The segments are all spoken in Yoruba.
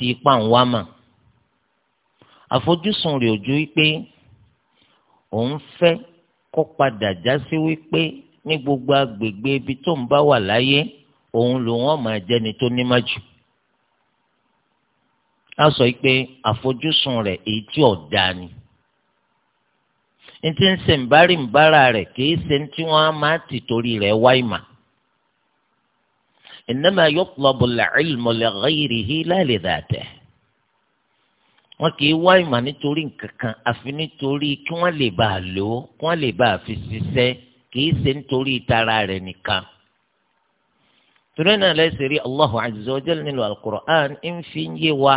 di ipa ń wá mà àfojúsùn rẹ̀ ojú wípé òun fẹ́ kó padà já sí wípé ní gbogbo agbègbè ibi tó ń bá wà láyé òun lòun ọ̀mà jẹni tó ní májú á sọ pé àfojúsùn rẹ̀ èyí tí ọ̀dà ni ní ti ń sèǹbárì ń bára rẹ̀ kì í ṣe ní tí wọ́n máa tì torí rẹ̀ wá ìmà innama يطلب العلم لغيره li ghayrihi la li dhatihi wọn kì í wá ìmọ̀ nítorí nǹkan kan àfi nítorí kí wọ́n lè bá a lò ó kí wọ́n lè bá a fi ṣiṣẹ́ kì í ṣe nítorí ìtara rẹ̀ nìkan. torí náà lẹ́sẹ̀ rí Allahu azza wa nínú al ń fi ń yé wa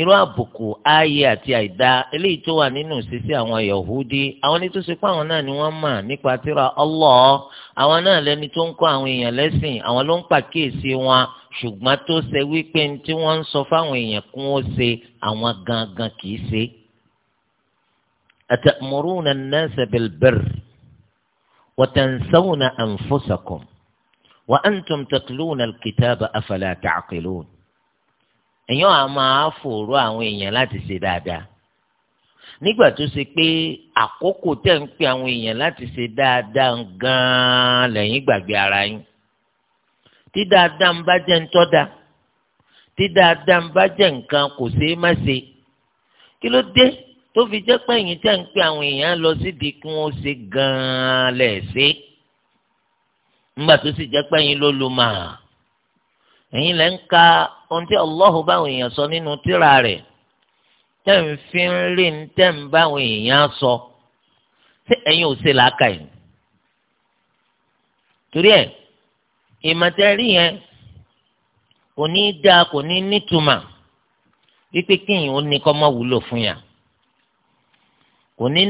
irú àbùkù ààyè àti àìdá eléyìí tó wà nínú ìṣesí àwọn yahudi àwọn ẹni tó ṣe pé àwọn náà ni wọ́n mọ̀ nípa tírà Allah àwọn náà lẹni tó ń kọ́ àwọn èèyàn lẹ́sìn àwọn ló ń pàkíyèsí wọn ṣùgbọ́n tó ṣe wípé tí wọ́n ń sọ fáwọn èèyàn kún ó ṣe àwọn gangan kì í ṣe. atamuruna an-nasa bil birr wa tansawna anfusakum wa antum tatluna al-kitaba èèyàn á máa fòòró àwọn èèyàn láti ṣe dáadáa nígbà tó ṣe pé àkókò tẹ̀ ń pe àwọn èèyàn láti ṣe dáadáa gan-an lẹ́yìn gbàgbé ara yín tí dáadáa ń bá jẹ́ ń tọ́da tí dáadáa ń bá jẹ́ nǹkan kò ṣeé má ṣe kí ló dé tó fi jẹ́ pé ẹ̀yin tẹ̀ ń pe àwọn èèyàn lọ sídìí kí wọ́n ṣe gan-an lẹ̀ nígbà tó sì jẹ́ pé ẹ̀yin ló lu màá ẹ̀yin lẹ́ ń ka ohun tí báwọn èèyàn sọ nínú tíra rẹ̀ tẹ́ rí ń báwọn èèyàn sọ ṣé ẹ̀yin ò ṣe làákà yìí torí ẹ̀ ìmọ̀tẹ́rì yẹn kò ní í dáa kò ní í wípé kíyìn ó ní kọ́ mọ́ wúlò fún yà kò ní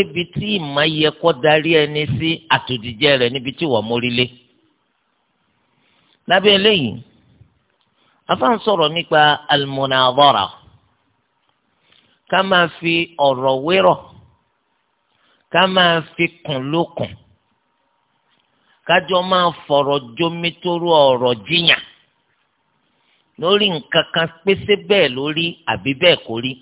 ibi tí ìmọ̀ yẹ kọ́ darí ẹni sí àtòjíjẹ́ rẹ̀ níbi tí wọ́n mórí lábẹ́ eléyìí sọ̀rọ̀ nípa ká máa fi ọ̀rọ̀ wérọ̀ ká máa fi kùn lókùn kájọ máa fọ̀rọ̀ ọ̀rọ̀ jiyàn lórí nǹkan kan pèsè bẹ́ẹ̀ lórí àbí bẹ́ẹ̀ kò rí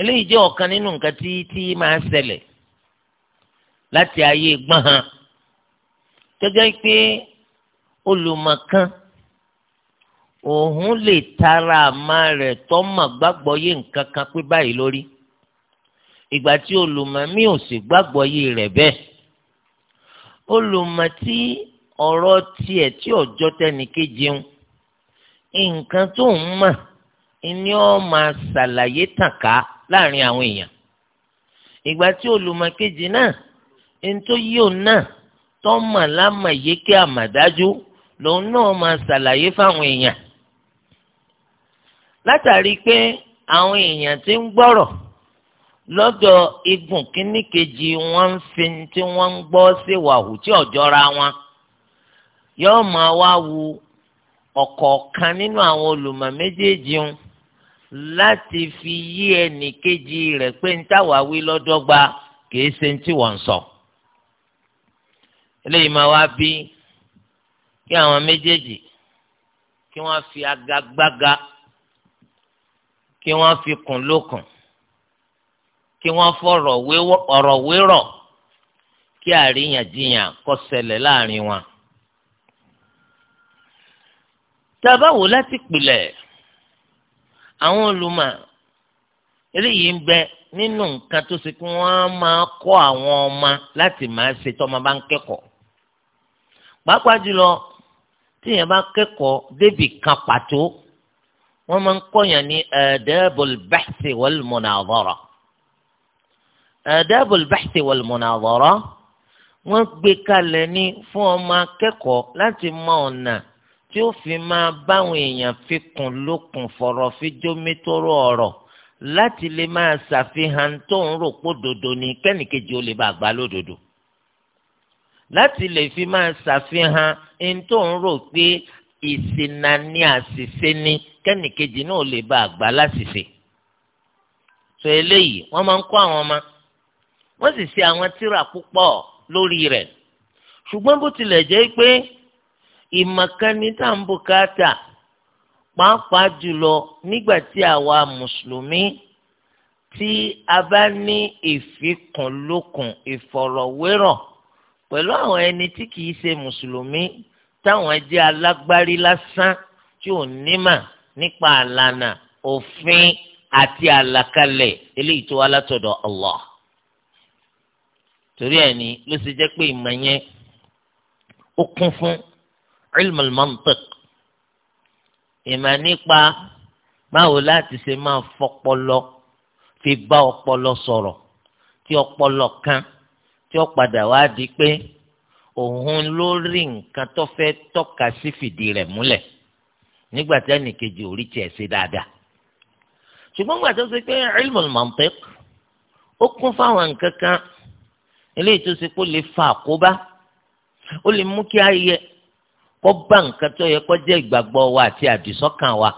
eléyìí jẹ́ ọ̀kan nínú nǹkan tí tí máa ṣẹlẹ̀ láti ayé gbọ́n hàn tó jẹ́ pé olùmọ̀kan òun lè tara àmà rẹ̀ tọ́mọ̀ gbàgbọ́ yé nǹkan kan pé báyìí lórí ìgbà tí olùmọ̀ olùmọ̀mí ò sì gbàgbọ́ yé rẹ̀ bẹ́ẹ̀ olùmọ̀ tí ọ̀rọ̀ tiẹ̀ tí ọjọ́ tẹnìkejì ń nǹkan tó ń mọ̀ ni ó máa ṣàlàyé tàn ká láàrin àwọn èèyàn ìgbà tí olùmọ̀ olùmọ̀kejì náà ń tó yí òun náà tọ́mọ̀ lámà yékè àmàdájú. lòun náà máa ṣàlàyé fáwọn èèyàn látàrí pé àwọn èèyàn ti ń gbọ́rọ̀ lọ́dọ̀ igun kínní kejì wọ́n ń fi tí wọ́n ń gbọ́ sí wàhù tí ọ̀jọ́ra wọn yóò máa wá wu ọ̀kọ̀ọ̀kan nínú àwọn olùmọ̀ méjèèjì ń láti fi yí ẹnì kejì rẹ̀ pé ń táwa wí lọ́dọ́gba kìí ṣe ń tí wọ́n sọ. eléyìí máa wá bí kí àwọn méjèèjì kí wọ́n fi agagbága kí wọ́n fi kùn lókùn kí wọ́n fọ̀rọ̀ ọ̀rọ̀ wérọ̀ kí àríyànjiyàn kó ṣẹlẹ̀ láàrin wọn. tabawo láti pilẹ̀ àwọn olùmọ̀ eléyìí ń bẹ nínú nǹkan tó ṣe kí wọ́n máa kọ́ àwọn ọmọ láti máa ṣe tọ́mọ bá ń kẹ́kọ̀ọ́ pàápàá jùlọ tíyẹn bá kẹ́kọ̀ọ́ débì kan pàtó wọ́n máa ń kọ́yàn ní adabul bahthi wal munadhara adabul bahthi wal munadhara wọ́n gbé kalẹ̀ ní fún ọmọ akẹ́kọ̀ọ́ láti mọ ọ̀nà tí ó fi máa báwọn èèyàn fi kùn lókun fọ̀rọ̀ fi jómítóró ọ̀rọ̀ láti lè máa ṣàfihàn tó ń rò pó ní kẹ́nìkejì ó lè bá a lódodo láti lè fi máa ṣàfihàn ẹni tó ń rò pé ìṣìnà ni àṣìṣe ni kẹ́nìkejì náà lè bá àgbà láṣìṣe. sọ eléyìí wọ́n máa ń kọ́ àwọn ọmọ wọ́n sì ṣe àwọn tírà púpọ̀ lórí rẹ̀ ṣùgbọ́n bó tilẹ̀ jẹ́ pé ìmọ̀kánni tá pàápàá jùlọ nígbà tí àwa mùsùlùmí tí a bá ní ìfikùnlukùn ìfọ̀rọ̀wérọ̀ pẹ̀lú àwọn ẹni tí kìí ṣe mùsùlùmí táwọn jẹ́ alágbárí lásán tí ò nímà nípa àlànà òfin àti àlàkalẹ̀ eléyìí tó wá látọ̀dọ̀ Allah torí ẹ̀ ni ló ṣe jẹ́ pé ìmọ̀ yẹn ó kún fún ilmul mantiq ìmọ̀ nípa báwo láti ṣe máa fọpọlọ fi bá ọpọlọ sọ̀rọ̀ tí ọpọlọ kan tí ó padà wá di pé òun ló rí nǹkan tó fẹ́ tọ́ka sí fìdí rẹ̀ múlẹ̀ nígbà tí ẹnìkejì ò rí tiẹ̀ ṣe dáadáa ṣùgbọ́n gbà tó ṣe pé ilmul mantiq ó kún fáwọn nǹkan kan eléyìí tó ṣe pé ó lè fa àkóbá ó lè mú kí ayẹ kó bá nǹkan tó yẹ kó jẹ́ ìgbàgbọ́ wa àti àdìsọ́kàn wa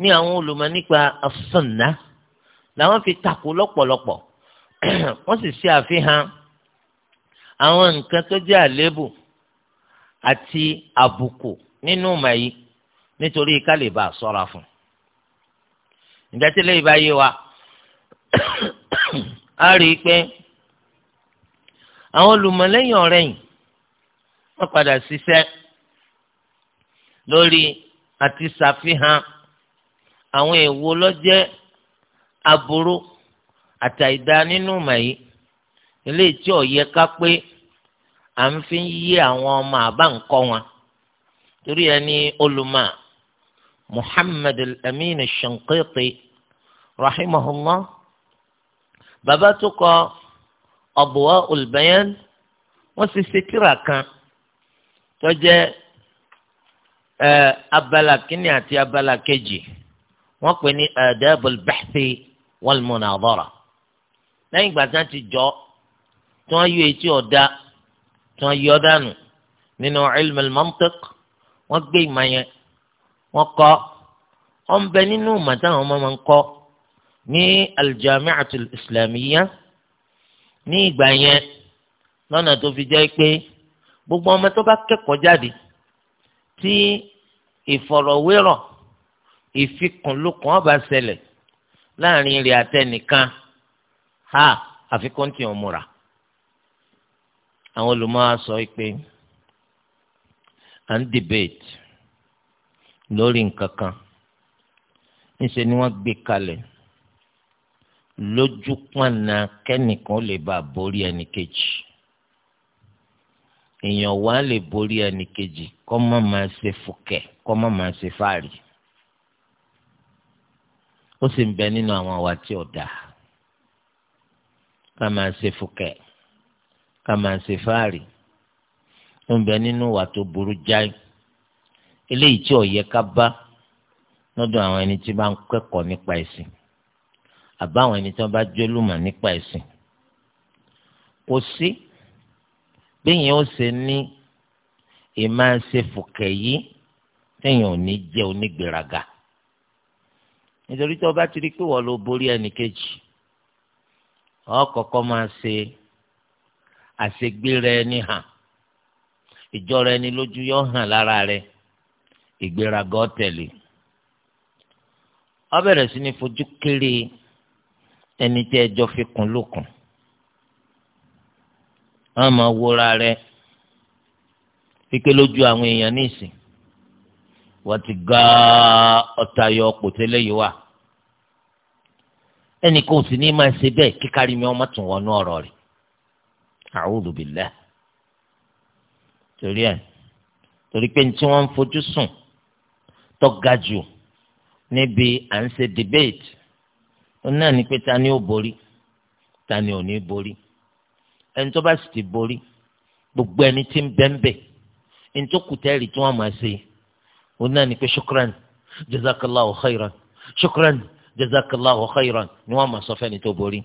ní àwọn olùmọ̀ nípa as-sunnah làwọn fi takò lọ́pọ̀lọpọ̀ wọ́n sì ṣe àfihàn àwọn nǹkan tó jẹ́ àléébù àti àbùkù nínú ìmọ̀ yìí nítorí ká lè bá a sọ́ra fún un ìgbà tí lèyìn bá yé wa a rí i pé àwọn olùmọ̀lẹ́yìn ọ̀rẹ́ yìí wọ́n padà ṣiṣẹ́ lórí àti ṣàfihàn àwọn èèwo ló jẹ́ àtàìdá nínú ìmọ̀ yìí eléyìí tí ó yẹ ká pé à ń fi yí àwọn ọmọ àbáǹkọ́ wọn torí ẹ ní olùmọ̀ Muhammad al-Amin al-Shanqiti rahimahullah bàbá tó kọ Adwa'ul Bayan wọ́n sì ṣe tírà kan tó jẹ́ ẹ abala kínní àti abala kejì wọ́n pè ní adabul bahthi wal munadara lẹ́yìn ìgbà tí wọ́n ti jọ tí wọ́n yọ etí ọ̀dà tí wọ́n yọ dànù nínú ilm al-mantiq wọ́n gbé ìmọ̀ yẹn wọ́n kọ́ ọ́n bẹ nínú ìmọ̀ táwọn ọmọ máa ń kọ́ ní al-jami'atul islamiyya ní ìgbà yẹn lọ́nà tó fi jẹ́ pé gbogbo ọmọ tó bá kẹ́kọ̀ọ́ jáde tí ìfọ̀rọ̀wérọ̀ ìfikùnlukùn ọba ṣẹlẹ̀ láàrin rẹ̀ àtẹnìkan ha àfikún tí ò múra àwọn olùmọ̀ á sọ pé à ń debate lórí nǹkan kan níṣẹ́ ni wọ́n gbé kalẹ̀ lójú pọ̀nà kẹ́nìkan lè bá borí ẹnì kejì èèyàn wá lè borí ẹnì kejì kọ́ má máa ṣe fùkẹ́ kọ́ má máa ṣe fàárì ó sì ń bẹ nínú àwọn àwa tí ò dáa ká máa ṣe fùkẹ́ kàmáǹsẹ̀fáàrì ń bẹ nínú wà tó burú jáì eléyìí tí ó yẹ ká bá lọ́dọ̀ àwọn ẹni tí bá ń kẹ́kọ̀ọ́ nípa ẹ̀sìn àbá àwọn ẹni tí wọ́n bá jólùmọ̀ nípa ẹ̀sìn kò sí bẹ́yìn ó ṣe ní ìmáṣefùkẹ́ yìí tẹ̀yìn ò ti rí pé wọ́n ló borí ẹnìkejì ọ̀ kọ́kọ́ máa ṣe. àṣegbéra ẹni hàn ìjọra ẹni lójú yọ hàn lára rẹ ìgbéraga tẹ̀lé ó bẹ̀rẹ̀ sí ní fojú kéré ẹni tí ẹjọ́ fi kún lókun wọ́n máa wóra rẹ kíkẹ́ lójú àwọn èèyàn nísìn wọ́n ti ga ọ̀tá yọ ọ̀pọ̀ tẹ́lẹ̀ yìí wá ẹnì kan ò sì ní máa ṣe bẹ́ẹ̀ kíkárí mi ọmọ tún wọnú a'udhu billah torí ẹ̀ torí pé tí wọ́n ń fojú sùn tó ga jù níbi à ń ṣe debate ó náà ní pé ta ni ó borí ta ni ò ní borí ẹni tó bá sì ti borí gbogbo ẹni tí ń bẹ́ńbẹ́ ẹni tó kù tẹ́rì tí wọ́n máa ṣe ó náà ní pé shukran jazakallahu khairan shukran jazakallahu khairan ni wọ́n máa sọ fẹ́ni tó borí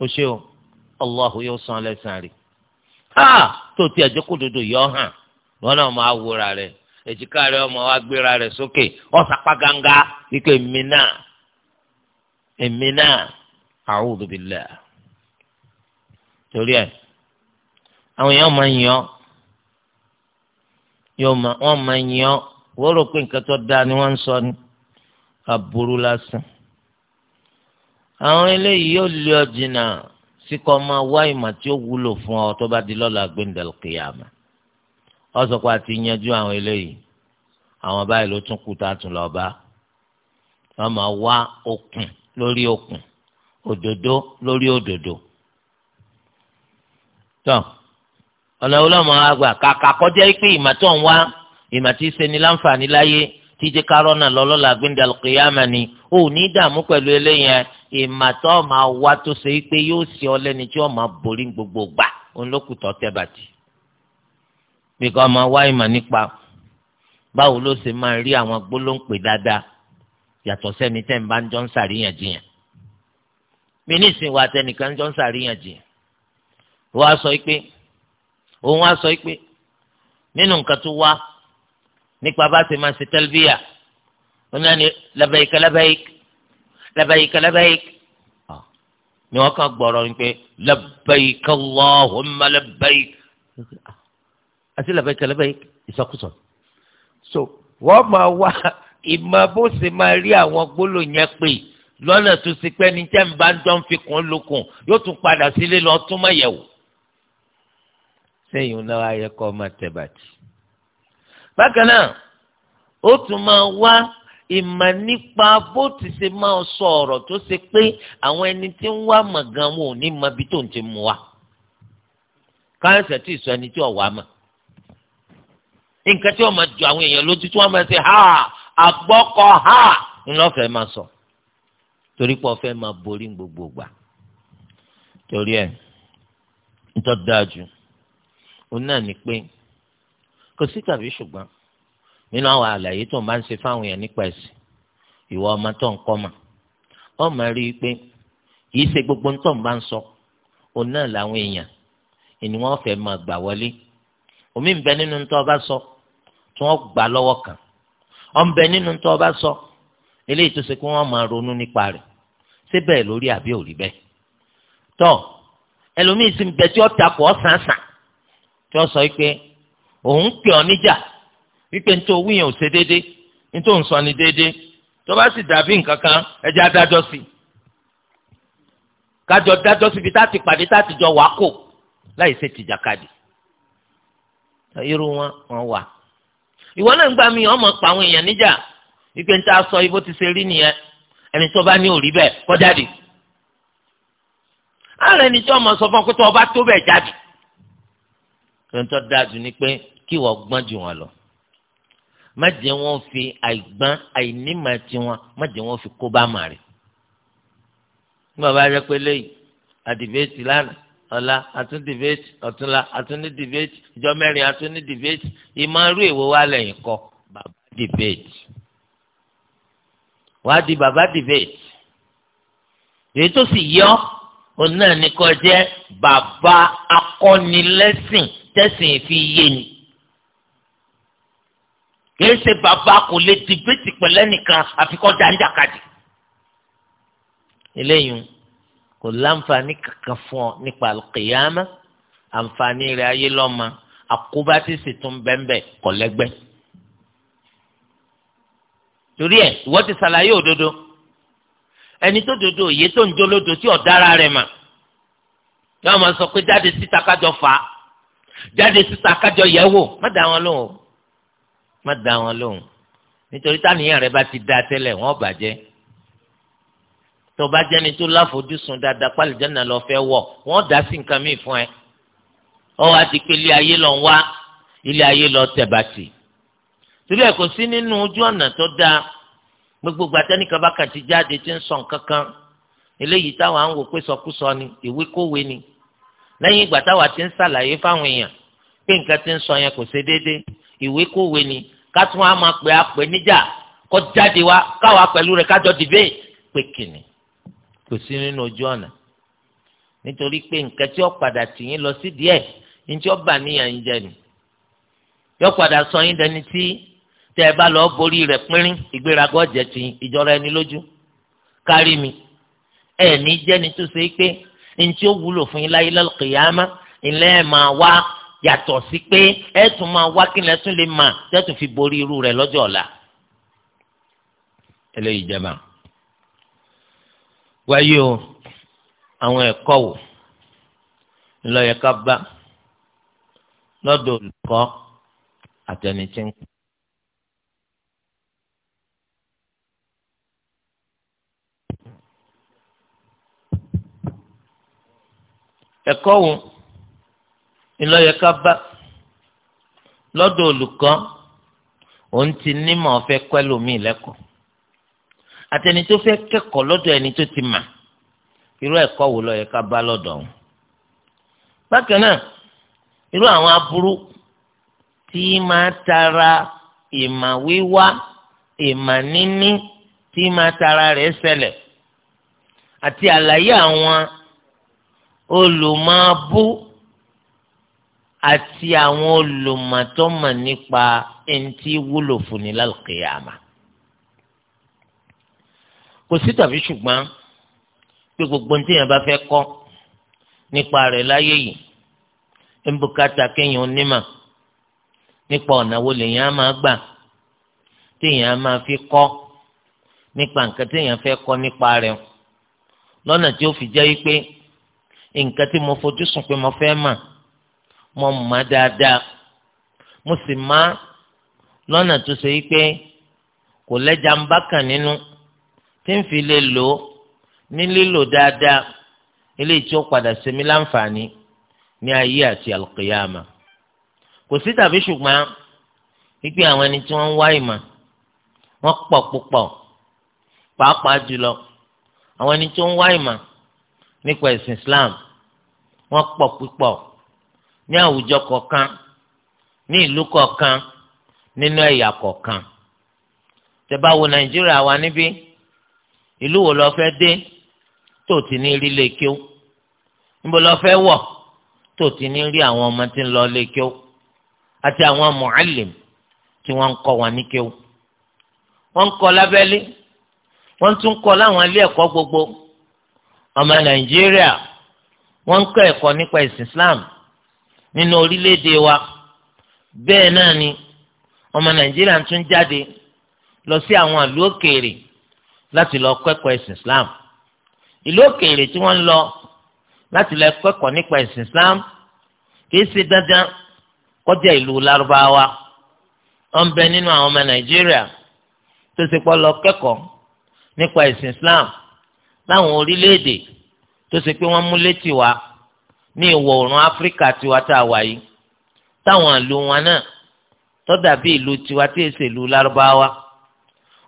ó ṣe o. Allahu yóò san lẹ́sàn-án rẹ̀ ah tó tiẹ̀ jókòó dodo yọ hàn wọn náà máa wúra rẹ̀ èjìká rẹ̀ ọmọ wa gbéra rẹ̀ sókè ọ̀sàpá ganga ike èmi náà èmi náà a'udhu billah torí ẹ̀ àwọn èèyàn máa ń yan wọ́n máa ń yan wọ́n rò pé nǹkan tó dáa ni wọ́n ń sọ ni aburú lásán àwọn eléyìí yóò lé ọ jìnnà sí kọ́ máa wá ìmọ̀ tí ó wúlò fún ọ tó bá di lọ́la gbẹ̀ndẹ̀lùkìyàmà ọ sọ pé a ti yanjú àwọn eléyìí àwọn báyìí ló tún kú tá a tún lọ bá wọn máa wá okùn lórí okùn òdòdó lórí òdòdó tán ọ̀nà olóòmọ àgbà kàkà kọjá pé ìmọ̀ tó ń wá ìmọ̀ tí í ṣe ni láǹfààní láyé tí jẹ́ ká rọ́nà lọ́lọ́la gbẹ́ndà kìyàmà ni ò ní dààmú pẹ̀lú eléyẹn ìmàtọ́ máa wá tó ṣe é pé yóò ṣe ọ lẹ́ni tí ó máa borí gbogbo gbà òun ló kù tọ́ tẹ́ bàtì. bí kò máa wá ìmọ̀ nípa báwo ló ṣe máa rí àwọn gbólóǹpẹ̀ dáadáa yàtọ̀ sẹ́ni tẹ́ ń bá ń jọ ń sàríyànjiyàn. mi ní ìsìn wa tẹnìkan jọ ń sàríyànjiyàn. wọ́n á sọ pé òun á sọ pé nínú nǹkan tó wá nípa bá ti máa ṣe talbiya oní àná labẹ́yìk labẹ́yìk labẹ́yìk labẹ́yìk ah. ni wọ́n kàn gbọ́rọ̀ ni pé labẹ́yìk Allahumma ah. àti labẹ́yìk labẹ́yìk ìsọkúsọ. so wọ́n máa wá ìmọ̀ bó ṣe máa rí àwọn gbólóyìn yẹn pé lọ́nà tó ṣe pé ní tẹ́ ń bá ń fi kún lókun yóò tún padà sílé lọ tún mọ̀ yẹ̀wò. sẹ́yìn náà ayẹ́kọ́ máa tẹ̀ bàtì bákan náà ó tún máa wá ìmọ̀ nípa bó ti ṣe máa sọ ọ̀rọ̀ tó ṣe pé àwọn ẹni tí ń wá mọ̀ gan wọn ò ní mọ ibi tó ń ti mú wa káyọ̀sẹ̀ tí ì sọ ẹni tí ò wá mọ̀ nǹkan tí wọ́n máa àwọn èèyàn lójú tí wọ́n máa ṣe ha àgbọ́kọ ha ńlọ́fẹ̀ẹ́ máa sọ torí pé ọ̀fẹ́ máa borí gbogbo gbà torí ẹ̀ ń tọ́ dáa jù òun náà ni pé kò sí tàbí ṣùgbọ́n nínú àwọn àlàyé tó ń bá ń ṣe fáwọn èèyàn nípa ẹ̀sìn ìwọ ọmọ tó ń kọ́ mà ọ mà rí i pé kì í ṣe gbogbo tó ń bá ń sọ òun náà làwọn èèyàn ìní wọn fẹ́ máa gbà wọlé omi ń bẹ nínú tó ọba sọ tí wọ́n gbà lọ́wọ́ kan ọ ń bẹ nínú tó ọba sọ eléyìí tó ṣe kí wọ́n máa ronú nípa rẹ̀ ṣé bẹ́ẹ̀ lórí àbí ò rí bẹ́ẹ̀ tọ́ ẹlòmíì sì ń bẹ tí ó takò ọ́ sàn sàn tí ó sọ òun pè ọ́ níjà wípé nítorí owó yẹn ò ṣe déédéé nítorí òun sọ ni déédéé tó bá sì dàbí nǹkan kan ẹjẹ́ adájọ́ sí i kájọ dájọ́ síbi tá a ti pàdé tá a ti jọ wàá kò láì ṣe tìjàkadì irú wọn wọn wà ìwọ náà ń gbà mí ọmọ pa àwọn èèyàn níjà wípé níta sọ ibo ti ṣe rí nìyẹn ẹni tó bá ní òrí bẹ́ẹ̀ kọ jáde ààrẹ ni tí ọmọ sọ fún ọ pé tó ọba tó bẹ́ẹ̀ jáde tó dáa jù ni pé kí wọ́n gbọ́n jù wọn lọ má jẹ́ wọ́n fi àìgbọ́n àìnímọ̀ tiwọn má jẹ́ wọ́n fi kó bá mà rẹ̀ nígbà bá rẹ pé léyìí àdìbẹ́tì lánàá ọ̀la àtún dìbẹ́tì ọ̀túnla àtún ní dìbẹ́tì ìjọ mẹ́rin àtún ní dìbẹ́tì ìmọ̀rú èwo wà lẹ́yìn kọ bàbá dìbẹ́tì wàá di bàbá dìbẹ́tì èyí tó sì yọ òun náà ní bàbá akọ́nilẹ́sìn tẹ̀sìn fi yé ni kìí ṣe bàbá kò lè dìbẹ́tì pẹ̀lẹ́ nìkan àfikọ́ dáńdàkadì. eléyìí kò láǹfààní kankan fún ọ nípa àlùkìyàmá àǹfààní rẹ̀ ayé lọ́mọ àkóbá tí sì tún bẹ́ńbẹ́ kọ̀ lẹ́gbẹ́. torí ẹ̀ ìwọ ti ṣàlàyé òdodo ẹni tó dodo òye tó ń jólódo tí ọ̀dára rẹ̀ mà yóò máa sọ pé jáde síta kájọ fà á jáde síta kájọ yẹ̀ wò má dá wọn lóhùn má dá wọn lóhùn nítorí táníyàn rẹ bá ti dá tẹ́lẹ̀ wọ́n bàjẹ́ tó bá jẹ́ni tó láfojúsùn dáadáa pálíjánà lọ fẹ́ wọ̀ wọ́n dá sí nǹkan míì fún ẹ ọ wá ti pé ilé ayé lọ wá ilé ayé lọ tẹ̀ bàtì torí ẹ̀ kò sí nínú ojú ọ̀nà tó dáa gbogbo gbàtẹ́nìkan bá kàn ti jáde tí ń sọ nǹkan kan eléyìí táwọn à ń wò pé sọkúsọ ni ìwé kówé ni lẹ́yìn ìgbà táwa ti ń ṣàlàyé fáwọn èèyàn pé nǹkan ti ń sọ yẹn kò ṣe déédéé ìwé kówé ni kátó wọn a máa pè á pè níjà kó jáde wá káwa pẹ̀lú rẹ̀ kájọ dìbè pé kìnnì kò sí nínú ojú ọ̀nà nítorí pé nǹkan tí ó padà tì yín lọ sí díẹ̀ ní tí ó bà níyà ń jẹ padà sọ yín dẹni tí tẹ ẹ bá lọ borí pínrín ìgbéraga ìjọra ẹni lójú kárí mi ẹ ní tó ṣe fún yín láyé ilé wá yàtọ̀ sí pé ẹ tún máa wá kí lẹ tún lè mà tẹ́ tún fi borí irú rẹ̀ lọ́jọ́ ọ̀la. eléyìí jẹba wáyé o àwọn ẹ̀kọ́ wò ńlọyẹ ká bá lọ́dọ̀ olùkọ́ àtẹni tí ń kọ́. ẹ̀kọ́ wò ńlọyẹ ká bá lọ́dọ̀ olùkọ́ òun ti nímọ̀ ọ̀fẹ́ pẹ́lòmíì lẹ́kọ̀ọ́ àtẹni tó fẹ́ kẹ́kọ̀ọ́ lọ́dọ̀ ẹni tó ti mà irú ẹ̀kọ́ wo lọ́yẹ ká lọ́dọ̀ òun. bákan náà irú àwọn aburú tí máa tara ìmà wíwá ìmà níní tí máa tara rẹ̀ ṣẹlẹ̀ àti àlàyé àwọn olùmọ̀ abú àti àwọn olùmọ̀tọ́mọ̀ nípa ẹntì wúlò fúnni lálùkìyàmà. kò sí tàbí ṣùgbọ́n pé gbogbo ní téèyàn bá fẹ́ kọ́ nípa rẹ̀ láyé yìí ń bùkátà kéèyàn onímọ̀ nípa ọ̀nà wo lèèyàn á máa gbà téèyàn á máa fi kọ́ nípa nǹkan téèyàn fẹ́ kọ́ nípa rẹ̀ lọ́nà tí ó fi jẹ́ wípé nǹkan tí mo fojú sùn pé mo fẹ́ mọ̀ mọ mọ̀ dáadáa mo sì má lọ́nà tó ṣe pé kò lẹ́jà ń bá kàn nínú tí ń fi lè lò ní lílò dáadáa eléyìí tí ó padà ṣe mí láǹfààní ní ayé àti àlùkìyàmà kò sí tàbí ṣùgbọ́n wípé àwọn ẹni tí wọ́n ń wá ìmọ̀ wọ́n pọ̀ púpọ̀ pàápàá jùlọ àwọn ẹni ń wá ìmọ̀ nípa ẹ̀sìn ní àwùjọ kọ̀ọ̀kan ní ìlú kọ̀ọ̀kan nínú ẹ̀yà kọ̀ọ̀kan tẹ́bá wo wa níbí ìlú wo lọ fẹ́ dé tó ti ní rí lẹ́kíó níbo lọ fẹ́ wọ̀ tó ti ní rí àwọn ọmọ tí lọ lẹ́kíó àti àwọn mọ̀álìm tí wọ́n wọn wọ́n ń kọ́ lábẹ́lé wọ́n tún kọ́ láwọn gbogbo ọmọ nàìjíríà wọ́n ń kọ́ ẹ̀kọ́ nípa ìsìn nínú orílẹ̀-èdè wa bẹ́ẹ̀ náà ni ọmọ nàìjíríà tún jáde lọ sí àwọn ìlú òkèèrè láti lọ kẹ́kọ̀ọ́ ẹ̀sìn islam ìlú òkèèrè tí wọ́n ń lọ láti lọ kẹ́kọ̀ọ́ nípa ẹ̀sìn islam kìí ṣe dandan kọjá ìlú lárúbáwá wọ́n bẹ nínú àwọn ọmọ nàìjíríà tó ṣe pọ́ lọ kẹ́kọ̀ọ́ nípa ẹ̀sìn islam láwọn orílẹ̀-èdè tó ṣe pé wọ́n mú létí wa ní ìwọ̀ oòrùn áfíríkà tiwa tá a wà yìí táwọn ìlú wọn náà tó dàbí ìlú tiwa tí èsè ìlú lárúbáwá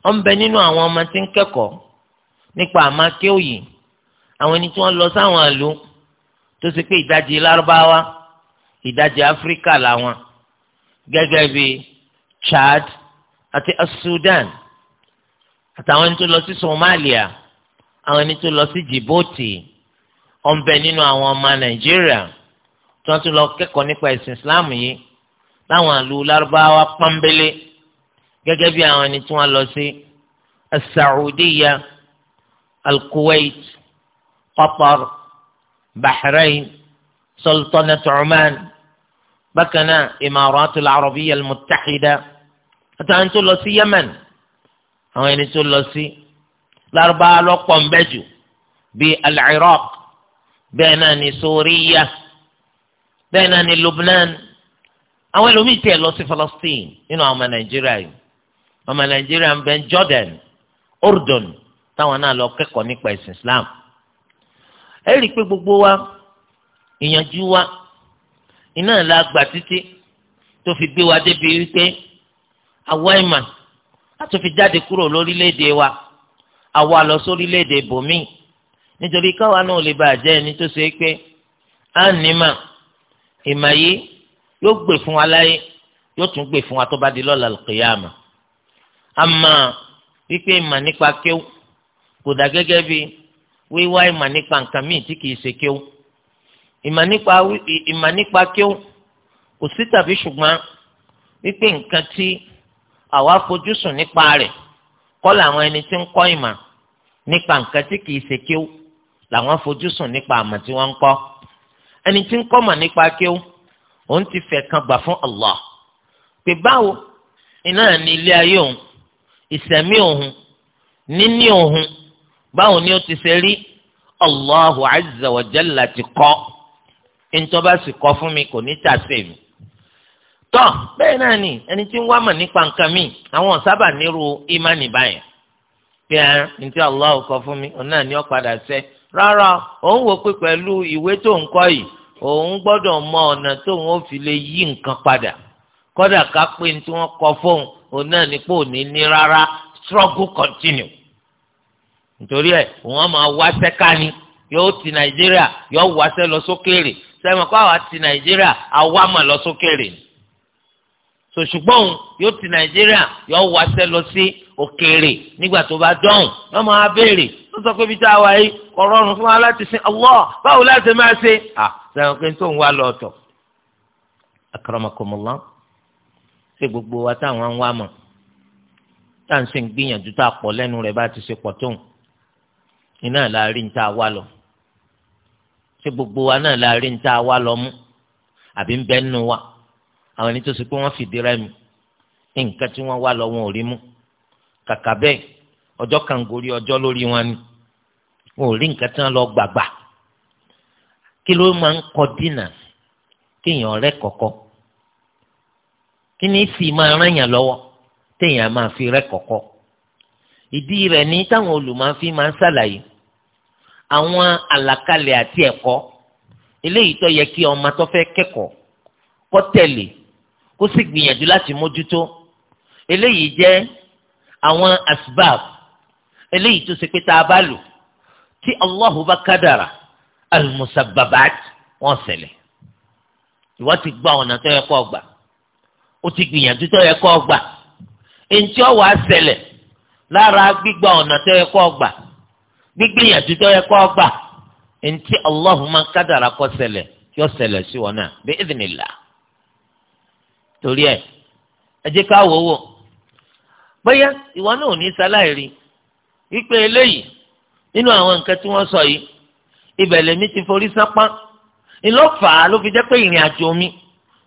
ó ń bẹ nínú àwọn ọmọ tí ń kẹ́kọ̀ọ́ nípa àmàkéwò yìí àwọn ẹni tí wọ́n lọ sáwọn ìlú tó ṣe pé ìdajì lárúbáwá ìdajì áfíríkà làwọn gẹ́gẹ́ bí Chad àti Sudan àtàwọn ẹni tó lọ sí Somalia àwọn ẹni tó lọ sí Djibouti. ó bẹ nínú àwọn ọmọ nàìjíríà tí wọ́n ti lọ kẹ́kọ̀ọ́ nípa ẹ̀sìn islam yìí láwọn àlù lárúbáwá pọ́nbélé gẹ́gẹ́ bí àwọn ẹni tí wọ́n asaudiya alkuwait as-Saudiya Qatar Bahrain Sultanate Oman bákan náà Imaratu al-Arabiyya àti àwọn tó lọ sí Yemen àwọn ẹni tó lọ sí lárúbáwá lọ́pọ̀ bẹ́jù bíi al-Iraq. bẹ́ẹ̀ náà ni sóríyà bẹ́ẹ̀ náà ni Lubnan àwọn ẹlòmíì tiẹ̀ lọ sí Palestine nínú Nàìjíríà Nàìjíríà Jordan táwọn náà lọ kẹ́kọ̀ọ́ nípa ẹ̀sìn Islam ẹ gbogbo wa ìyànjú wa iná la gbà títí tó fi gbé wa débi wa nítorí káwa náà lè bá àjẹ́ ẹni tó ṣe é pé á ní mà ìmọ̀ yìí yóò gbè fún wa láyé yóò tún gbè fún wa tó bá di lọ́la al-qiyāmah àmọ́ wípé ìmọ̀ nípa kéw kò dà gẹ́gẹ́ bí wíwá ìmọ̀ nípa nǹkan míì tí kìí ṣe kéw ìmọ̀ nípa kéw kò sí tàbí ṣùgbọ́n wípé nǹkan tí àwa fojú sùn nípa rẹ̀ kọ́ làwọn ẹni tí ń kọ́ ìmọ̀ nípa nǹkan tí kìí ṣe kéw làwọn fojú fojusun nípa ama tí wọ́n ń ẹni tí ń kọ́ mọ̀ nípa kéwú òun ti fẹ kan gbà fún Allah pé báwo iná ní ilé ayé òun ìsẹ̀mí òun níní òun báwo ni ó ti ṣe rí Allahu azza ti ntọ́ba sì kọ́ fún mi kò ní tà sí tọ́ ni ẹni tí ń wá mọ̀ nípa nǹkan mi àwọn sábà nírú bí i Allah fún mi òun náà rárá òun wò pé pẹ̀lú ìwé tó ń kọ́ yìí òun gbọ́dọ̀ mọ ọ̀nà tóun ó fi lè yí nǹkan padà kódà ká pé ní tí wọ́n kọ fóun òun náà ní rárá struggle continue nítorí ẹ̀ wọ́n máa wá yóò ti nàìjíríà yóò wá lọ sókèrè ti nàìjíríà àwa mà lọ ti nàìjíríà yóò lọ sí nígbà tó bá dọ́hùn yóò máa tó sọ pé ibi tá a wà yìí ọ̀rọ̀rùn fún wa láti sin Allah báwo láti máa ṣe à sẹ́wọ̀n pé tó ń wá lọ ọ̀tọ̀. akaramakomola ṣe gbogbo wa táwọn ń wá mọ̀ tá à ń ṣe ń gbìyànjú tá a pọ̀ lẹ́nu rẹ̀ bá ti ṣe pọ̀ tóun iná láàrin ní tá a wá lọ ṣe gbogbo wa náà láàrin ní tá a wá lọ mú àbí ń bẹ́ nínú wa àwọn ẹni tó ṣe pé wọ́n fìdí rẹ́mi nǹkan tí wọ́n wá lọ wọn ò rí mú kàkà bẹ́ẹ̀ ọjọ́ kan gorí ọjọ́ lórí wọn ni wọn ò rí nǹkan tí wọ́n lọ gbàgbà kí ló máa ń kọ dínà kéèyàn rẹ kọ̀kọ́ kí ni sì máa ràn yàn lọ́wọ́ téèyàn máa fi rẹ kọ̀kọ́ ìdí rẹ̀ ní táwọn olùmọ̀ọ́fín máa ń ṣàlàyé àwọn àlàkalẹ̀ àti ẹ̀kọ́ eléyìí tó yẹ kí ọmọ tó fẹ́ kẹ́kọ̀ọ́ kó tẹ̀lé kó sì gbìyànjú láti mójútó eléyìí jẹ́ àwọn asbab eléyìí tó ṣe pé tá a bá lò tí Allahu bá al-musabbabat wọ́n ìwọ ti gba ọ̀nà tó yẹ kó gbà ó ti gbìyànjú tó yẹ kó gbà eŋti ọwọ́ àṣẹlẹ̀ lára gbígba ọ̀nà tó yẹ gbà gbígbìyànjú tó yẹ gbà Allahu sí wípé eléyìí nínú àwọn nǹkan tí wọ́n sọ yìí ibẹ̀ lèmi ti forí sápá ńlọ́fà ló fi jẹ́ pé ìrìn àjò mi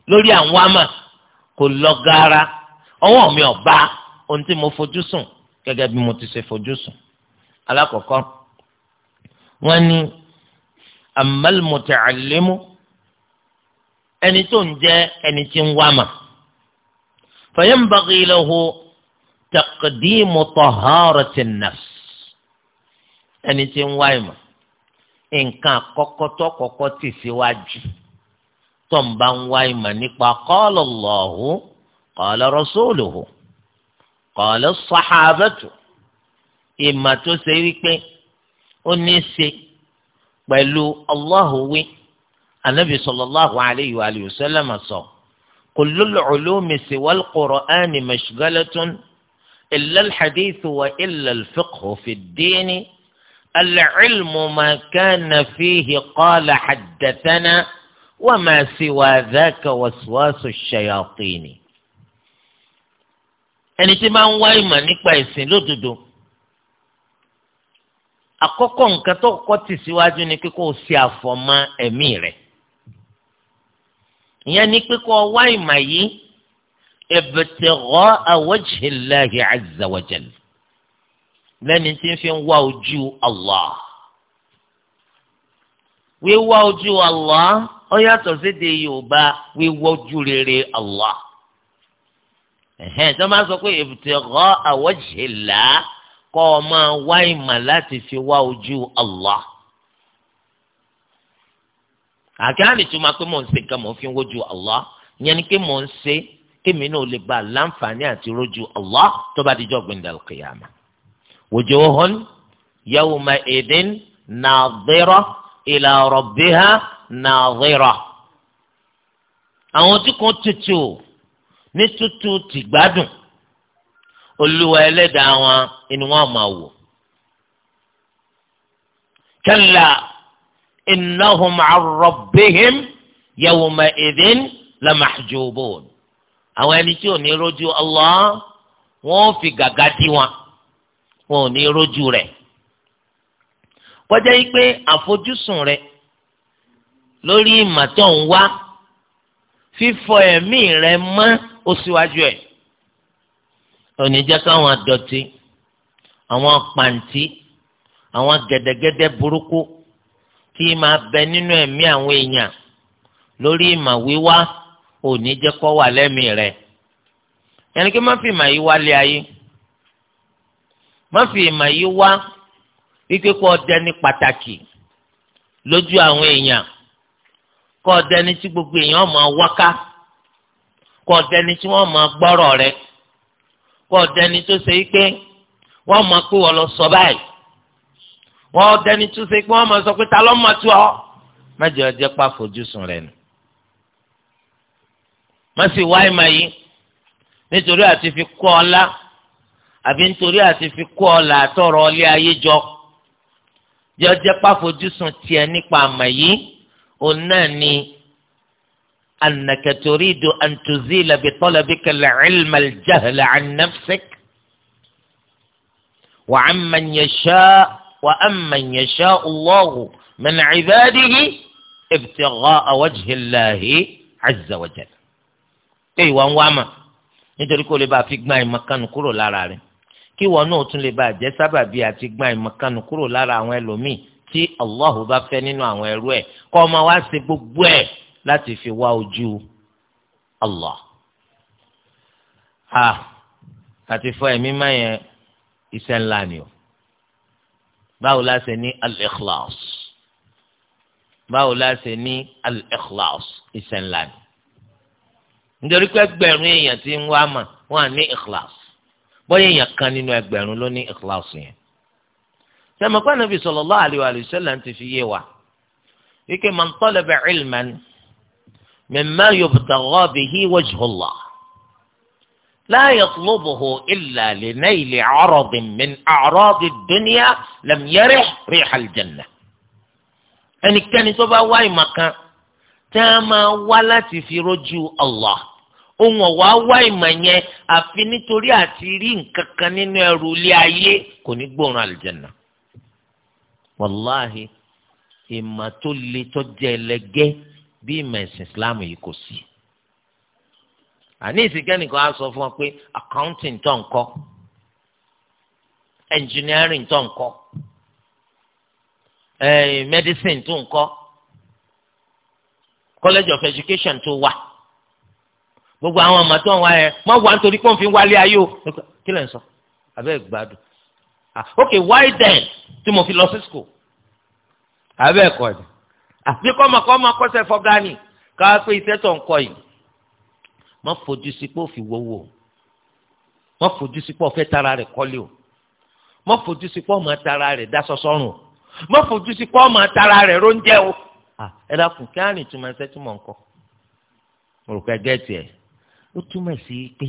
lórí àwọn àmà kò lọ gaara ọwọ́ mi ò bá ohun tí mo fojú sùn gẹ́gẹ́ bí mo ti ṣe fojú sùn. alákọ̀ọ́kọ́ wọ́n ní amalmọ̀tẹ̀ àlẹ́mú ẹni tó ń jẹ́ ẹni tí ń wá mà fàyẹ̀ ń bàgì lọ́hùn taqdimu taharati nafs ẹni tí ń wá ìmọ̀ nǹkan àkọ́kọ́ tó kọ́kọ́ tì síwájú tó ń bá ń wá ìmọ̀ nípa qala Allahu qala rasuluhu qala sahabatu ìmọ̀ tó ṣe wípé ó ní í ṣe pẹ̀lú Allahu wí anabi sallallahu alayhi wa sallam sọ kullul ulumi siwal qur'ani mashghalatun. إلا الحديث وإلا الفقه في الدين العلم ما كان فيه قال حدثنا وما سوى ذاك وسواس الشياطين ẹni tí máa ń wá ìmọ̀ nípa ìsìn lódodo àkọ́kọ́ nǹkan tó kọ́ tì síwájú ni pé kó ṣe àfọ̀mọ́ ẹ̀mí rẹ̀ ìyẹn ni pé kó o wá ìmọ̀ yìí ibtigha'a wajhillahi azza wa jalla lẹ́ni tí ń fi wá ojú Allah wíwá ojú Allah ó yàtọ̀ síde Yorùbá wíwá ojú rere Allah ẹ̀hẹ́n tó máa sọ pé ibtigha'a wajhillahi kọ́ ọ máa wá ìmọ̀ láti fi wá ojú Allah àkíyàn lè pé mò ń ṣe nǹkan mò ń fi wójú Allah ìyẹn ni pé mò ń ṣe kémi náà lè gba láǹfààní àti rojú Allah tó bá dijọ́ gbẹ̀ndà kìyàmà. wujuhun yawma idin nadhira ila rabbiha nadhira. àwọn tí kan tutù ní tutù ti gbádùn olúwa ẹlẹ́dàá wọn inú wọn máa wò. kalla innahum an rabbihim yawma idin lamahjubun àwọn ẹni tí ò ní rójú Allah wọn ò fi gàgà dí wọn wọn ò ní rójú rẹ̀ kọjá yìí pé àfojúsùn rẹ̀ lórí ìmọ̀tọ́ ń wá fífọ ẹ̀mí rẹ̀ mọ́ ó síwájú ẹ̀ òní káwọn adọ̀tí àwọn pàǹtí àwọn gẹ̀dẹ̀gẹ̀dẹ̀ burúkú tí máa bẹ nínú ẹ̀mí àwọn èèyàn lórí ìmọ̀ wíwá ò ní jẹ́ kó wà lẹ́mìí rẹ̀ yẹnni kí má fi ìmọ̀ yìí wálé ayé má fi ìmọ̀ yìí wá wípé kó dẹni pàtàkì lójú àwọn èèyàn kó dẹni tí gbogbo èèyàn máa wáká kó dẹni tí wọ́n máa gbọ́rọ̀ rẹ̀ kó dẹni tó ṣe pé wọ́n máa pé wọ́n lọ sọ báyìí wọ́n dẹni tó ṣe pé wọ́n máa sọ pé ta ló mọ̀ tó ọ́ má jẹ́ ọjẹ́ pa àfojúsùn rẹ̀ nù má sì wá ìmọ̀ yìí nítorí àti fi kọ́ ọlá àbí nítorí àti fi kọ́ ọlá àtọ̀rọ̀ ọlé ayé jọ jọ jẹ́ pàfojúsùn tiẹ̀ nípa àmọ̀ yìí òun náà ni annaka turidu an tuzila bi talabika al-ilma al-jahla an nafsik wa amman yasha wa amman yasha Allahu min ibadihi ibtigha'a wajhi Allahi azza wa pé ìwà ń wá mà nítorí kó lè bá fi gbọ́n àìmọ̀kánu kúrò lára rẹ̀ kí ìwọ náà tún lè bá jẹ́ sábàbí àti gbọ́n àìmọ̀kánu kúrò lára àwọn ẹlòmíì tí Allahu bá fẹ́ nínú àwọn ẹrú ẹ̀ kọ́ ọmọ wa ṣe gbogbo ẹ̀ láti fi wá ojú Allah. a ah, àti fọ ẹ̀mí máa yẹn iṣẹ́ ńlá ni o báwo la ṣe ní al báwo la ṣe ní al-ikhlas ńlá ni. nítorí pé ẹgbẹ̀rún èèyàn tí ń wá mà wọ́n á ní ìkìláàs bóyá èèyàn kan nínú ẹgbẹ̀rún ló ní ìkìláàs yẹn. sẹ́mọ̀kọ́ nàbì sallallahu alaihi wa sallam ti fi yé wa wíkẹ́ man talaba ilman mimma yubtagha bihi wajhullah la yatlubuhu illa li nayli 'aradin min a'radi ad-dunya lam yarih riha al-jannah ẹnikẹ́ni tó bá wáyé ìmọ̀ tá a máa wá láti fi rojú Allah ohun ọ̀wá wa ìmọ̀ yẹn àfi nítorí àti rí nǹkan kan nínú ẹrù ilé ayé kò ní gbóòórùn àlùjànnà wàláhì tó le tó jẹ́ ẹlẹgẹ́ bí ìmọ̀ ẹ̀sìn Islam yìí kò sí àní ìsìnkẹ́nìkan á sọ fún ọ pé accounting tó ń kọ́ engineering tó ń kọ́ eh, medicine tó ń college of education tó wà gbogbo àwọn ọmọ tó ń wá yẹn mọ wà nítorí pé òun fi ń wálé ayé o kí lè ń sọ abẹ́ gbádùn ah ok why then tí mo fi lọ sí school abẹ́ ẹ̀kọ́ ni àfi ah, kọ́mọkọ́ máa kọ́sẹ̀ fọ́gání ká pé iṣẹ́ tó ń kọ́ yìí má fojú sí pé ó fi wowó o má fojú sí pé ó fẹ́ tara rẹ̀ kọ́lé o má fojú sí pé ó tara rẹ̀ dá sọ́sọ́rùn o má fojú sí pé ó tara rẹ̀ róúnjẹ o ẹ dákun kí á rìn túmọ̀ ẹsẹ̀ tí mò ń kọ́ mo rò pé gẹ́ẹ̀tì ẹ̀ ó túmọ̀ sí pé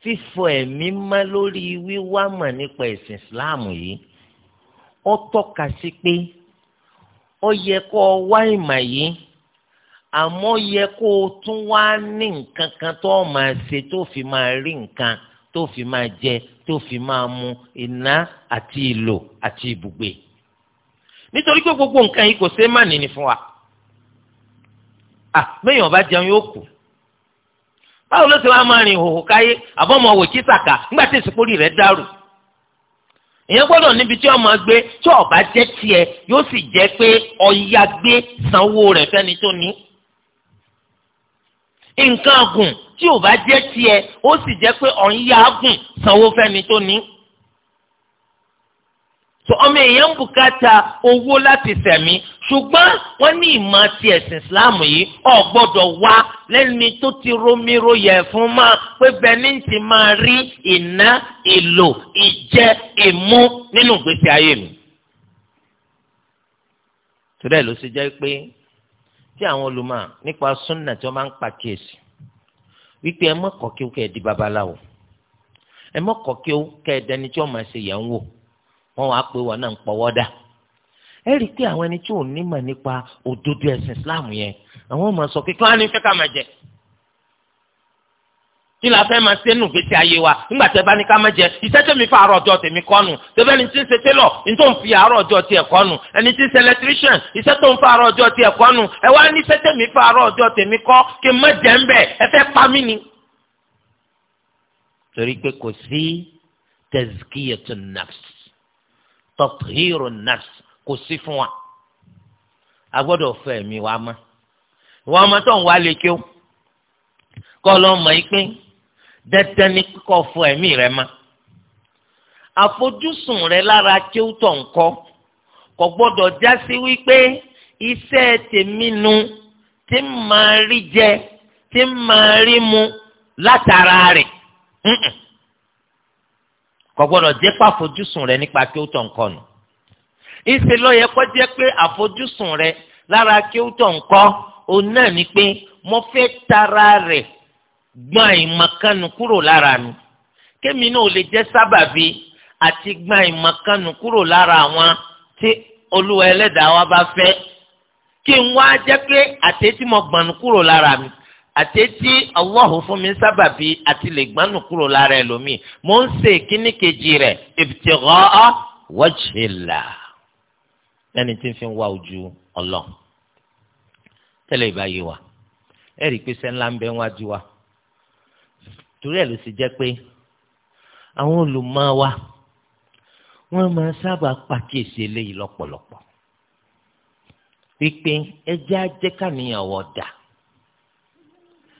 fífọ ẹ̀mí mọ́ lórí wíwá mọ̀ nípa ẹ̀sìn ìsìláàmù yìí ó tọ́ka sí pé ó yẹ kó o wá ìmọ̀ yìí àmọ́ yẹ kó o tún wá ní nǹkan kan tó o máa ṣe tó fi máa rí nǹkan tó fi máa jẹ tó fi máa mu iná àti ìlò àti ibùgbé nítorí pé gbogbo nǹkan yìí kò ṣe é má nìní fún wa à bẹ́ẹ̀ yàn bá jẹun yóò kù báwo ló ti wá máa rìn ìhòhò káyé àbọ̀mọ̀ wò kí sàkà nígbà tí ìsìnkúrì rẹ̀ dàrú èèyàn gbọ́dọ̀ níbi tí ọmọ gbé tí ọba jẹ́ tiẹ̀ yóò sì jẹ́ pé ọya gbé sanwó rẹ̀ fẹ́ni tó ní nǹkan gùn tí ò bá jẹ́ ó sì jẹ́ pé ọ̀nyá gùn sanwó fẹ́ni tó ní so ọmọ èèyàn ń bùkátà owó láti sẹ̀mí ṣùgbọ́n wọ́n ní ìmọ̀ ti ẹ̀sìn ìsìláàmù yìí ò gbọ́dọ̀ wá lẹ́ni tó ti romiro yẹ fún máa pé bẹ́ẹ̀ni ti máa rí ìná èlò ìjẹ ìmú nínú ìgbésí ayé mi. torí ẹ̀ ló ṣe jẹ́ pé tí àwọn olùmọ̀ nípa súnà tí wọ́n máa ń pa kíyèsí wípé ẹ mọ̀kọ́ kí ó kẹ́ ẹ di babaláwo ẹ mọ̀kọ́ kí ó kẹ́ ẹ dẹni tí wọ́n máa ṣe yẹn ń wò. wọn wàá pé wọn náà ń dà ẹ àwọn ẹni tí ní nípa òdodo islam yẹn àwọn ọmọ sọ pé á fẹ́ ká máa jẹ kí la fẹ́ máa ṣe nù gbèsè ayé wa nígbà bá ní ká má jẹ iṣẹ́ tẹ̀mí fa àárọ̀ ọjọ́ tèmi ní tó ń fi àárọ̀ ọjọ́ tiẹ̀ ẹni tí ń ṣe electrician iṣẹ́ tó ń fa àárọ̀ ọjọ́ tiẹ̀ ẹ wá ní iṣẹ́ tọ̀hírò nafs kò sí fún wa a gbọ́dọ̀ fẹ́ ẹ̀mí wa mọ́ ìwọ ọmọ tó ń wá lè kí ó kọ́ lọ́ mọ̀ yí pé dandan ni kíkọ́ fún ẹ̀mí rẹ mọ́ àfojúsùn rẹ lára kí ó tọ̀ ń kọ́ kò gbọ́dọ̀ já sí wípé iṣẹ́ tèmi nu tí màá rí jẹ tí màá rí mu látara rẹ̀. Mm-mm kò gbọ́dọ̀ jẹ́ pé àfojúsùn rẹ nípa kí ó tọ̀ nǹkan nù ìṣe lọ́yẹ kọ́ jẹ́ pé àfojúsùn rẹ lára kí ó tọ̀ nǹkan òun náà ni pé mo fẹ́ tara rẹ̀ gbọ́n àìmọ̀kánu kúrò lára mi kémi náà ò lè jẹ́ sábàbí àti gbọ́n àìmọ̀kánu kúrò lára àwọn tí olúwa ẹlẹ́dàá wa bá fẹ́ kí n wá jẹ́ pé àtẹ́tí mo gbọ̀nù kúrò lára mi àtẹ́tí Allahu fún mi sábàbí àti lè gbánu kúrò lára ẹlòmíì mò ń ṣe kíní kejì rẹ̀ ibtigha'a wajhillah ẹni tí ń fi wá ojú ọlọ́ tẹ́lẹ̀ ìbáyé wa ẹ rí i pé sẹ́ńlá ń bẹ wájú wa torí ẹ̀ ló sì jẹ́ pé àwọn olùmọ̀ wa wọ́n máa sábà pàkíyèsí eléyìí lọ́pọ̀lọpọ̀ pípé ẹjẹ́ ajẹ́kàníyàn wọ̀ dáa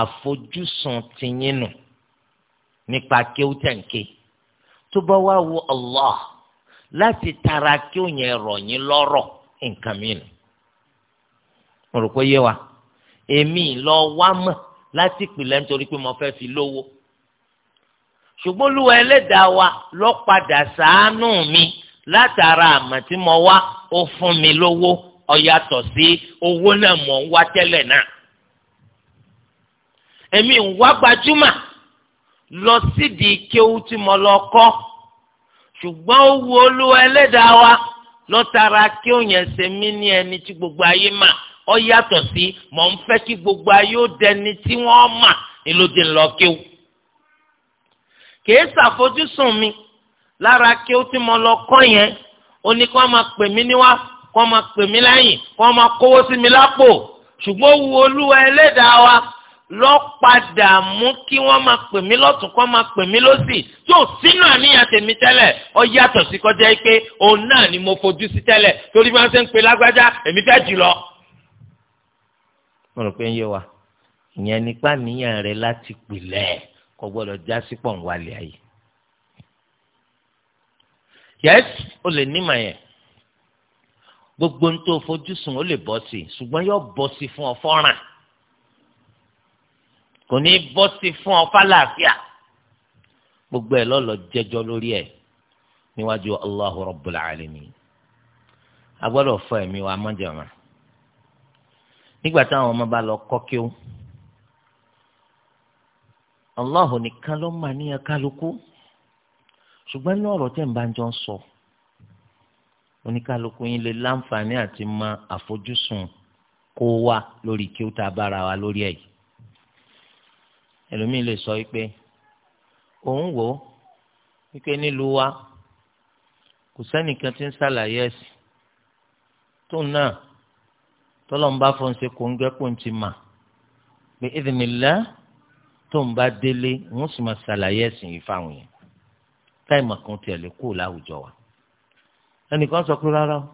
àfojúsùn tìyín nù nípa kéwútẹ̀ǹké tó bá wá wo Allah láti tara kí ó yẹn rọ̀ yín lọ́rọ̀ nǹkan mi nù. mo rò pé yé wa èmi lọ wá mọ̀ láti pìlẹ̀ nítorí pé mo fẹ́ fi lówó ṣùgbọ́n olúwa ẹlẹ́dàá wa lọ padà sàánú mi látara àmọ̀ tí mo wá ó fún mi lówó ó sí owó náà mò ń wá tẹ́lẹ̀ náà èmi ń wá gbajúmọ̀ lọ sídìí kéwú tí mo lọ kọ́ ṣùgbọ́n ó wu olúwa ẹlẹ́dàá wa lọ́tara kéwú yẹn ṣe mí ní ẹni tí gbogbo ayé mà ó yàtọ̀ sí mọ̀ ń fẹ́ kí gbogbo ayé ó dẹni tí wọ́n mà ìlòdì ńlọ kéwú. kìí ṣàfojúsùn mi lára kéwú tí mo lọ kọ́ yẹn ó ní kí wọ́n máa pè mí níwá kí wọ́n máa pè mí lẹ́yìn kí wọ́n máa kówó sí mi lápò ṣùgbọ́n ó wu olúwa ẹlẹ́dàá wa lọ́padà mú kí wọ́n máa pè mí lọ́tún kọ́ máa pè mí lọ́sì tó sínú àníyàn tèmi tẹ́lẹ̀ ó yàtọ̀ sí kọjá pé òun náà ni mo fojú sí tẹ́lẹ̀ torí bí wọ́n ṣe ń pe lágbájá èmi fẹ́ jù lọ. mo rò pé ń yé wa ìyẹn nípa níyàn rẹ láti pìlẹ̀ kò gbọ́dọ̀ já sí pọ̀ ń wálé ayé. yẹ́s o lè nímọ̀ yẹn gbogbo ń tó fojú sùn ó lè bọ́ sí ṣùgbọ́n yóò bọ́ sí fún ọ fọ́ràn kò ní bọ́ sí fún ọ fálàáfíà gbogbo ẹ̀ lọ́lọ́ jẹ́jọ́ lórí ẹ̀ níwájú Allahu Rabbul Alamin a gbọ́dọ̀ fọ ẹ̀mí wa mọ́jọ̀mọ́ nígbà táwọn ọmọ bá lọ kọ́ kí ó Allahu nìkan ló máa níyàn kálukú ṣùgbọ́n ní ọ̀rọ̀ tẹ̀ ń bá jọ sọ oníkálukú yín lè láǹfààní àti mọ àfojúsùn kó wa lórí kí ó ta bára wa lórí ẹ̀yìn ẹlòmíì lè sọ pé òun wò ó wípé nílùú wa kò sẹ́nìkan tí ń ṣàlàyé ẹ̀sìn tóun náà tọ́lọ́mùbá fọ́n ṣe kò ń gẹ́kùn ti mà pé ìdìnnìlá tóun bá délé òun sì máa ṣàlàyé ẹ̀sìn yìí fáwọn yẹn táìmọ̀ kan tiẹ̀ lè kú láwùjọ wa ẹnìkan sọ pé rárá o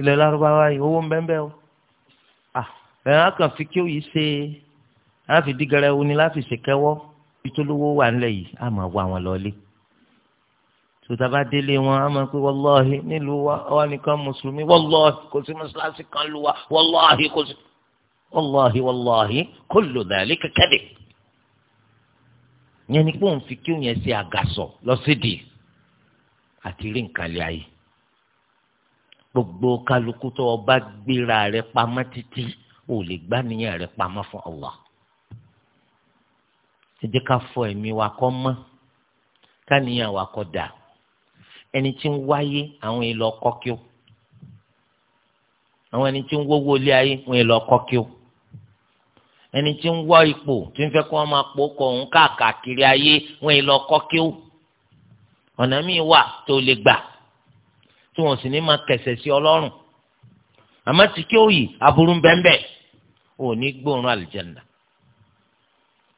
ilẹ̀ lárúbáwá yìí owó ń bẹ́ẹ̀ bẹ́ẹ̀ o à ah, ẹ̀rọ akànfi kí ó yìí ṣe é láfi dígẹrẹ wo ni láfi ṣèkẹwọ́ ìtòlówó wà nílẹ̀ yìí á máa wá wọn lọlé tòtàbá délé wọn á máa pé wọlọ́ọ̀hì nílùú wa àwa nìkan mùsùlùmí wọlọ́ọ̀hì kò sí mọ́ṣáláṣí kan lù wá wọlọ́ọ̀hì kò sí wọlọ́ọ̀hì wọlọ́ọ̀hì kò lò dàlí kẹ́kẹ́dẹ̀ yẹn ni pé òun fi kí òun yẹn ṣe àgàsọ̀ lọ́sídìí àti rí nǹkan lé ayé gbogbo kálukú tó o gbéra rẹ pamọ́ títí o lè gbá nìyẹn rẹ pamọ́ fún Allah ẹ jẹ́ ká fọ ẹ̀mí wa kọ́ mọ́ káníyàn wa kọ́ dà ẹni tí ń wáyé àwọn èèlò ọkọ kí ó àwọn ẹni tí ń wówó ilé ayé wọn èèlò ọkọ kí ó ẹni tí ń wọ ipò tí ń fẹ́ kó wọn máa pò kọ òun káàkiri ayé wọn èèlò ọkọ ọ̀nà míì wà tó lè gbà tí wọn sì ní máa kẹsẹ̀ sí ọlọ́run àmọ́ tí kí ó aburú ń bẹ́ẹ̀ bẹ́ẹ̀ gbóòórùn àlùjànnà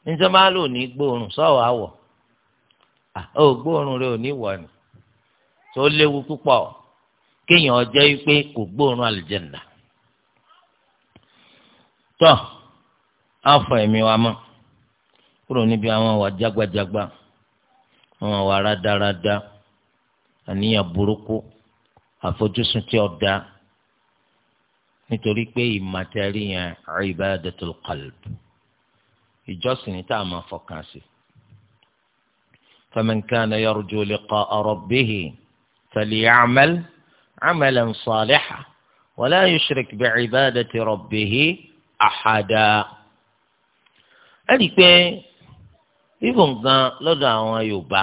níjọ́ máa lò ní gbóòórùn sọ́ọ̀ àwọ̀ ó gbóòórùn rẹ̀ ò ní wọ̀ ni tó léwu púpọ̀ kéèyàn jẹ́ wípé kò gbóòórùn àlùjẹ̀nà tọ́ àfọ̀ ẹ̀mí wa mọ́ kúrò níbi àwọn wà jágbajàgba àwọn wà rádaràda àníyàn burúkú àfojúsùn tí ó da nítorí pé ìmàtẹ́rì yẹn ibadatul qalb ìjọsìn tá a máa fọkàn sí. فمن كان يرجو لقاء ربه فليعمل عملا صالحا ولا يشرك بعبادة ربه أحدا ẹnì pé ibùn gan lọ́dọ̀ àwọn Yorùbá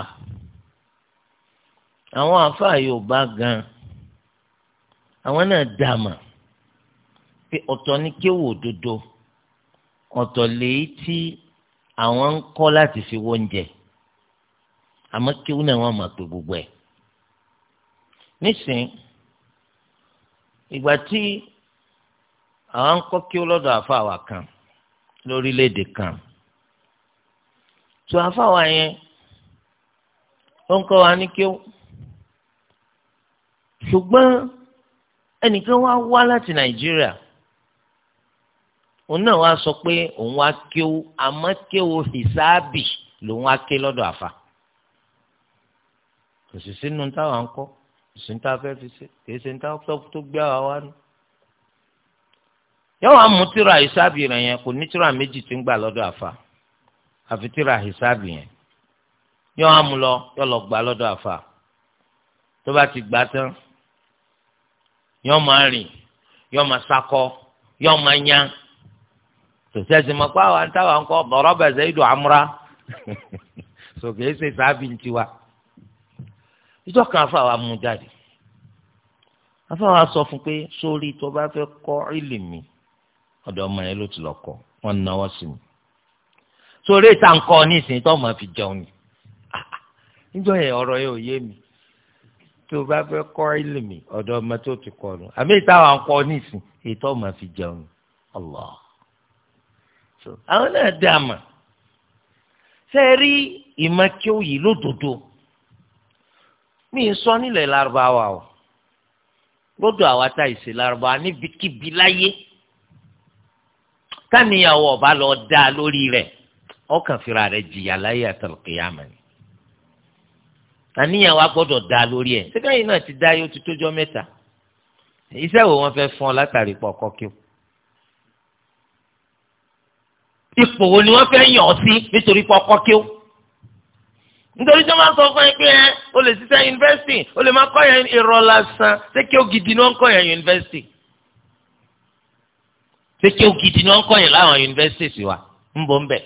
àwọn àáfàá Yorùbá gan àwọn náà dàmà pé ọ̀tọ̀ ní kéwò òdodo ọ̀tọ̀ lèyí tí àwọn ń kọ́ láti fi wọ oúnjẹ àmọ́ kíwú náà wọ́n máa pè gbogbo ẹ̀ nísìnyí ìgbà tí àwọn ń kọ́ kíwú lọ́dọ̀ àfàwà kan lórílẹ̀‐èdè kan tó àfàwà yẹn ó ń kọ́ wa ní kíwú ṣùgbọ́n ẹnìkan wá wá láti Nàìjíríà òun náà wá sọ pé òun wá kéwú àmọ́ kéwú hìsáàbì lòun wá ké lọ́dọ̀ àfa kò sì sínú táwa ń kọ́ kò sí ní táwa fẹ́ fi ṣe kì í ṣe ní táwa tó gbé àwa wá nù. yọ̀wọ̀ àmútìrà hìsáàbì rẹ̀ yẹn kò ní tìrà méjì tí ń gbà lọ́dọ̀ àfa àfi tìrà hìsáàbì yẹn yọ̀wọ̀ àmúlọ yọ̀ lọ gbà lọ́dọ̀ àfa tó bá ti gbà tán yọ̀ọ́ máa rìn yọ̀ọ́ máa sakọ yọ̀ọ́ máa yán tòṣẹ́sì mọ̀ pé àwọn táwa ń ọba daraba Zaidu amra sòkè é ṣe sábì ń tiwa ìjọ kan afọ àwa mú jáde afọ sọ fún pé sórí tó bá fẹ́ kọ́ ìlìmí ọ̀dọ̀ ọmọ yẹn ló ti lọ kọ́ wọn náwó mi sórí ìta ń kọ́ ní ìsìn tó máa fi jẹun ni níjọ yẹn ọ̀rọ̀ yẹn ò yé mi tó bá fẹ́ kọ́ ọmọ tó ti kọ́ àmì ìta wà ń fi jẹun Allah. àwọn náà dá a mà ṣe é rí ìmọ̀ kí ó yìí lódodo mi ń sọ nílẹ̀ lárúbáwá o lọ́dọ̀ àwa tá ìṣe lárúbáwá níbikíbi láyé táníyàwó ọba lọ dá lórí rẹ̀ ọkàn fìrà rẹ̀ jìyà láyé àtàlùkìyàmọ̀ ni àníyàn wa gbọ́dọ̀ dá lórí ẹ̀ sẹ́kẹ́yìn náà ti dá yóò ti tójọ́ mẹ́ta iṣẹ́ wo wọ́n fẹ́ fún ọ látàrí pọ̀ kọ́kí ipò wo ni wọ́n fẹ́ yàn ọ́ sí nítorí pé ọkọ kí ó nítorí tí wọ́n máa sọ fún ẹ pé ẹ o lè ṣiṣẹ́ yunifásitì o lè máa kọ́ yẹn irọ́ lásán ṣé kí o gidi ni wọ́n ń kọ́ yẹn yunifásitì ṣé kí o gidi ni wọ́n ń kọ́ yẹn láwọn yunifásitì wa ń bọ̀ ń bẹ̀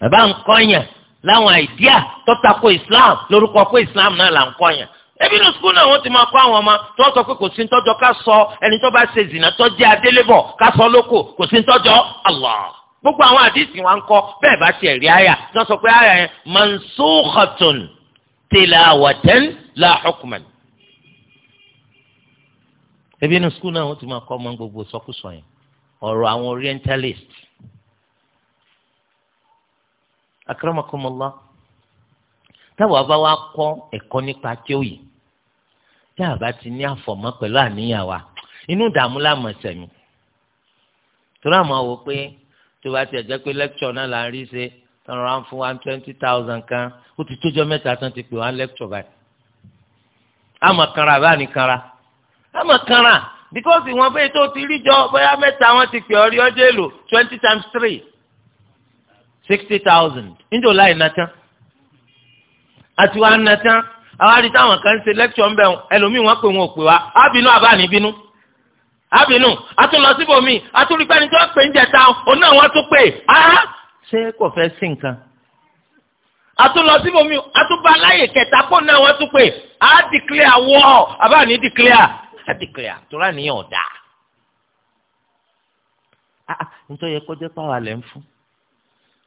bàbá ń kọ́ yẹn láwọn àìdíà tó tako Islam lórúkọ pé Islam náà là ń kọ́ yẹn ẹbí inú sukùl náà wọ́n ti máa kọ́ àwọn ọmọ tí wọ́n sọ pé kò sí ntọ́jọ́ ká sọ ẹni tó bá ṣe zìnà tó jẹ́ adélébọ̀ ká sọ lóko kò sí ntọ́jọ́ Allah gbogbo àwọn àdìsí wa ń kọ́ bẹ́ẹ̀ bá tiẹ̀ rí àyà tí wọ́n sọ pé àyà yẹn mansukhatun tilawatan la hukman ẹbí inú sukùl náà wọ́n ti máa kọ́ ọmọ gbogbo sọkúsọ yẹn ọ̀rọ̀ àwọn orientalist akramakumullah táwa bá wa kọ́ ẹ̀kọ́ nípa tí ó yìí tá a bá ti ní àfọ̀mọ́ pẹ̀lú àníyàn wa inú ìdààmú láàmú sẹ̀mí torí àmọ́ wò pé tó bá tiẹ̀ jẹ́ pé lẹ́kṣọ̀ náà là ń rí ṣe tọrọ à ń fún wa twenty thousand kan ó ti tójọ́ mẹ́ta tán ti pè wá lẹ́kṣọ̀ báyìí àmọ́ kanra àbá ní kanra àmọ́ kanra because ìwọ̀n bẹ́ẹ̀ tó ti rí jọ bóyá mẹ́ta wọn ti pè ọ́ rí ọjọ́ èlò twenty times three sixty thousand níjọ́ láì nàtán àti wàá nàtán àwọn àti táwọn kan ń ṣe lẹ́kṣọ̀ ń bẹ̀ wọn ẹlòmíì wọ́n pè wọn ò pè wá ábínú àbá níbínú ábínú àtúnlọ àtúrígbẹ́ni tó pè ń jẹta òun náà wọ́n pè á ṣé kò fẹ́ sí nǹkan àtúnlọ síbòmí kẹta kó náà wọ́n tún pè á yẹ pàwọ́ alẹ́ ń fún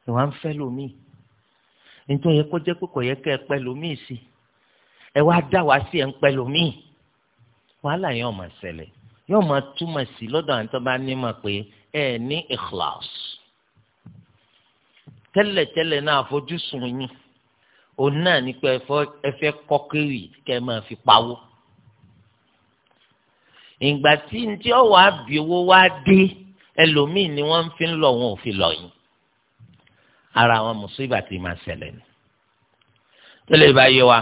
ìwà ń yẹ yẹ kẹ́ ẹ pẹ́ sí ẹ wá dá wá sí ẹ̀ ń pẹ́ lómi wàhálà yẹn ọ̀ máa ṣẹlẹ̀ yóò máa túmọ̀ sí lọ́dọ̀ àwọn tó bá ní mà pé ẹ ní ikhlas tẹ́lẹ̀tẹ́lẹ̀ náà àfojúsùn yín òun náà ní pé ẹ fẹ́ kọ́ kéwì kẹ́ ẹ máa fi pawó ìgbà tí ntí ọwọ́ àbí owó wá dé ẹlòmíì ni wọ́n fi ń lọ wọn ò fi lọ yín ara àwọn mùsùlùmí àti ìmọ̀ ṣẹlẹ̀ ni tẹ́lẹ̀ bá yé wa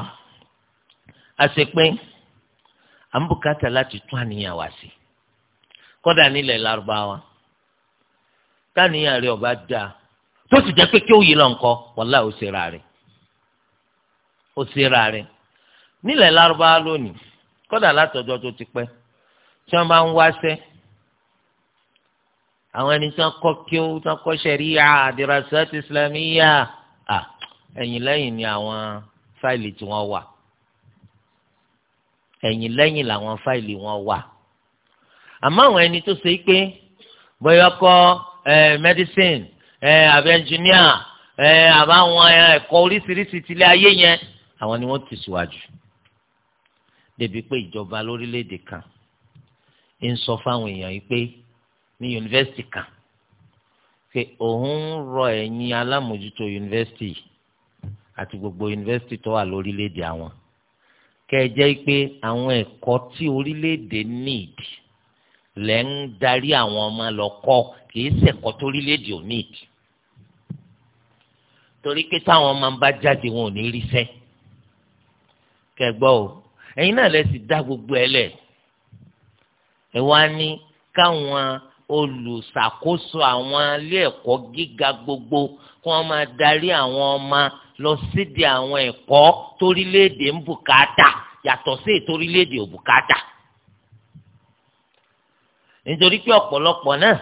àṣepé ambukata ń bùkátà láti tún àníyàn wá sí kọ́dà nílẹ̀ lárúbáwá táníyàn rẹ̀ ọba dáa tó sì jẹ́ pé kí ó yí lọ nǹkan wọ́lá ó ṣe ra rẹ̀ ó ṣe ra rẹ̀ nílẹ̀ lárúbáwá lónìí kọ́dà látọjọ́ tó ti pẹ́ tí wọ́n bá ń wáṣẹ́ àwọn ẹni tí wọ́n kọ́ kí ó tí wọ́n kọ́ ṣẹ̀ríyà àdìrásẹ́tì islámíyà ẹ̀yìn lẹ́yìn ni àwọn fáìlì tí wọ́n wà ẹ̀yìn lẹ́yìn làwọn fáìlì wọn wà àmọ́ àwọn ẹni tó ṣe pé bóyá kọ́ medicine àbí engineer àbáwọn ẹ̀kọ́ oríṣiríṣi tilé ayé yẹn àwọn ni wọ́n ti síwájú débi pé ìjọba lórílẹ̀‐èdè kan ń sọ fáwọn èèyàn yìí pé ní yunifásitì kan pé òun ń rọ ẹ̀yin alámòjútó yunifásitì àti gbogbo yunifásitì tó wà lórílẹ̀‐èdè àwọn kẹjẹ́ pé àwọn ẹ̀kọ́ tí orílẹ̀-èdè need lẹ́ ń darí àwọn ọmọ lọ kọ́ kì í ṣẹ̀kọ́ tó orílẹ̀-èdè ò need torí pé táwọn ọmọ bá jáde wọn ò ní rí sẹ́ kẹgbọ́ o ẹ̀yin náà lẹ́sìn dá gbogbo ẹ lẹ̀ ẹ wá ní káwọn olùṣàkóso àwọn ilé ẹ̀kọ́ gíga gbogbo kí wọ́n máa darí àwọn ọmọ lọ sídìí àwọn ẹ̀kọ́ torílẹ̀-èdè ń bùkátà yàtọ̀ sí ìtorílẹ̀-èdè ò bùkátà. nítorí pé ọ̀pọ̀lọpọ̀ náà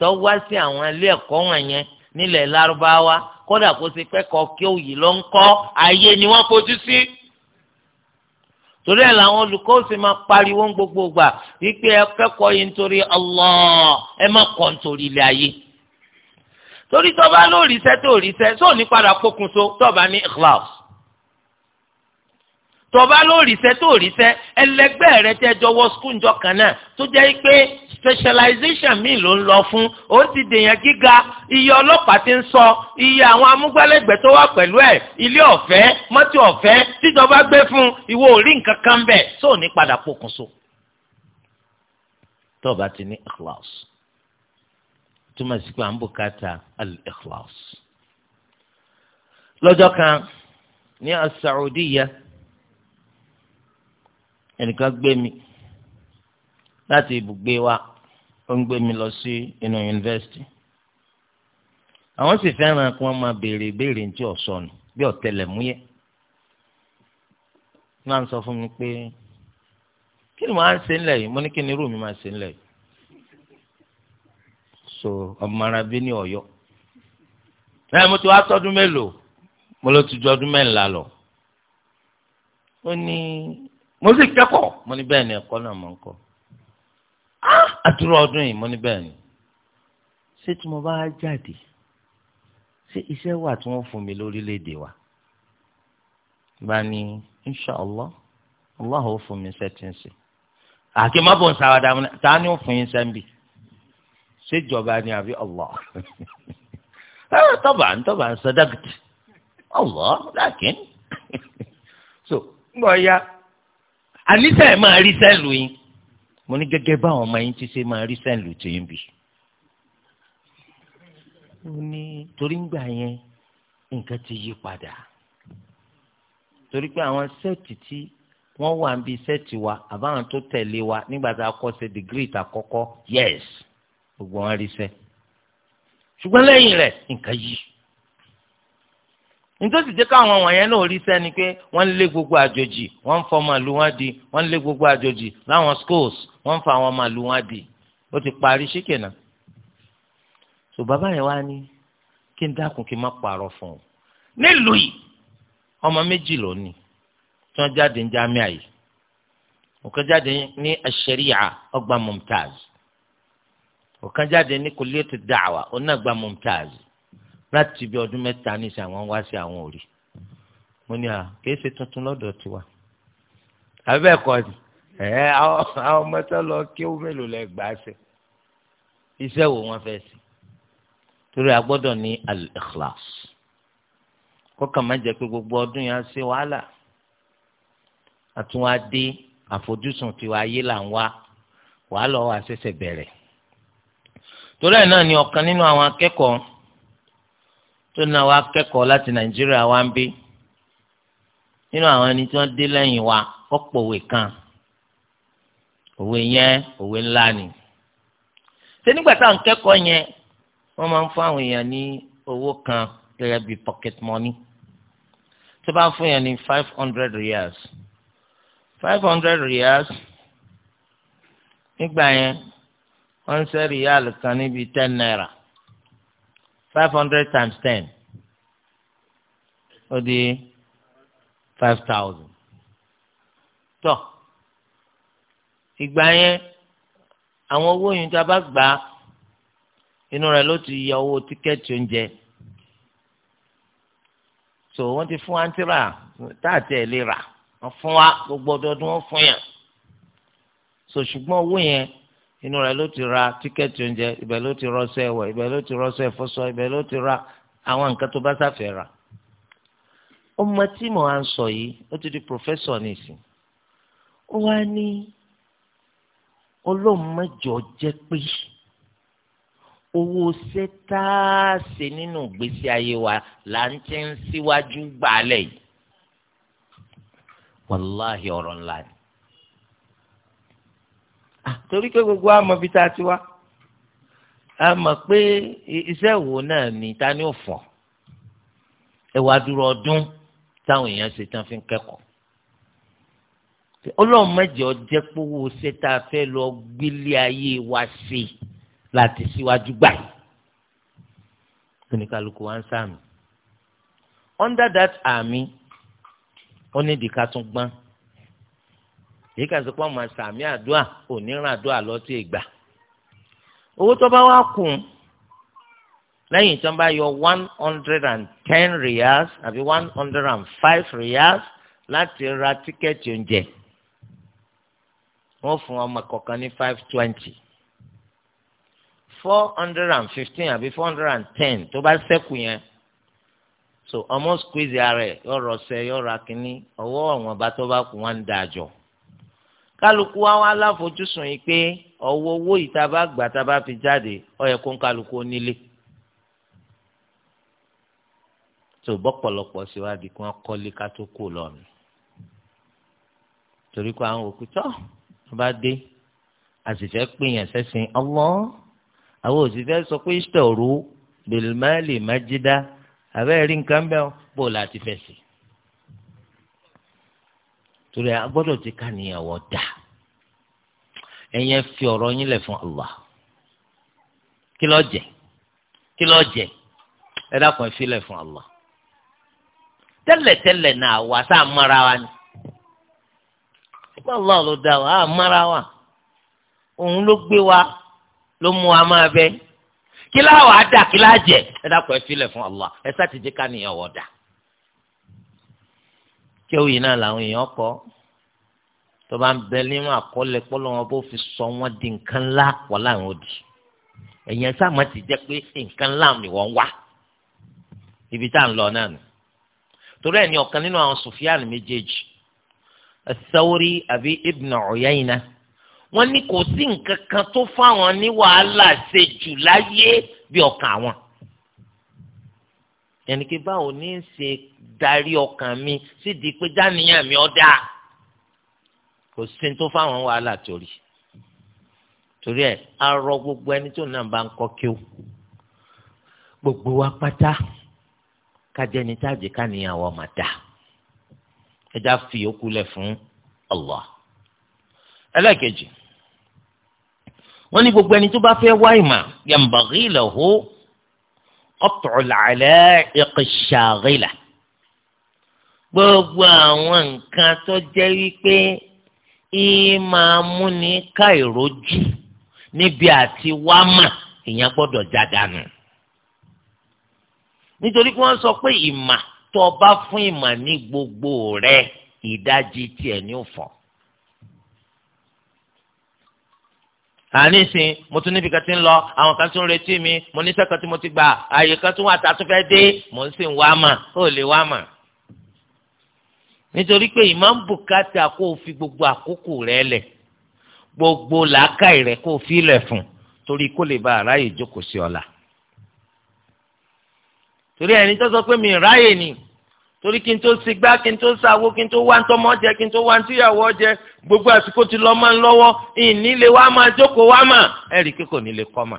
tó wá sí àwọn ilé ẹ̀kọ́ wọ̀nyẹn nílẹ̀ lárúbáwá kódà kó ṣe pẹ́kọ̀ọ́ kí òyì ló ń kọ́ ayé ni wọ́n fojú sí. Si torí ẹ̀ làwọn olùkọ́ sì máa pariwo gbogbo gbà wípé ẹ kẹ́kọ̀ọ́ yìí nítorí Allah ẹ má kọ́ nítorí ilé ayé torí tọ́ba ló ríṣẹ́ tó ríṣẹ́ sóò ní padà kókun so tọ́ba ní ikhlas tọba ló ríṣẹ́ tó ríṣẹ́ ẹlẹgbẹ́ rẹ tẹ jọwọ skul njọ kan náà tó jẹ́ pé specialization mi ló ń lọ fún ó ti dèèyàn gíga iye ọlọ́pàá ti ń sọ iye àwọn amúgbálẹ́gbẹ̀ẹ́ tó wà pẹ̀lú ẹ̀ ilé ọ̀fẹ́ mọ́tò ọ̀fẹ́ tíjọba gbé fún ìwọ ò nǹkan kan bẹ́ẹ̀ tó ní padà pokùnso. tọba ti ní ikhlas túmọ̀ sí pé à ń bùkátà al-ikhlas lọ́jọ́ kan ní asaudiya ẹnìkan gbé mi láti ibùgbé wa ó ń gbé mi lọ sí inú yunifásitì àwọn sì fẹ́ràn kí wọ́n máa béèrè ìbéèrè ní tí ọ̀sọ́nù bí ọ̀tẹlẹ̀múyẹ́ náà ń sọ fún mi pé kí ni mo máa ń ṣe ńlẹ̀ yìí mo ní kí ni irú mi máa ṣe ńlẹ̀ yìí so ọmọ ara bí ní Ọ̀yọ́ bẹ́ẹ̀ mo ti wá tọ́dún mélòó mo ló ti ju ọdún mẹ́ńlá lọ ó ní mo sì kẹ́kọ̀ọ́ mo ní bẹ́ẹ̀ ni ẹ̀kọ́ náà mo ń kọ́ ah, àtúrò ọdún yìí mo ní bẹ́ẹ̀ ni ṣé tí mo bá jáde ṣé iṣẹ́ wà tí wọ́n fún mi lórílẹ̀‐èdè wa bá ní inṣàlá allah ò fún mi sẹ́tíǹsì àti má bọ̀ nsàwádà mi ta ni ó fún yín sẹ́ńbì ṣèjọba ni àbí allah ah, tọ́ba tọ́ba ń sọdọ́gìtì allah lákìn so ń bọ̀ ya àníṣe máa rí sẹ́ẹ̀lù yín mo ní gẹ́gẹ́ báwọn ọmọ yín ti ṣe máa rí sẹ́ẹ̀lù tó yín bì. ó ní torí ń gbà yẹn nǹkan ti yí padà torí pé àwọn sẹ́ẹ̀tì tí wọ́n wà ń bi sẹ́ẹ̀tì wa àbáwọn tó tẹ̀lé wa nígbà tá a kọ́ ṣe dìgírì ìtàkọ́kọ́ yẹ́s gbogbo wọn rí sẹ́ẹ̀ ṣùgbọ́n lẹ́yìn rẹ̀ nǹkan yìí nítorí jẹ́ káwọn wọ̀nyẹn náà rí sẹ́ni pé wọ́n ń lé gbogbo àjòjì wọ́n ń fọ́ màlú wọn di wọ́n ń lé gbogbo àjòjì láwọn schools wọ́n ń fa àwọn màlú wọn di ó ti parí ṣíkìnà. sọ bàbá yẹn wá ní kí n dákun kí n má parọ́ fún un. nílùú yìí ọmọ méjì lónìí tí wọ́n jáde ń jámíà yìí ọ̀kan jáde ní àṣẹríyà ọgbà mumtaz ọ̀kan jáde ní kòlíẹ̀tì dàwà ọ̀nà àgbà mumtaz láti bí ọdún mẹ́ta ní sí àwọn wá sí àwọn òrì mo ní à kìí ṣe tuntun lọ́dọ̀ tiwa abẹ́ẹ̀kọ́ ni ẹ̀ àwọn ọmọ tó lọ kéwú mélòó lẹ gbà á ṣe iṣẹ́ wo wọ́n fẹ́ sí torí a gbọ́dọ̀ ní al kọ́kàn má jẹ́ pé gbogbo ọdún yẹn á ṣe wàhálà àtúnwá àfojúsùn tiwa ayé là ń wá wàhálà ọ̀ wá bẹ̀rẹ̀ torí ẹ̀ náà ni ọ̀kan nínú àwọn akẹ́kọ̀ọ́ tó náà wá kẹ́kọ̀ọ́ láti nàìjíríà wá ń bí nínú àwọn ẹni tí wọ́n dé lẹ́yìn wa ọ̀pọ̀ òwe kan òwe yẹn òwe ńlá ni ṣé nígbà táwọn kẹ́kọ̀ọ́ yẹn wọ́n máa ń fún àwọn èèyàn ní owó kan gẹ́gẹ́ bíi pocket money tó bá ń fún yẹn ní five hundred riyals five hundred riyals nígbà yẹn wọ́n ń ṣe riyal kan níbi ten naira five hundred times ten ó di five thousand tọ ìgbà yẹn àwọn owó yìí tá a bá gbà á inú rẹ̀ ló ti yọ owó tíkẹ́ẹ̀tì oúnjẹ so wọ́n ti fún wa ti rà táàtì ẹ̀ lè rà wọ́n fún wa gbogbo ọdọọdún wọ́n fún yàn so ṣùgbọ́n owó yẹn inú rẹ̀ ló ti ra tíkẹ́ẹ̀tì oúnjẹ ibẹ̀ ló ti rọ́ṣẹ́ ẹ̀wọ̀ ibẹ̀ ló ti rọ́ṣẹ́ ẹ̀fọ́sọ ibẹ̀ ló ti ra àwọn nǹkan tó bá sáfẹ́ ra ọmọ tí mò ń sọ yìí ti di pòfẹ́sọ̀ nìsín ó wá ní olóòmọjọ jẹ́ pé owó sẹ́táàsì nínú ìgbésí ayé wa là ń ti ń síwájú gbàálẹ̀ yìí ọ̀rọ̀ ńlá ni Ah, torí pé gbogbo àmọ́ bíi tá a ti wá a mọ̀ pé iṣẹ́ wo náà ni ta ni ó fọ̀ ẹ dúró ọdún táwọn èèyàn ṣe tán fi ń kẹ́kọ̀ọ́ ọlọ́run mẹ́jọ jẹ́ pówó ṣe tá a fẹ́ lọ gbélé ayé wa ṣe láti síwájú gbà oníkàlùkù wa ń sàmì under that army ó ní ìdíkà tún gbọ́n èyí kà sí pé ọmọ sàmì àdúà òníran àdúà lọ́tí ìgbà owó tó bá wá kù lẹ́yìn tí wọ́n bá yọ one hundred and ten riyals àbí one hundred and five riyals láti ra tíkẹ́ẹ̀tì oúnjẹ wọ́n fún ọmọ kọ̀ọ̀kan ní five twenty four hundred and fifteen àbí four hundred and ten tó bá ṣẹ́kù yẹn so ọmọ squeeze ara ẹ̀ yọ̀rọ̀ ṣẹ yọ̀rọ̀ akínní ọwọ́ ọ̀wọ́n bá tó bá kù wọ́n ń da àjọ kálukú wa wá láfojúsùn yìí pé ọwọ́ owó ìtaba gbàtaba fi jáde ó yẹ kó ń kálukú nílé tó bọ́pọ̀lọpọ̀ síwájú kí wọ́n kọ́lé ká tó kó lọ́nù torí kó àwọn òkú tọ́ tó bá dé a sì fẹ́ pèèyàn sẹ́sìn ọlọ́ àwọn òṣìṣẹ́ sọ pé ìṣòro bèlùmáàlì májídá àbẹ́ẹ̀rí nǹkan bẹ́ẹ̀ bò láti fẹ̀sìn. torí a gbọ́dọ̀ ti ká níyàwó dà fi ọrọ yín fún Allah kí lọ jẹ kí ló jẹ ẹ dákun ẹ fi fún Allah tẹ́lẹ̀tẹ́lẹ̀ náà wà sá mara wa ni Allah ló dá wa á mara wa òun ló gbé wa ló mú wa máa bẹ kí kí láà jẹ ẹ dákun ẹ fi fún Allah kéwù yìí náà làwọn èèyàn kọ tó bá ń bẹ nínú àkọọ́lẹ̀ pọ́lọ́ wọn bó fi sọ wọ́n di nǹkan ńlá pọ̀ láwọn òdì èèyàn sáàmù ti jẹ́ pé nǹkan ńlá ni wọ́n wá ibi tá à ń lọ náà nù torí ẹ̀ ní ọ̀kan nínú àwọn Sufyan méjèèjì as àbí Ibn Uyayna wọ́n ní kò sí nǹkan kan tó fáwọn ní wàhálà ṣe jù láyé bí ọkàn àwọn yẹnni pé báwo ní í ṣe darí ọkàn mi sídìí pé dáníyàn mi ọ́ dáa kò sí tó fáwọn wàhálà torí torí ẹ arọ gbogbo ẹni tó náà bá ń kọ́ kí ó gbogbo wa pátá kájẹni táàjì káníyàwó máa dà ẹjá fi yòókù lẹ fún Allah ẹlẹ́ẹ̀kejì wọ́n ní gbogbo ẹni tó bá fẹ́ wá ìmọ̀ yambaghi lahu qat'u al-ala'iq ash-shaghilah gbogbo àwọn nǹkan tó jẹ́ wípé ìyí máa múni ká ìrójú níbi àti wá mà èèyàn gbọ́dọ̀ já nítorí pé wọ́n sọ pé ìmà tó o fún ìmà ní gbogbo rẹ̀ ìdajì tiẹ̀ ní òfò àní sìn mo tún níbi kan ti ń lọ àwọn kan tún ń retí mi mo ní sẹ́kọ̀ọ́ tí mo ti gbà àyè kan tún wà tá a tún fẹ́ dé mo ń sìn wá mà ó lè wá mà. nítorí pé ìmáàmù bùkátà kó o fi gbogbo àkókò rẹ lẹ̀ gbogbo làákàyè rẹ kó o fi lẹ̀ fún torí kó lè ba àráyè jókòó sí ọ̀la. torí ẹni tó sọ pé mi ráyè ni torí kí n tó sigbá kí n tó sàwó kí n tó wá ntọ́mọ jẹ kí n tó wá ntíyàwó jẹ gbogbo àsìkò ti lọ máa ń lọ́wọ́ ìnílé wa máa jókòó wa mà ẹ̀rí kíkò nílé kọ́ mà.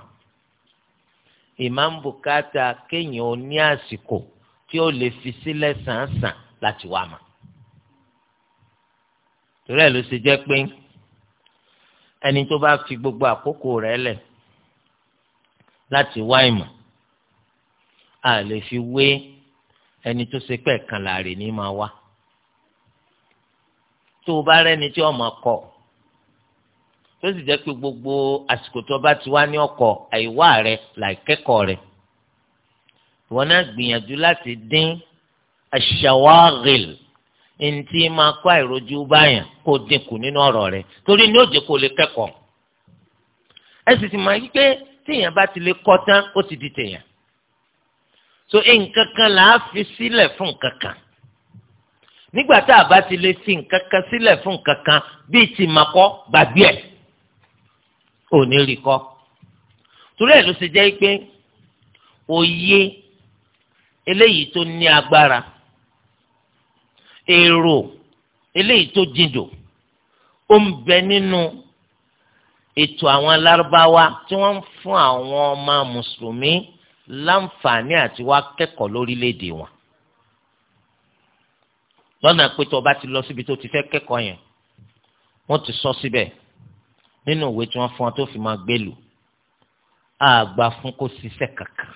ìmáàmù bùkátà kéèyàn ó ní àsìkò tí ó lè fi sílẹ̀ sàǹsàn láti wá mà. torí ẹ̀ ló ṣe jẹ́ pé ẹni tó bá fi gbogbo àkókò rẹ̀ lẹ̀ láti wá ìmọ̀ a fi wé ẹni tó ṣe pẹ́ kan láàrè ní máa wá tó o bá rẹ́ni tí ọmọ kọ tó sì jẹ́ pé gbogbo àsìkò tó bá ti wá ní ọkọ̀ àìwá rẹ̀ láìkẹ́kọ̀ọ́ rẹ̀ ìwọ náà gbìyànjú láti dín aṣàwáàgìl ntí máa kó àìrojú báyàn kó dínkù nínú ọ̀rọ̀ rẹ̀ torí ní òjò kò lè kẹ́kọ̀ọ́ ẹ sì ti máa yí pé téèyàn bá ti lè kọ́ tán ó ti di tèèyàn so nǹkan kan là á fi sílẹ̀ fún nǹkan kan nígbà tá a bá ti lè fi nǹkan kan sílẹ̀ fún nǹkan kan bíi ti màkọ́ gbàgbé ẹ̀ ò ní rí kọ́ torí ẹ̀ ló ṣe jẹ́ pé òye eléyìí tó ní agbára èrò eléyìí tó jìndò ó ń bẹ nínú ètò àwọn alárúbáwá tí wọ́n ń fún àwọn ọmọ mùsùlùmí láǹfààní àti wá kẹ́kọ̀ọ́ lórílẹ̀‐èdè wọn lọ́nà pé tó o bá ti lọ síbi tó ti fẹ́ kẹ́kọ̀ọ́ yẹn wọ́n ti sọ síbẹ̀ nínú ìwé tí wọ́n fún ọ tó fi máa gbélù àgbà fún kó ṣiṣẹ́ kankan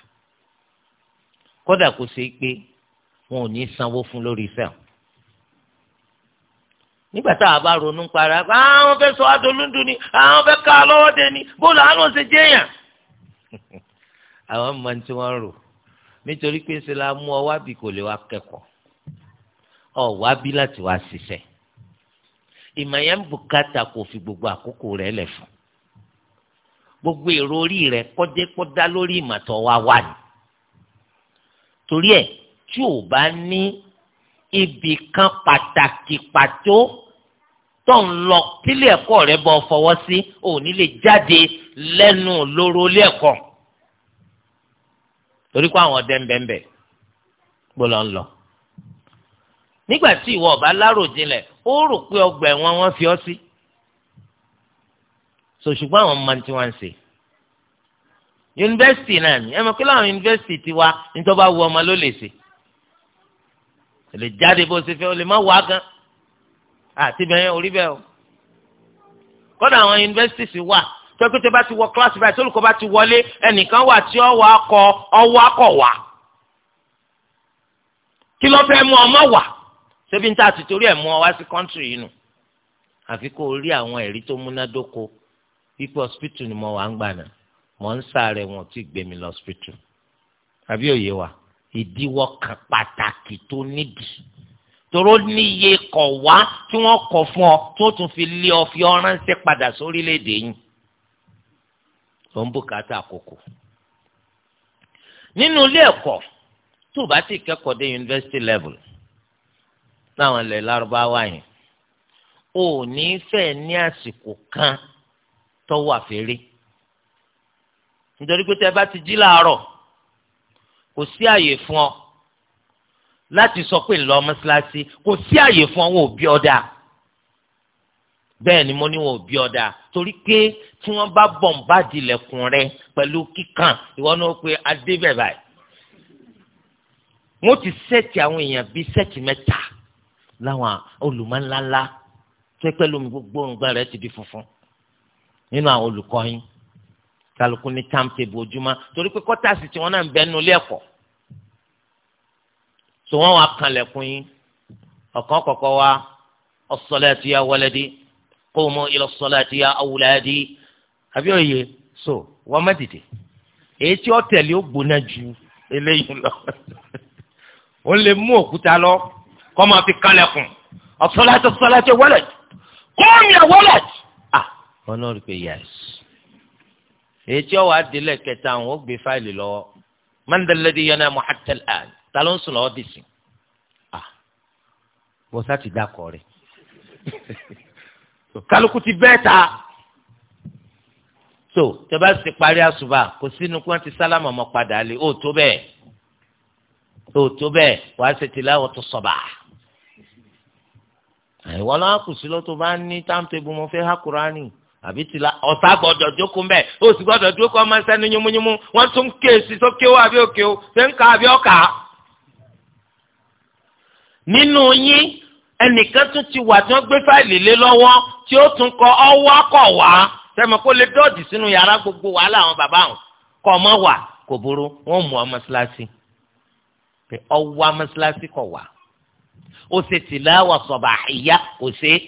kódà kó ṣe pé wọn ò ní sanwó fún lórí iṣẹ́ o nígbà tá a bá ronú para àwọn ah, fẹ́ sọ adolúndun ni àwọn ah, fẹ́ ká lọ́wọ́ dé ni bóòlù àwọn ò ṣe jẹ́yàn àwọn máa ń tí wọ́n ń rò nítorí pé ṣe la mú ọ wábì kò lè wá kẹ́kọ̀ọ́ ọ wábì láti wá ṣiṣẹ́ ìmọ̀ yẹn ń bùkátà kò fi gbogbo àkókò rẹ̀ lẹ̀ fún gbogbo èrò orí rẹ̀ kọ́jẹ́ kọ́ lórí ìmọ̀tọ́ wa wà ní torí ẹ̀ tí ò bá ní ibì kan pàtàkì pàtó tó ń lọ tílé ẹ̀kọ́ rẹ̀ bọ́ fọwọ́ sí ò lè jáde lẹ́nu lóró ilé ẹ̀kọ́ torí pé àwọn ọdẹ ń bẹ ń ń lọ. nígbà tí ìwọ ọba láròjinlẹ̀ ó rò pé ọgbà ẹ̀wọ̀n wọn fi ọ́ sí. sọ àwọn máa ń tí wọ́n ń ṣe. yunifásitì náà ni ẹ mọ̀ kí láwọn yunifásitì ti wá nítorí bá wu ọmọ ló lè ṣe. ò lè jáde bó ṣe fẹ́ ò lè má wá gan. àti orí bẹ́ẹ̀ o. kọ́dà àwọn yunifásitì sì wà tọ́kítẹ́ bá ti wọ kíláàsì báyìí tó olùkọ́ bá ti wọlé ẹnìkan wà tí ọwọ́ akọ ọwọ́ akọ wà kí ló fẹ́ mú ọmọ wà ṣébi ń tà tìtorí ẹ̀ mú ọ wá sí kọ́ńtìrì yìí nù àfi kó rí àwọn ẹ̀rí tó múnádóko pípé hospital ni mo wà ń gbà náà mo ń sáré wọn tí gbé mi lọ hospital àbí òye wa ìdíwọ́ kan pàtàkì tó nídìí toro níye kọ̀ wá tí wọ́n kọ̀ fún ọ tó tún fi lé ọ fi ọ ránṣẹ́ padà sórílẹ̀ yìí ó ń bùkátà àkókò. nínú ilé ẹ̀kọ́ tó bá ti kẹ́kọ̀ọ́ dé university level láwọn ilẹ̀ lárúbáwá yẹn ò ní fẹ́ ní àsìkò kan tó wà fèrè nítorí pé tẹ́ bá ti jí láàárọ̀ kò sí àyè fún ọ láti sọ pé ńlọ mọ́ṣáláṣí kò sí àyè fún ọ wọn ò bí ọ dáa bẹ́ẹ̀ ni mo ní wọn ò bí ọ̀dà torí pé tí wọ́n bá bọ̀ ń bá dilẹ̀kùn rẹ pẹ̀lú kíkan ìwọ náà pé adé bẹ̀ báyìí. wọ́n ti sẹ́ẹ̀tì àwọn èèyàn bíi sẹ́ẹ̀tì mẹ́ta láwọn olùmọ̀ńláńlá tó pẹ́ lómi gbogbo òǹgbà rẹ ti di funfun nínú àwọn olùkọ́ yín kálukú ní táǹpẹ̀bù ojúmọ́ torí pé kọ́tàsì tí wọ́n náà ń bẹ nínú ilé ẹ̀kọ́ tó wọ́n wá kanlẹ̀kùn yín ọ̀kan kọ̀ọ̀kan wá as-salatu ya waladi qumu ila salati ya awladi àbí òye so wọ́n má dìde èyí tí ó tẹ̀lé ó gbóná ju eléyìí lọ ó lè mú òkúta lọ kọ́ máa fi kálẹ̀kùn as-salatu as-salatu walad qum ya walad ah ọ̀nà rí pé yẹ́s èyí tí ó wàá délẹ̀ kẹta àwọn ó gbé fáìlì lọ́wọ́ man alladhi yanamu hatta al-an ta ló ń sùn lọ́wọ́ dì sí ah bọ́sá ti dákọ̀ rẹ̀ kálukú ti bẹ́ẹ̀ ta so tẹ́bá sì parí àṣùbà kò sínú kí wọ́n ti sálámà ọmọ padà lé o tó bẹ́ẹ̀ ó tó bẹ́ẹ̀ wàá ṣe ti láwọ̀ tó sọ̀bà àìwọ́n náà kù sí lọ́tọ̀ bá ní táǹtẹ̀bù mo fẹ́ há Kùránì àbí ti la ọ̀tá gbọ́dọ̀ jókòó mbẹ́ ó sì gbọ́dọ̀ dúró kọ́ ọmọ sẹ́ni yúnmúyúnmú wọ́n tún ké sí sókè ó àbí òkè ó ṣé àbí ọ̀ka nínú yín ẹnìkan tún ti wà tí wọ́n gbé fáìlì lé lọ́wọ́ tí ó tún kọ ọwọ́ kọ̀ wá sẹ́mi kó lè dọ́ọ̀dì sínú yàrá gbogbo wàhálà àwọn bàbá àwọn kọ́ ọmọ wà kò burú wọ́n mú ọmọ síláṣí pé ọwọ́ amọ́síláṣí kọ̀ wá ó ṣe tìláwà sọ̀bà àyà kò ṣe é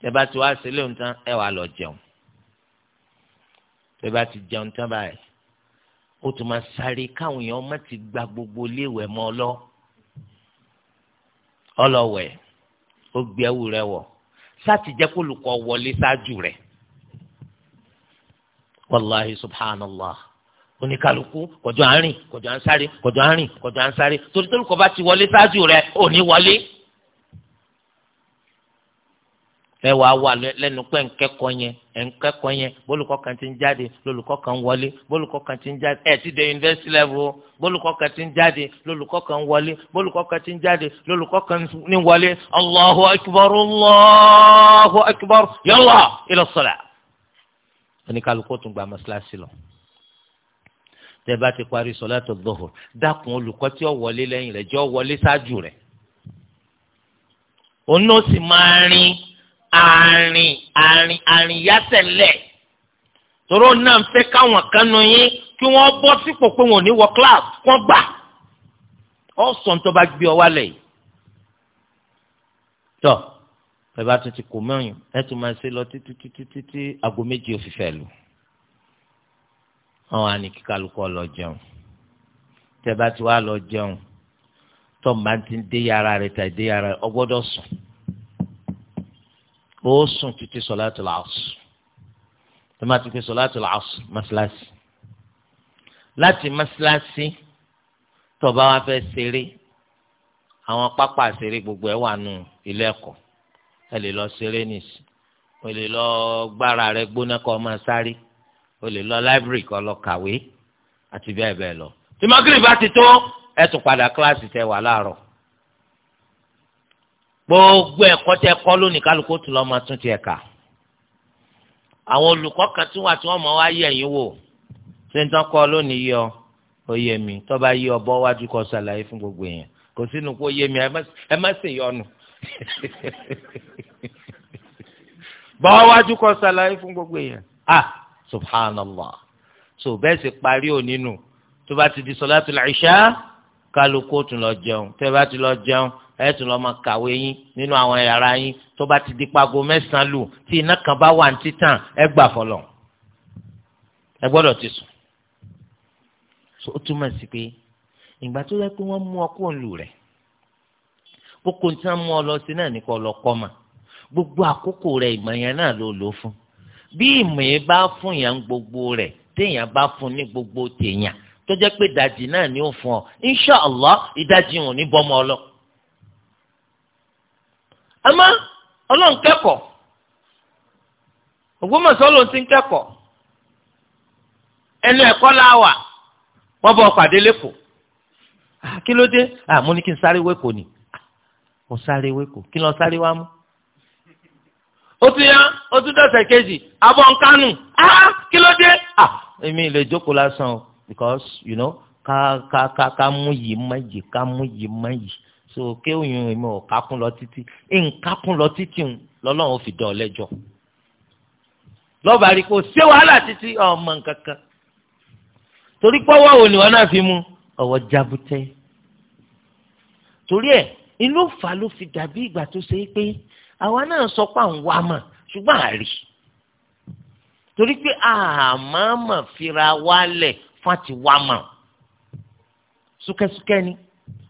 tẹ́bá ti wá sílé ohun tán ẹ wà lọ jẹun tẹ́bá ti jẹun tán báyìí ó tún máa sáré káwọn èèyàn má ti gba gbogbo iléèwé mọ́ ọ lọ́wọ́ ọlọ́wẹ̀ ó gbé ẹ̀wù rẹ̀ wọ̀ sáti jẹ́ kó lùkọ́ wọlé ṣáájú rẹ̀ wàláhi subhanallah oníkàlùkù kọjọ àárín kọjọ ànsáré kọjọ àárín kọjọ ànsáré torí tó ti wọlé ṣáájú rẹ̀ ò wọlé. ẹ wàá wà lẹ́nu pé nkẹ́kọ̀ọ́ yẹn ẹ̀ nkẹ́kọ̀ọ́ yẹn bólùkọ́ kan ti ń jáde lólùkọ́ kan wọlé bólùkọ́ kan ti ń jáde ẹ̀ ti dé university level bólùkọ́ kan ti ń jáde lólùkọ́ kan wọlé bólùkọ́ kan ti ń jáde lólùkọ́ kan ní wọlé allahu akbar allahu akbar yalla ila sala. oníkàlùkù tún gba mọ́sálásí lọ tẹ́ bá ti parí sọ̀látù dhuhur dákun olùkọ́ tí ó wọlé lẹ́yìn rẹ̀ jọ wọlé ṣáájú rẹ̀ òun náà sì máa rin àrìn àrìn àrìn yásẹ̀lẹ̀ tòró náà ń fẹ́ káwọn kan nu yín kí wọ́n bọ́ sípò pé wọn ò ní wọ class wọ́n gbà ọ́ sọ̀ ń tọ́ bá gbé ọ wálẹ̀ yìí tọ́ bàbá tó ti kò mẹ́rin ẹ tún máa ṣe lọ títí títí títí aago méje òfìfẹ́ lù àwọn àní kíkálukọ lọ jẹun tẹ bá ti wá lọ jẹun tọ́ máa ti dé yàrá rẹ tàì dé yàrá rẹ ọgbọ́dọ̀ sùn ó sùn títí sọláàtì làásù tó máa ti pé sọláàtì làásù mọ́sálásì láti mọ́sálásì tó bá wá fẹ́ ṣeré àwọn pápá ṣeré gbogbo ẹ̀ wà nù ilé ẹ̀kọ́ ẹ lè lọ ṣeré nìsí o lè lọ gbára rẹ gbóná kó máa sáré o lè lọ láìbírì kó lọ kàwé àti bẹ́ẹ̀ bẹ́ẹ̀ lọ tí mọ́gìrì bá ti tó ẹ tún padà kíláàsì tẹ wà láàárọ̀ gbogbo ẹ̀kọ́ tẹ kọ́ lónìí kálukú tún lọ́ọ́ máa tún tiẹ̀ kà àwọn olùkọ́ kan tún wà tí wọ́n máa wá yẹ̀ yín wò ṣé n tán kọ́ lónìí yọ oyè mi tó bá yí ọbọ̀ wájú kọ́ ṣàlàyé fún gbogbo èèyàn kò sínú kó yé mi ẹ má ṣe yọnu bọ́ wájú kọ́ ṣàlàyé fún gbogbo èèyàn ah subhanallah so bẹ́ẹ̀ sì parí òní nù tó bá ti di sọlá tó lè ṣá kálukú tún lọ jẹun tẹ́ bá ti lọ jẹun ẹ tún lọ máa kàwé yín nínú àwọn yàrá yín tó bá ti di pago mẹ́sàn-án lù tí iná kan bá wà ní títàn ẹ gbà fọlọ ẹ gbọ́dọ̀ ti sùn. ó túmọ̀ sí pé ìgbà tó yẹ pé wọ́n mú ọkọ òǹlù rẹ̀ kókó tí wọ́n mú ọ lọ sí náà ní kọ́ mà gbogbo àkókò rẹ̀ ìmọ̀ yẹn náà ló lò fún bí ìmọ̀ yẹn bá fún yẹn gbogbo rẹ̀ téèyàn bá fún ní gbogbo téèyàn tó jẹ́ pé ìdajì náà ni ó fún ọ inṣàlá ìdajì àmọ́ ọlọ́run kẹ́kọ̀ọ́ Ògbómọ̀ṣọ́ ló ti ń kẹ́kọ̀ọ́ ẹnu ẹ̀kọ́ la wà wọ́n bọ̀ pàdé lẹ́kọ̀ọ́ kí ló dé àmọ́ ní kí n sáré wẹ́kọ̀ ni mo sáré wẹ́kọ̀ kí n lọ sáré wá mú ó tún yá ó tún dọ̀sẹ̀ kejì abọ́ ń kánú kí ló dé èmi lè jókòó lásán o because you know ká ká ká ká mú yìí má yìí ká mú yìí má yìí so kéwìn èmi ò kákún lọ títí nkákún lọ títí lọ́lọ́run fi dán ọ lẹ́jọ́ lọ́ba rí kó ṣé wàhálà títí ọmọ nǹkan kan torí pọ́wọ́ òní wọn náà fi mú ọwọ́ jábútẹ́ torí ẹ̀ inú fa ló fi dàbí ìgbà tó ṣe é pé àwa náà sọ pé àwọn wa mọ̀ ṣùgbọ́n àárí torí pé àmọ́ fira wálẹ̀ fún àti wa mọ̀ súkẹ́súkẹ́ ni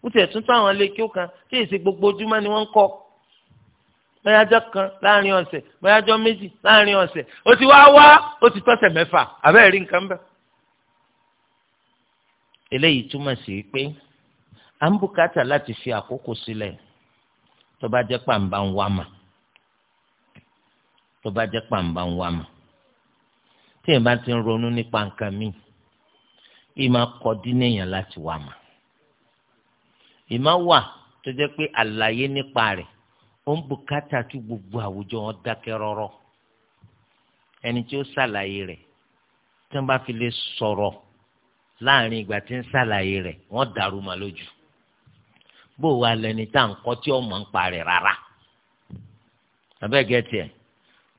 ó tiẹ̀ tún tó àwọn lékiw kan tí èsì gbogbo ojúmọ́ ni wọ́n ń kọ́ bẹ́yàjọ́ kan láàrin ọ̀sẹ̀ bẹ́yàjọ́ méjì láàrin ọ̀sẹ̀ ó ti wá wá ó ti tọ́sẹ̀ mẹ́fà àbẹ́ẹ̀ rí nǹkan bẹ́ẹ̀. eléyìí túmọ̀ sí pé à ń bùkátà láti fi àkókò sílẹ̀ tó bá jẹ́ pàǹbá ń wá mà tó bá jẹ́ pàǹbá ń wá mà tí èèyàn bá ti ń ronú nípa nǹkan míì ìmọ̀ kọ́ dín èèyàn láti wá mà ìmá wà tó jẹ́ pé àlàyé nípa rẹ̀ ó ń bùkátà tí gbogbo àwùjọ wọn dákẹ́ rọ́rọ́ ẹni tí ó ṣàlàyé rẹ̀ tí wọ́n bá fi lè sọ̀rọ̀ láàrin ìgbà tí ń ṣàlàyé rẹ̀ wọ́n dàrú ma lójú bó wa lẹni tá à ń kọ́ tí ó mọ̀ ń parẹ́ rárá abẹ́gẹ́ tiẹ̀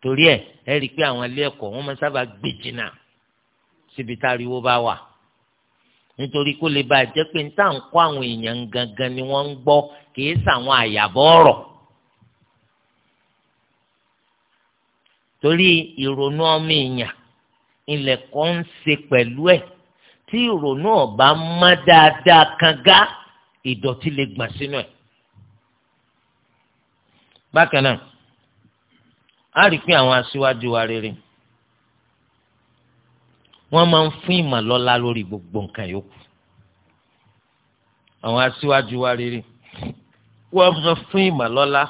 torí ẹ̀ ẹ rí i pé àwọn ilé ẹ̀kọ́ wọ́n máa sábà gbé jìnnà síbi táriwo bá wà nítorí kó lè bá a jẹ́ pé níta ń kó àwọn èèyàn gangan ni wọ́n ń gbọ́ kìí sàwọn àyàbọ̀ ọ̀rọ̀. torí ìrònú ọmọ èèyàn ilẹ̀ kan ń ṣe pẹ̀lú ẹ̀ tí ìrònú ọ̀bá má dáadáa kanga ìdọ̀tí lè gbà sínú ẹ̀. bákan náà a rí i pé àwọn aṣíwájú wa rere wọ́n máa ń fún ìmọ̀ lọ́lá lórí gbogbo nǹkan yòókù àwọn aṣíwájú wa rere wọ́n máa ń fún ìmọ̀ lọ́lá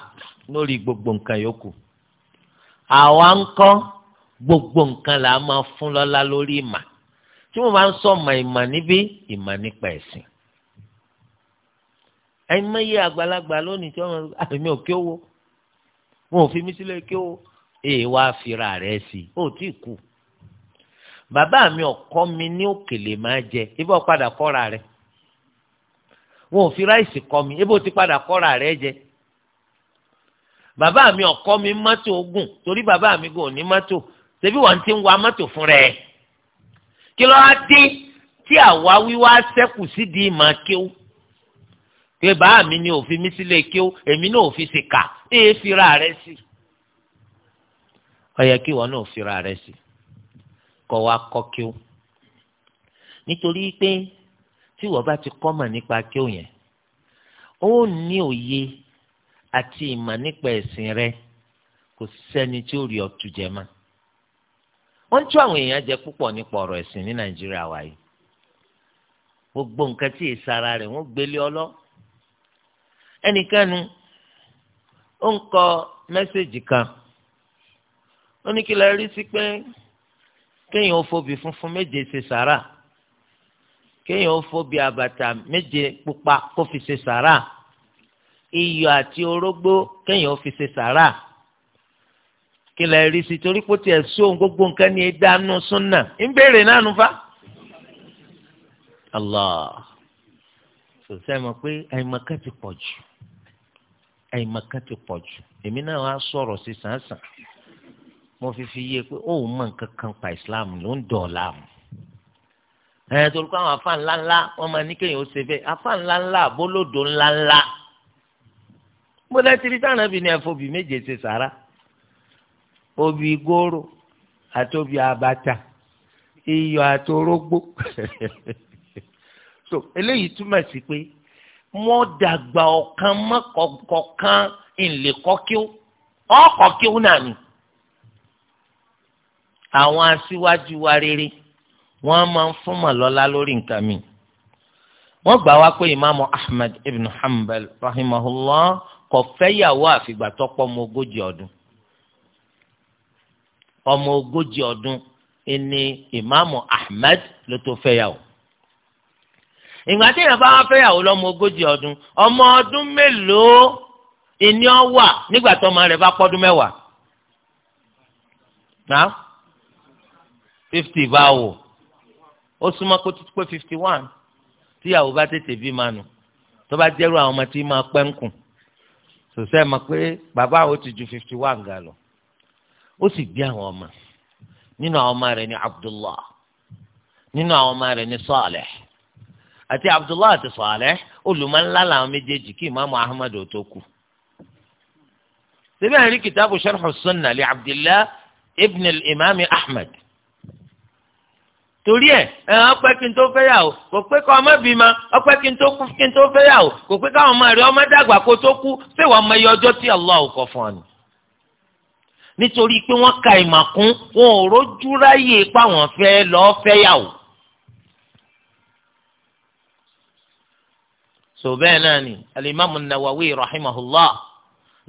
lórí gbogbo nǹkan yòókù àwa ń kọ́ gbogbo nǹkan là á máa fún lọ́lá lórí ìmọ̀ tí wọ́n máa ń sọ ọmọ ìmọ̀ níbí ìmọ̀ nípa ẹ̀sìn àìmọye àgbàlagbà lónìí tí wọ́n máa ń àmì òkè owó wọn ò fi mí sílẹ̀ kí ó èèwà fira rẹ̀ sí i ó tí ì kú bàbá mi ọkọ mi ní òkèlè máa jẹ ibà padà kọ́ra rẹ̀ wọn ò fi ráìsì kọ́ mi ibà ó ti padà kọ́ra rẹ̀ jẹ bàbá mi ọkọ mi mọ́tò ogun torí bàbá mi gò ní mọ́tò tẹbi wọn ti ń wa mọ́tò fún rẹ̀ kí ló á dé tí àwa wíwá ṣẹ́kù sídìí máa kéwú pé bàá mi ni òfin mi sílé kéwú èmi náà òfin sì kà é fira rẹ̀ sí ó yẹ kí wọn náà fira rẹ̀ sí. kọ́ wa kọ kí o, nítorí pé tí wọ́n bá ti kọ́ mọ̀ nípa kí o yẹn ó ní òye àti ìmọ̀ nípa ẹ̀sìn rẹ kò sẹ́ni tí ó rí ọtú jẹ mọ́ wọ́n ń tú àwọn èèyàn jẹ púpọ̀ nípa ọ̀rọ̀ ẹ̀sìn ní nàìjíríà wa yìí gbogbo nǹkan tí ìsara rẹ̀ wọ́n gbélé ọlọ́ ẹnikẹ́nu ó ń kọ mẹ́sẹ̀gì kan ó ní kí lè rí sí pé. kéèyàn ó funfun méje ṣe sàrà kéèyàn ó fóbi àbàtà méje pupa kó fi ṣe sàrà iyọ̀ àti orógbó kéèyàn ó fi ṣe sàrà kílẹ̀ rí torí pé gbogbo nǹkan ni súnà ń náà mọ̀ pé ti pọ̀ jù ti pọ̀ jù èmi náà mo fi fi yé e pé ó mọ nǹkan kan pa islam ló ń dọ̀ọ̀la mu ẹ torí pé àwọn afa ńláńlá wọn máa ní kéèyàn ó ṣe bẹ́ẹ̀ afa ńláńlá àbólódò ńláńlá mo lẹ́tí rí sáà nàbì ní ẹ̀fọ́bì méje ṣe sàrà obì góró àti obì abata iyọ̀ àti orógbó so eléyìí túmọ̀ sí pé mo dàgbà ọ̀kan mọ́kọ̀ọ̀kan ìlẹ̀kọ́kíw ọ̀kọ̀kíw náà ni. àwọn aṣíwájú wa rere wọ́n máa ń fún lórí nǹkan mi. wọn gbà wá pé ìmáàmù ahmed ibn hanbal rahimahullah kò fẹ́yàwó ọmọ ogójì ọdún. ọmọ ogójì ọdún ni ìmáàmù ahmed ló tó fẹ́yàwó. ìgbà tí ogójì ọdún ọmọ ọdún mélòó ìní ọ wà ọmọ rẹ̀ bá fifty báwo ó súnmọ́ kó tó pé fifty one tíyàwó bá tètè bí ma nù tó bá jẹ́rú àwọn ọmọ tí máa pẹ́ ń kùn sòsẹ́ ma pé bàbá àwọn ti ju fifty one ga lọ ó sì bí àwọn ọmọ nínú àwọn ọmọ rẹ̀ ní Abdullah nínú àwọn ọmọ rẹ̀ ní Saleh àti Abdullah àti Saleh olùmọ̀nlá làwọn méjèèjì kí imaamu Ahmad ò tó kù síbẹ̀ rí kìtàbù sharh as-sunnah li ibn al-imami torí ẹ ẹ ọpẹ́ kí n tó fẹ́ yà o kò pé kọ ọmọ bí ma ọpẹ́ kí n tó kú kí n tó fẹ́ yà o kò pé káwọn ọmọ rẹ ọmọ dàgbà kó tó kú ṣé wàá mọ iye ọjọ́ tí Allah kọ fún ọ ni. nítorí pé wọ́n ka ìmọ̀ kún wọn ò rójú ráyè páwọn fẹ́ lọ́ọ́ fẹ́ yà o. sọ bẹ́ẹ̀ náà ni alimami Nawawi rahimahullah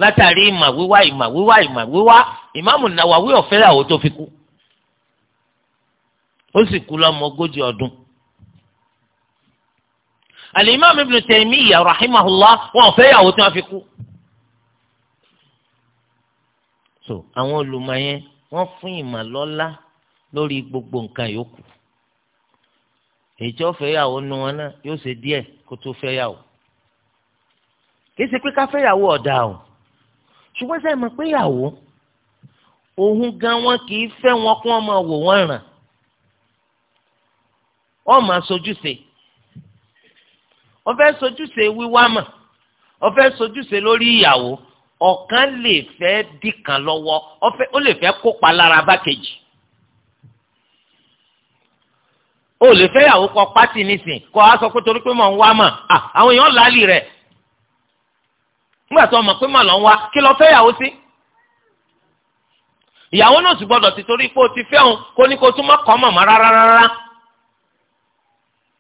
látàrí ìmọ̀ wíwá ìmọ̀ wíwá ìmọ̀ wíwá ìmọ̀ Nawawi ọ̀fẹ́ yà o tó fi kú ó sì kú lọ́mọ ogójì ọdún. Al-Imam Ibn Taymiyyah rahimahullah wọn fẹ́ yàwó tí wọ́n fi kú. so àwọn olùmọ̀ yẹn wọ́n fún ìmọ̀ lọ́lá lórí gbogbo nǹkan yòókù èyí tí wọ́n fẹ́ yàwó nu wọn náà yóò ṣe díẹ̀ kó tó fẹ́ yàwó kì í ṣe pé ká fẹ́ yàwó ọ̀dà o ṣùgbọ́n sẹ́yìn mọ̀ pé yàwó òun gan wọn kì í fẹ́ wọn kó wọn máa wò wọ́n ràn wọ́n máa sojúṣe wọ́n fẹ́ sojúṣe wíwá mà wọ́n fẹ́ sojúṣe lórí ìyàwó ọ̀kan lè fẹ́ dìkan lọ́wọ́ ó lè fẹ́ kópa lára bákejì ó lè fẹ́ ìyàwó kọ pátì nísìn kọ́ a sọ pé torí pé mọ̀ ń wá mà àwọn èèyàn làálì rẹ̀ nígbà tó mọ̀ pé mà lọ́ ń wá kí lọ fẹ́ ìyàwó sí ìyàwó náà sì gbọ́dọ̀ ti torí pé o ti fẹ́ òun kó ní kó tún mọ́ kọ́ mọ̀ mọ́ rárá rárá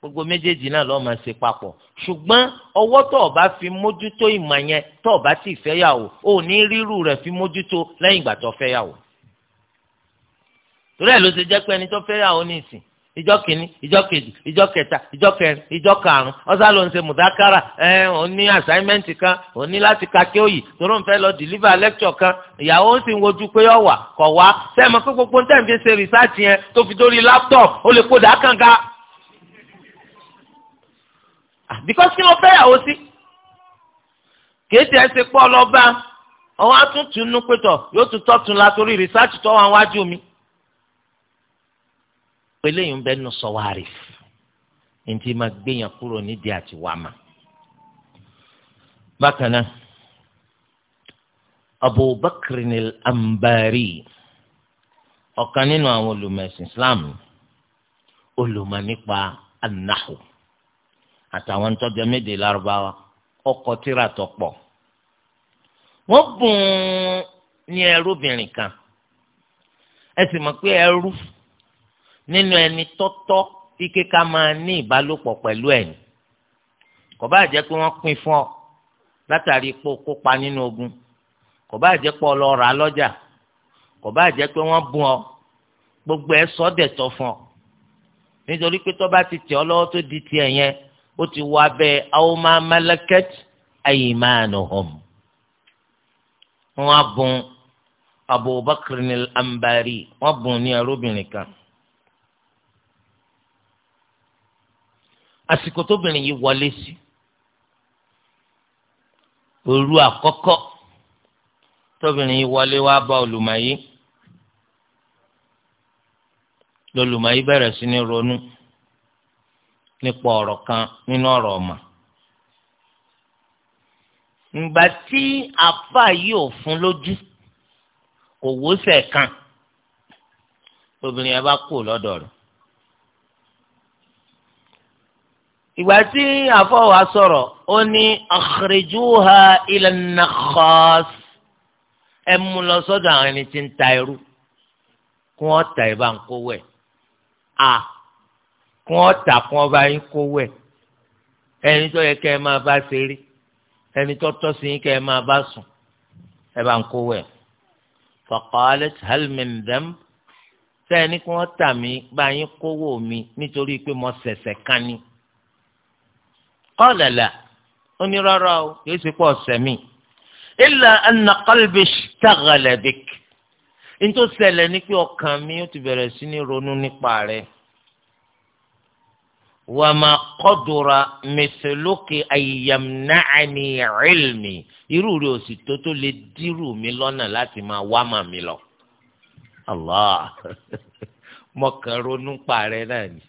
gbogbo méjèèjì náà lọ́ọ́ máa ṣe papọ̀ ṣùgbọ́n ọwọ́ tó o bá fi mójútó ìmọ̀ yẹn tó o bá ti fẹ́yàwó ò ní rírù rẹ̀ fi mójútó lẹ́yìn ìgbà tó fẹ́yàwó. torí ẹ̀ ló ṣe jẹ́ pé ẹni tó fẹ́yàwó ní ìsìn ìjọ kìíní ìjọ kejì ìjọ kẹta ìjọ kẹrin ìjọ karùn-ún ọ̀sán ló ń ṣe mùdákàrà ẹ ò ní àsáímẹ́ǹtì kan ò ní láti ka kí ó yìí torí ń fẹ́ lọ dìlíbà lẹ́kṣọ̀ kan ìyàwó ń sì ń wojú pé ọ̀wà kọ̀ wá sẹ́mi pé gbogbo ń tẹ̀ ń fi ṣe rìsáàtì yẹn tó fi dórí láptọ̀pù ó lè kó dàákànga because kí ló fẹ́ yàwó sí kéde ẹsẹ̀ pọ̀ lọ́ba ọwọ́ àtúntò inú pétọ̀ yóò tún tọ́tún la torí rìsáàtì tó wà wájú mi. eléyìí ń bẹ́ nù sọ̀wárì ní ti máa gbéyàn kúrò nídìí àti wàmà. bákan náà Abubakar al-Ambari ọ̀kan nínú àwọn olùmọ̀ ẹ̀sìn Islam olùmọ̀ nípa anahu àtàwọn ntọ́jọ méje lárúbáwá ọkọ̀ tíra tó pọ̀ wọ́n bùn ní ẹrúbìnrin kan ẹ sì mọ̀ pé ẹrú nínú ẹni tọ́tọ́ kíké ká máa ní ìbálòpọ̀ pẹ̀lú ẹ̀yìn kò bá jẹ́ pé wọ́n pín fún ọ látàrí ipò kópa nínú ogun kò bá jẹ́ pé ọlọ́ ra lọ́jà kò bá jẹ́ pé wọ́n bùn ọ gbogbo ẹ sọ́dẹ̀ tọ́ fún ọ nítorí pé tó bá ti tẹ̀ ọ lọ́wọ́ tó di tiẹ̀ yẹn ó ti wá bẹ́ẹ̀ aw ma malakat aymanuhum. wọ́n á bùn Abubakar ní Ambari wọ́n bùn ní arúbìnrin kan. àsìkò tóbìnrin yìí wọlé sí òru àkọ́kọ́ tóbìnrin yìí wọlé wá bá olùmọ̀ yìí lọ́lùmọ̀ yìí bẹ̀rẹ̀ sí ní ronú nípa ọ̀rọ̀ kan nínú ọ̀rọ̀ ọ̀mà. ǹgbà tí àáfàá yìí ò fún lójú kò wóṣẹ̀ kan obìnrin yẹn bá kú lọ́dọ̀ rẹ̀. ìgbà tí àfọwà sọ̀rọ̀ ó ní akhrijuha ila nakhas ẹ mú lọ sọ́dọ̀ àwọn ẹni tí ń ta irú kí wọ́n ta ìbá ń kówó ẹ̀ kún ọ̀tà kún ọba yín kówó ẹ̀ ẹni tó yẹ kẹ́ ẹ máa bá ṣeré ẹni tó tọ́ sí yín kẹ́ ẹ máa bá sùn ẹ bá ń kówó ẹ̀. faqalat hal min dam sẹ́ni kún ọ̀tà mi bá yín kówó mi nítorí pé mo ṣẹ̀ṣẹ̀ kan ni. qala la o kì í ṣe pọ̀ ọ̀sẹ̀ mi. illa anna qalbi ishtaghala bik. ní pé ọkàn mi ó ti bẹ̀rẹ̀ sí ní ronú nípa rẹ̀ wàmà kọ́dùrà mẹsẹ̀lókè àyàmnáàní ẹ̀ẹ́lmi irú rẹ̀ òsì tó tó lè dírù mi lọ́nà láti máa wá mà mí lọ. Allah mọ̀kàn ronú parẹ́ náà ni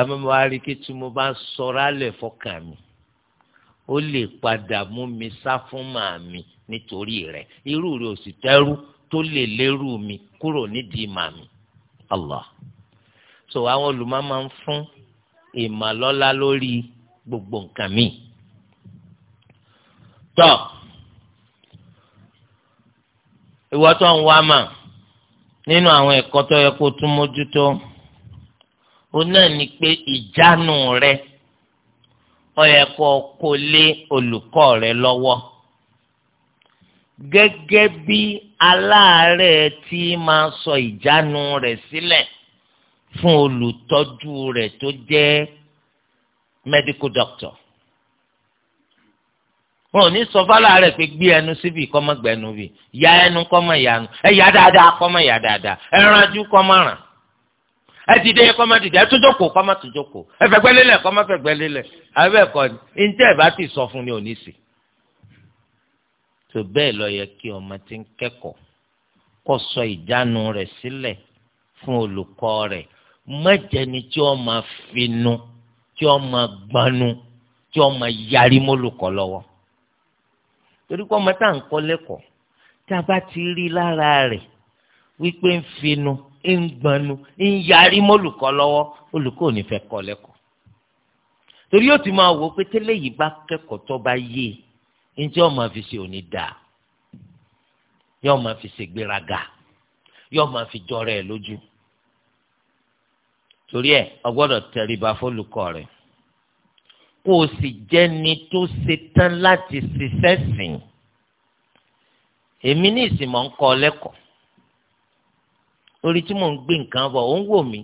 amẹ́mọ́ aríkí tí mo bá sọ̀rọ̀ alẹ́ fọkàn mi ó lè padà mú mi sá fún màmí nítorí rẹ̀ irú rẹ̀ òsì tẹ́rú tó lè lérú mi kúrò nídìí màmí. Allah so àwọn olùmọ̀ máa ń fún ìmọ̀lọ́lá lórí gbogbo nǹkan mi. tọ́ ìwọ ń wá mà nínú àwọn ẹ̀kọ́ tó yẹ kó tún mójútó ó náà ni pé ìjánu rẹ ó yẹ kó kó lé olùkọ́ rẹ lọ́wọ́ gẹ́gẹ́ bí aláàárẹ̀ tí máa sọ ìjánu rẹ̀ sílẹ̀. Si fún olùtọ́jú rẹ̀ tó jẹ́ medical doctor wọn ò ní sọ fálà rẹ pé gbé ẹnu síbi kọ́mọ gbẹnu bi ya ẹnu kọ́mọ yanu ẹ yà dáadáa kọ́mọ yà dáadáa ẹ ránjú kọ́mọ ràn ẹ dìde kọ́mọ dìde ẹ tójókò kọ́mọ tójókò ẹ fẹ̀gbẹ́ lélẹ̀ kọ́mọ fẹ̀gbẹ́ lélẹ̀ abẹ́ ẹ̀kọ́ ni ntẹ́ ẹ bá ti sọ fún ni ò ní sí. tó bẹ́ẹ̀ lọ yẹ kí ọmọ tí ń kẹ́kọ̀ọ́ kó sọ ìjánu rẹ̀ sílẹ̀ fún mọ̀jẹ̀ni tí ó máa finu tí ó máa gbanu tí ó máa yarí mólùkọ́ lọ́wọ́ torí pé ọmọ tá à ń kọ́ lẹ́kọ̀ọ́ tá a bá ti rí lára rẹ̀ wípé ń finu ń gbanu ń yarí mólùkọ́ lọ́wọ́ olùkọ́ ò ní fẹ́ kọ́ lẹ́kọ̀ọ́ torí yóò ti máa wò pé tẹ́lẹ̀ yìí bá kẹ́kọ̀ọ́ tó bá yé e tí ó máa fi ṣe òní dáa yóò máa fi ṣègbéraga yóò máa fi jọra lójú torí ẹ ọgbọ́dọ̀ tẹríba fólùkọ́ rẹ̀ kó o sì jẹ́ni tó ṣetán láti ṣiṣẹ́ sìn èmi ní ìsìnmọ̀ ń kọ́ lẹ́kọ̀ọ́ orí tí mò ń gbé nǹkan bọ̀ ó ń wò mí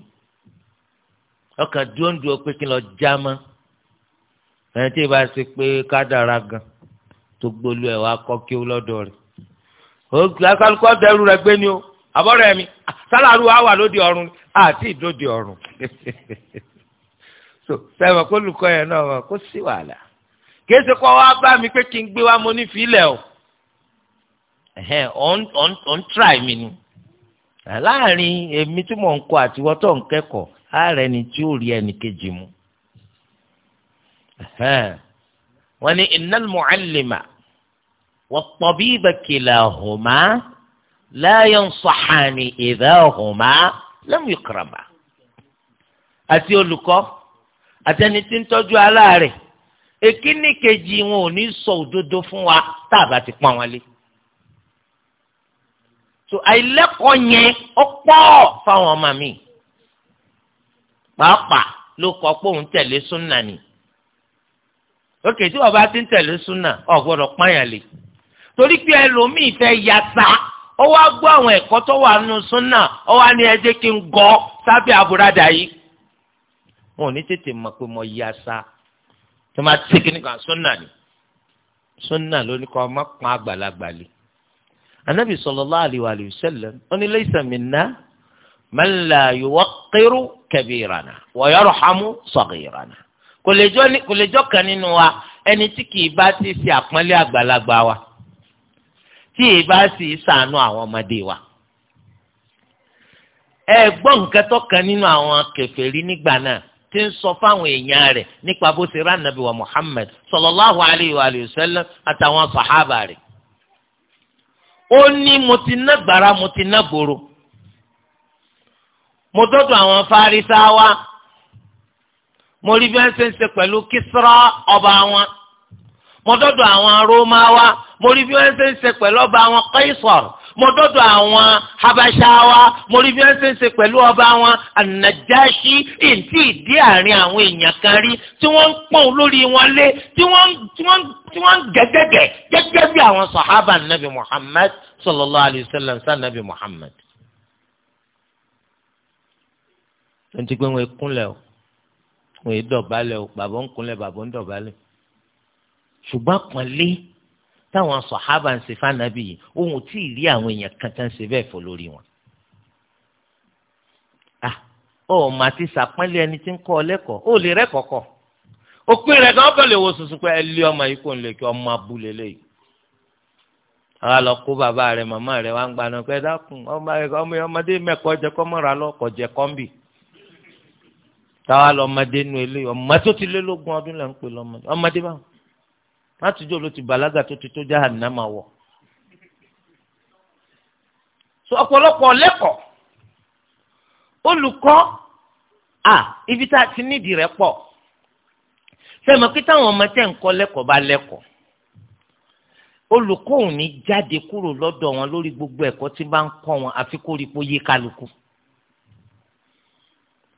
ọkàn dúró ń dúró pé kí n lọ já mọ́ ẹni tí ìbá ṣe pé kádàrá gan tó gbólú ẹ̀ wá kọ́ kí ó lọ́dọ̀ rẹ̀ ó kálukọ́ bẹ̀rù rẹ̀ gbé ni o àbọ̀rọ̀ ẹ̀mí sálàrú wa wà lóde ọ̀run àti ìdóde ọ̀run so sẹ́wọ̀n kó lùkọ́ yẹn náà wọ̀ kó sí wàhálà kìí ṣe kó wá bá mi pé kí n gbé wá mo ní fílẹ̀ o ọ̀n tíráì mi ni láàrin èmi tí mò ń kọ àti wọ́n ń kẹ́kọ̀ọ́ ààrẹ ni tí ó rí ẹnì kejì mu wọ́n ní innal mu'allima wat tabiba kilahuma la yansahani idha huma lam yukrama àti olùkọ́ àtẹni tí ń tọ́jú aláàrẹ̀ èkíní kejì wọn ò ní sọ òdodo fún wa tá a bá ti pọ́n wọn lé so àìlẹ́kọ̀ọ́ yẹn ó pọ̀ fáwọn ọmọ mi pàápàá ló kọ pé òun tẹ̀lé súnà ni òkè tí wọn bá ti ń tẹ̀lé súnà ọ̀ pààyàn lé torí pé ẹlòmíì fẹ́ yàtá ó wá gbọ́ àwọn ẹ̀kọ́ tó wà nínú súnà ó wá ní ẹ jẹ́ kí n gọ́ sábẹ́ àbúradà yìí wọn ò ní tètè mọ̀ pé mo yá sa tó máa ti kíní kan súnà ni súnà ló ní kọ́ ọmọ pọn àgbàlagbà lé anabi sallallahu alaihi wa alihi wasallam ó ní laysa minna man la yuwaqqiru kabirana wa yarhamu saghirana kò lè jọ́ kan nínú wa ẹni tí kì í bá ti ṣe àpọ́nlé àgbàlagbà wa tí èyí bá sì sànú àwọn ọmọdé wa. ẹ gbọ́ nǹkan tó kan nínú àwọn kèfèrí nígbà náà tí ń sọ fáwọn èèyàn rẹ̀ nípa bó ṣe rán nàbí wa Muhammad sallallahu alayhi wa sallam àtàwọn sàhábà rẹ̀. ó ní mo ti ná gbàrà mo ti ná gbòòrò mo dọ́dọ̀ àwọn farisawa mo rí bí wọ́n ṣe ń ṣe pẹ̀lú Kisra ọba wọn mo dọ́dọ̀ àwọn rómáwá mo rí bí wọ́n ṣe ń ṣe pẹ̀lú ọba àwọn Qaisar mo àwọn habashawa mo rí bí ṣe ń ọba àwọn anajashi èyí ìdí àárín àwọn èèyàn kan rí tí wọ́n ń pọ́n lórí wọn lé tí wọ́n ń gẹ́gẹ́gẹ́ gẹ́gẹ́ bí àwọn sahaba nabi Muhammad sallallahu alayhi wa sallam sa nabi Muhammad. tontigbẹ́ wọn kúnlẹ̀ o wọn dọ̀bálẹ̀ o bàbá ń kúnlẹ̀ bàbá ń dọ̀bálẹ̀ ṣùgbọ́n pọ̀nlé táwọn sọ̀hábà ń ṣe fànàbí yìí ohun tí ì rí àwọn èèyàn kan tán ṣe bẹ́ẹ̀ fọ́ lórí wọn. Ah, ó mà ti ṣàpọ́nlé ẹni tí ń kọ́ ọ lẹ́kọ̀ọ́ ó lè rẹ́ kọ̀ọ̀kọ̀ òpin rẹ̀ gan bẹ̀rẹ̀ wo sùsù pé ẹ lé ọmọ yìí kò ń lè kí ọmọ abúlé léyìí. àwa lọ kó bàbá rẹ màmá rẹ wá ń gbaná pé dákun ọmọdé mẹ́kọ̀ọ́ jẹ kọ́ mọ́ra lọ́kọ̀ jẹ kọ́ńbì táwa lọ ọmọdé nu eléyìí ọmọ tó ti lé lógún ọdún là ń lọ́mọdé ọmọdé báwọn látijọ́ ló ti bàlágà tó ti tó jahannama wọ̀ so ọ̀pọ̀lọpọ̀ lẹ́kọ̀ọ́ olùkọ́ à ibi tá a ti nídìí rẹ̀ pọ̀ sẹ́mi pé táwọn ọmọ tẹ̀ ń kọ́ lẹ́kọ̀ọ́ bá lẹ́kọ̀ọ́ olùkọ́ ò ní jáde kúrò lọ́dọ̀ wọn lórí gbogbo ẹ̀kọ́ tí bá ń kọ́ wọn àfi kó rí i pé ó yé kálukú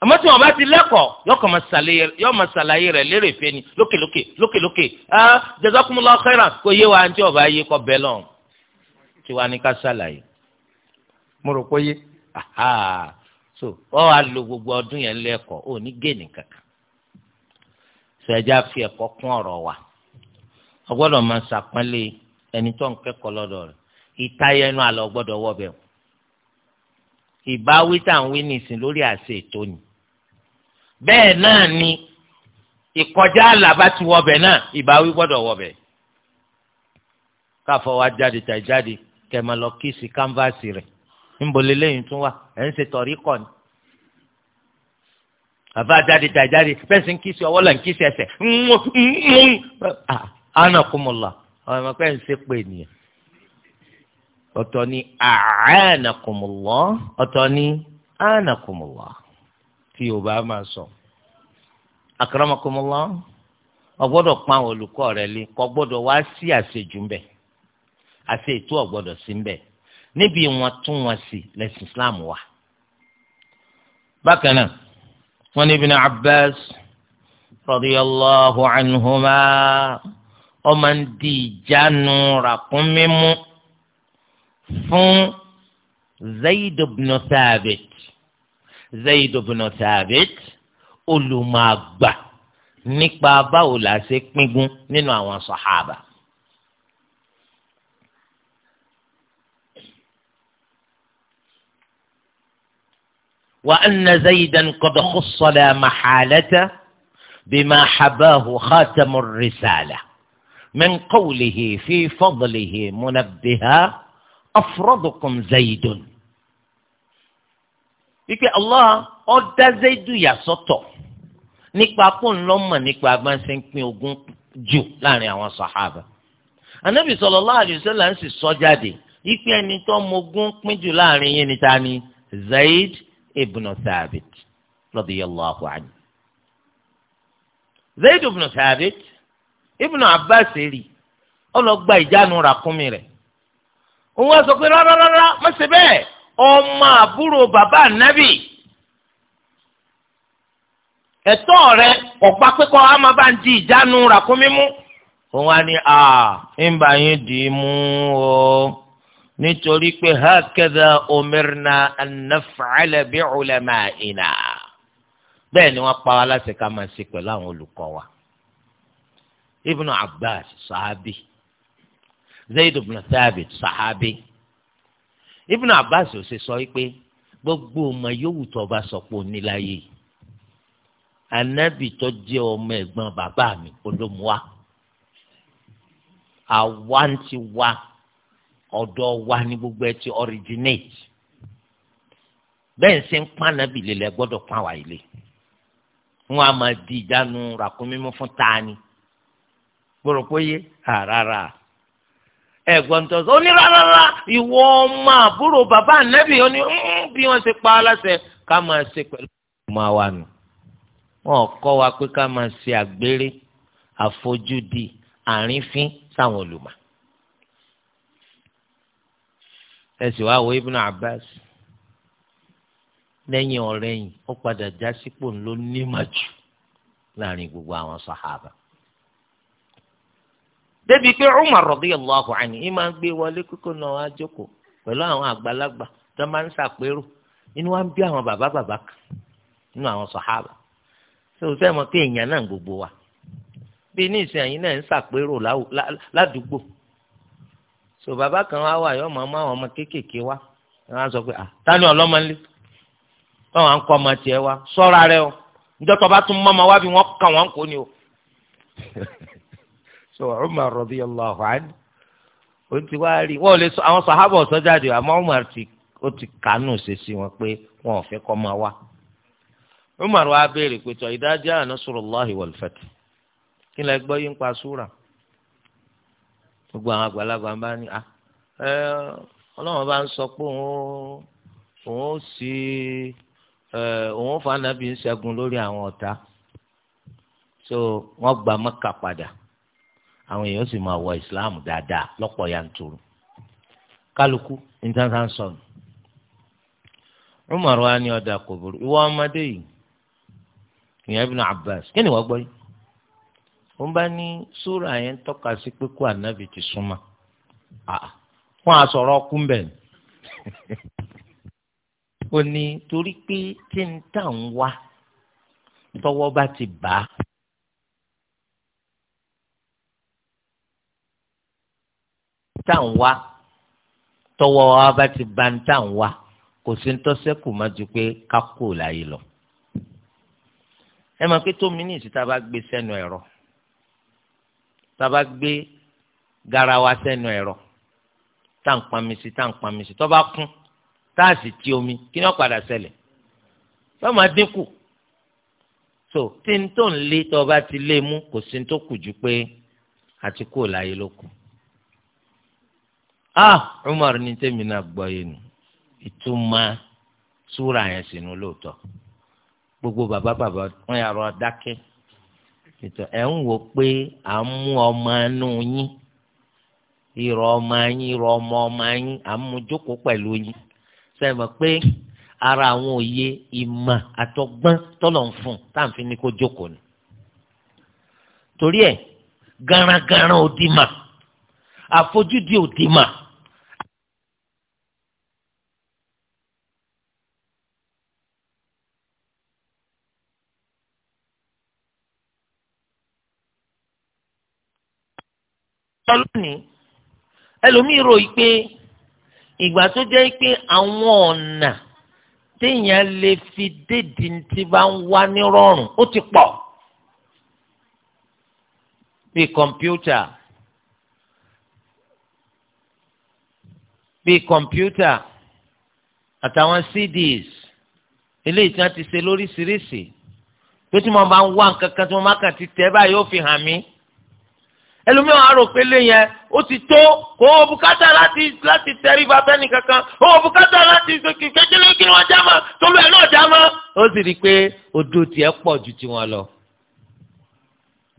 àmọ́ tí wọ́n bá ti lẹ́kọ̀ọ́ yọ ọmọ ṣàlàyé rẹ̀ lérè fẹ́ ni lókèlókè lókèlókè ah jazakumullahu khairan kò yé wa tí ọba yé kọ́ bẹ́ẹ̀ lọ́n tí wàá ní ká ṣàlàyé mo rò pé yé so ọ wàá lo gbogbo ọdún yẹn lẹ́kọ̀ọ́ ò ní géènì kankan sẹ́jà fi ẹ̀kọ́ kún ọ̀rọ̀ wa ọgbọ́dọ̀ máa ṣàpọ́nlé ẹni tó ń kẹ́kọ̀ọ́ lọ́dọ̀ rẹ̀ ìtayẹ àlọ́ gbọ́dọ̀ wọ́ bẹ̀rù ìbáwí tá ń wí nìsín lórí àṣẹ ètò ni bẹ́ẹ̀ náà ni ìkọjá àlàbá ti wọbẹ̀ náà ìbáwí gbọ́dọ̀ wọbẹ̀ káfọ́ wa jáde tà jáde kẹmọ lọ kíìsì kánfàsì rẹ̀ níbolé lẹ́yìn tún wà ẹ̀ ń ṣe tọ̀rí kọ́ ni bàbá jáde tà jáde bẹ́ẹ̀ sì ń kíìsì ọwọ́ là ń kíìsì ẹsẹ̀ ah, ana kumula ọmọ ẹ̀ma pẹ́ ń ṣe pé nìyẹn ọ̀tọ̀ ni àánà kumula ọ̀tọ̀ ni ana kumula tí o bá máa sọ. akramakumullah ọ gbọ́dọ̀ pa àwọn olùkọ́ rẹ lé kọ́ gbọ́dọ̀ wá sí àṣejù ń bẹ̀ àṣe ètò ọ gbọ́dọ̀ sí ń bẹ̀ níbi wọn tún wọn sí lẹ́sìn islam wa. bákan náà wọn ní ibn abbas radiyallahu anhuma ọ ń di ìjánu ràkúnmímú fún zayd ibn thabit. Zaid ibn Thabit olùmọ̀àgbà nípa báwo la ṣe píngun nínú àwọn sàhábà. وأن زيدا قد خص لا محالة بما حباه خاتم الرسالة من قوله في فضله منبها أفرضكم زيد wípé Allah ó dá Zaidu yà sọ́tọ̀ nípa kóńlọ́mọ̀ nípa abánsẹ́ ń pín ogún jù láàrin àwọn sàhábà anabi sallallahu alaihi wasallam ń sì sọ jáde wípé ẹni tó mogún pín jù láàrin yín ni ni Zaid ibn Thabit radiyallahu anhu Zaid ibn Thabit ibn Abbas rí ọlọ́gba ìjánu ràkúnmi rẹ̀ òun wá sọ pé rárá rárá má ṣe bẹ́ẹ̀. ọmọ àbúrò bàbá ànábì ẹ̀tọ́ rẹ ọ̀pá pẹ́kọ́ á ìjánu ràkúnmí òun á ní à ń bá yín dì mú o nítorí pé na umirna an naf'ala bi ulama'ina bẹ́ẹ̀ ni wọ́n pa wá láti wa. ibnu abbas sahabi zayd ibn thabit sahabi. Ibn Abbas ò ṣe sọ wípé gbogbo ọmọ yòówù tó bá sọ pé òní láyé anabi tó jẹ́ ọmọ ẹ̀gbọ́n bàbá mi olómuwa àwa ń ti wa ọ̀dọ̀ wa ní gbogbo ẹ ti originate bẹ́ẹ̀ ṣe ń pa anabi lélẹ̀ gbọ́dọ̀ pa wà ilé wọn a máa di ìdánu ràkúnmímú fún tani gbọ́dọ̀ pé yé rárá ẹ̀gbọ́n tó sọ ó ní rárá ìwọ ọmọ àbúrò bàbá ànábì ó ní bí wọ́n ṣe pa á láṣẹ ká máa ṣe pẹ̀lú ọmọ wa nù wọ́n kọ́ wa pé ká máa ṣe àgbèrè àfojúdi àrífín sáwọn olùmọ̀ ẹ sì wá wo Ibn Abbas lẹ́yìn ọ̀rẹ́yìn ó padà já sípò ńlọ nímàjù láàrin gbogbo àwọn sàhábà. débi pé Umar radiyallahu allah anyi máa gbé wọlé kókó náà wá jókòó pẹ̀lú àwọn àgbàlagbà tó máa ń ṣàpérò inú wa ń bí àwọn bàbá bàbá kan nínú àwọn sàhábà o sẹ́mọ̀ pé èèyàn náà gbogbo wa bí ní ìsìn àyín náà ń ṣàpérò ládùúgbò so bàbá kan wá wà yọ màmá àwọn ọmọ kéékèèké wa sọ pé ah tani ọlọ́mọlé wa sọ́ra rẹ o tó bá tún mọ́ ọmọ o so Umar radiyallahu anhu ó ti wá rí wọ́n lè sọ àwọn sàhábà ọ̀sọ́ jáde àmọ́ Umar ti ó ti kánú ṣe sí wọn pé wọn ò fẹ́ kọ́ máa wá Umar wa béèrè pé tọ́ idha jaa nasrullahi wal fath kí lẹ gbọ́ yín pa súra gbogbo àwọn àgbàlagbà bá ní à ah, ẹ ọlọ́run bá ń sọ pé òun òun sì ẹ òun fanabi ń ṣẹ́gun lórí àwọn ọ̀tá so wọ́n gba Mẹ́kà padà. àwọn èèyàn sì máa wọ ìsìláàmù dáadáa lọ́pọ̀ yanturu kálukú Kaluku sọnù wa ni ọ̀dà kò ìwọ ọmọdé yìí ìyẹn Abbas kí ni wọ́n gbọ́ yìí wọ́n bá ní súrà yẹn tọ́ka sí pé kó ti súnmọ́ kúmbẹ̀ ni ó ní torí pé tí n tà ń wá ti bá tá à ń wá tọwọ́ wa bá ti ba ń tá à ń wá kò sí ń tọ́sẹ́kù má ju pé ká kú láyé lọ. ẹ máa pé tó mi ní ìsìta bá gbé sẹ́nu ẹ̀rọ tá gbé garawa sẹ́nu ẹ̀rọ tá à pami sí tá à pami sí tó bá kún tá a sì ti omi kí ni wọ́n padà ṣẹlẹ̀ tó máa dínkù so tí n tó ń lé tó bá ti lé mú kò sí ń tó kù ju pé àti kú láyé ló ah Umar ní tèmi náà gbọ́ yé nu ìtumọ̀ súra yẹn sì nu lóòótọ́ gbogbo bàbá bàbá wọn yàrá dákẹ́ ìtọ́ ẹ̀ ń wò pé à ń mú ọmọ inú yín irọ́ ọmọ yín irọ́ ọmọ ọmọ yín à ń mú jókòó pẹ̀lú yín sẹ́yìn pé ara àwọn òye ìmọ̀ àtọgbọ́n tọ́lọ̀ ń fún táǹfin ní kó jókòó ni torí ẹ̀ garagara ò di mà àfojúdi ò mà. lọ lónìí ẹlòmíì ròyìn pé ìgbà tó jẹ́ pé àwọn ọ̀nà téèyàn lè fi dédì tí bá ń wá ní rọrùn ó ti pọ̀ bíi kọ̀mpútà bíi kọ̀mpútà àtàwọn CDs eléyìí tí wọ́n ti ṣe lóríṣiríṣi tó tí mo bá ń wá nǹkan kan tí mo má kàn ti tẹ̀ báyìí ó fi hàn mí ẹlòmíràn á rò pé lé yẹn ó ti tó kò ó bùkátà láti láti tẹrí ba kankan ó bùkátà láti kékeré kí wọ́n já mọ́ tólú ẹ̀ náà já mọ́. ó sì rí i pé odò tiẹ̀ pọ̀ ju tiwọn lọ.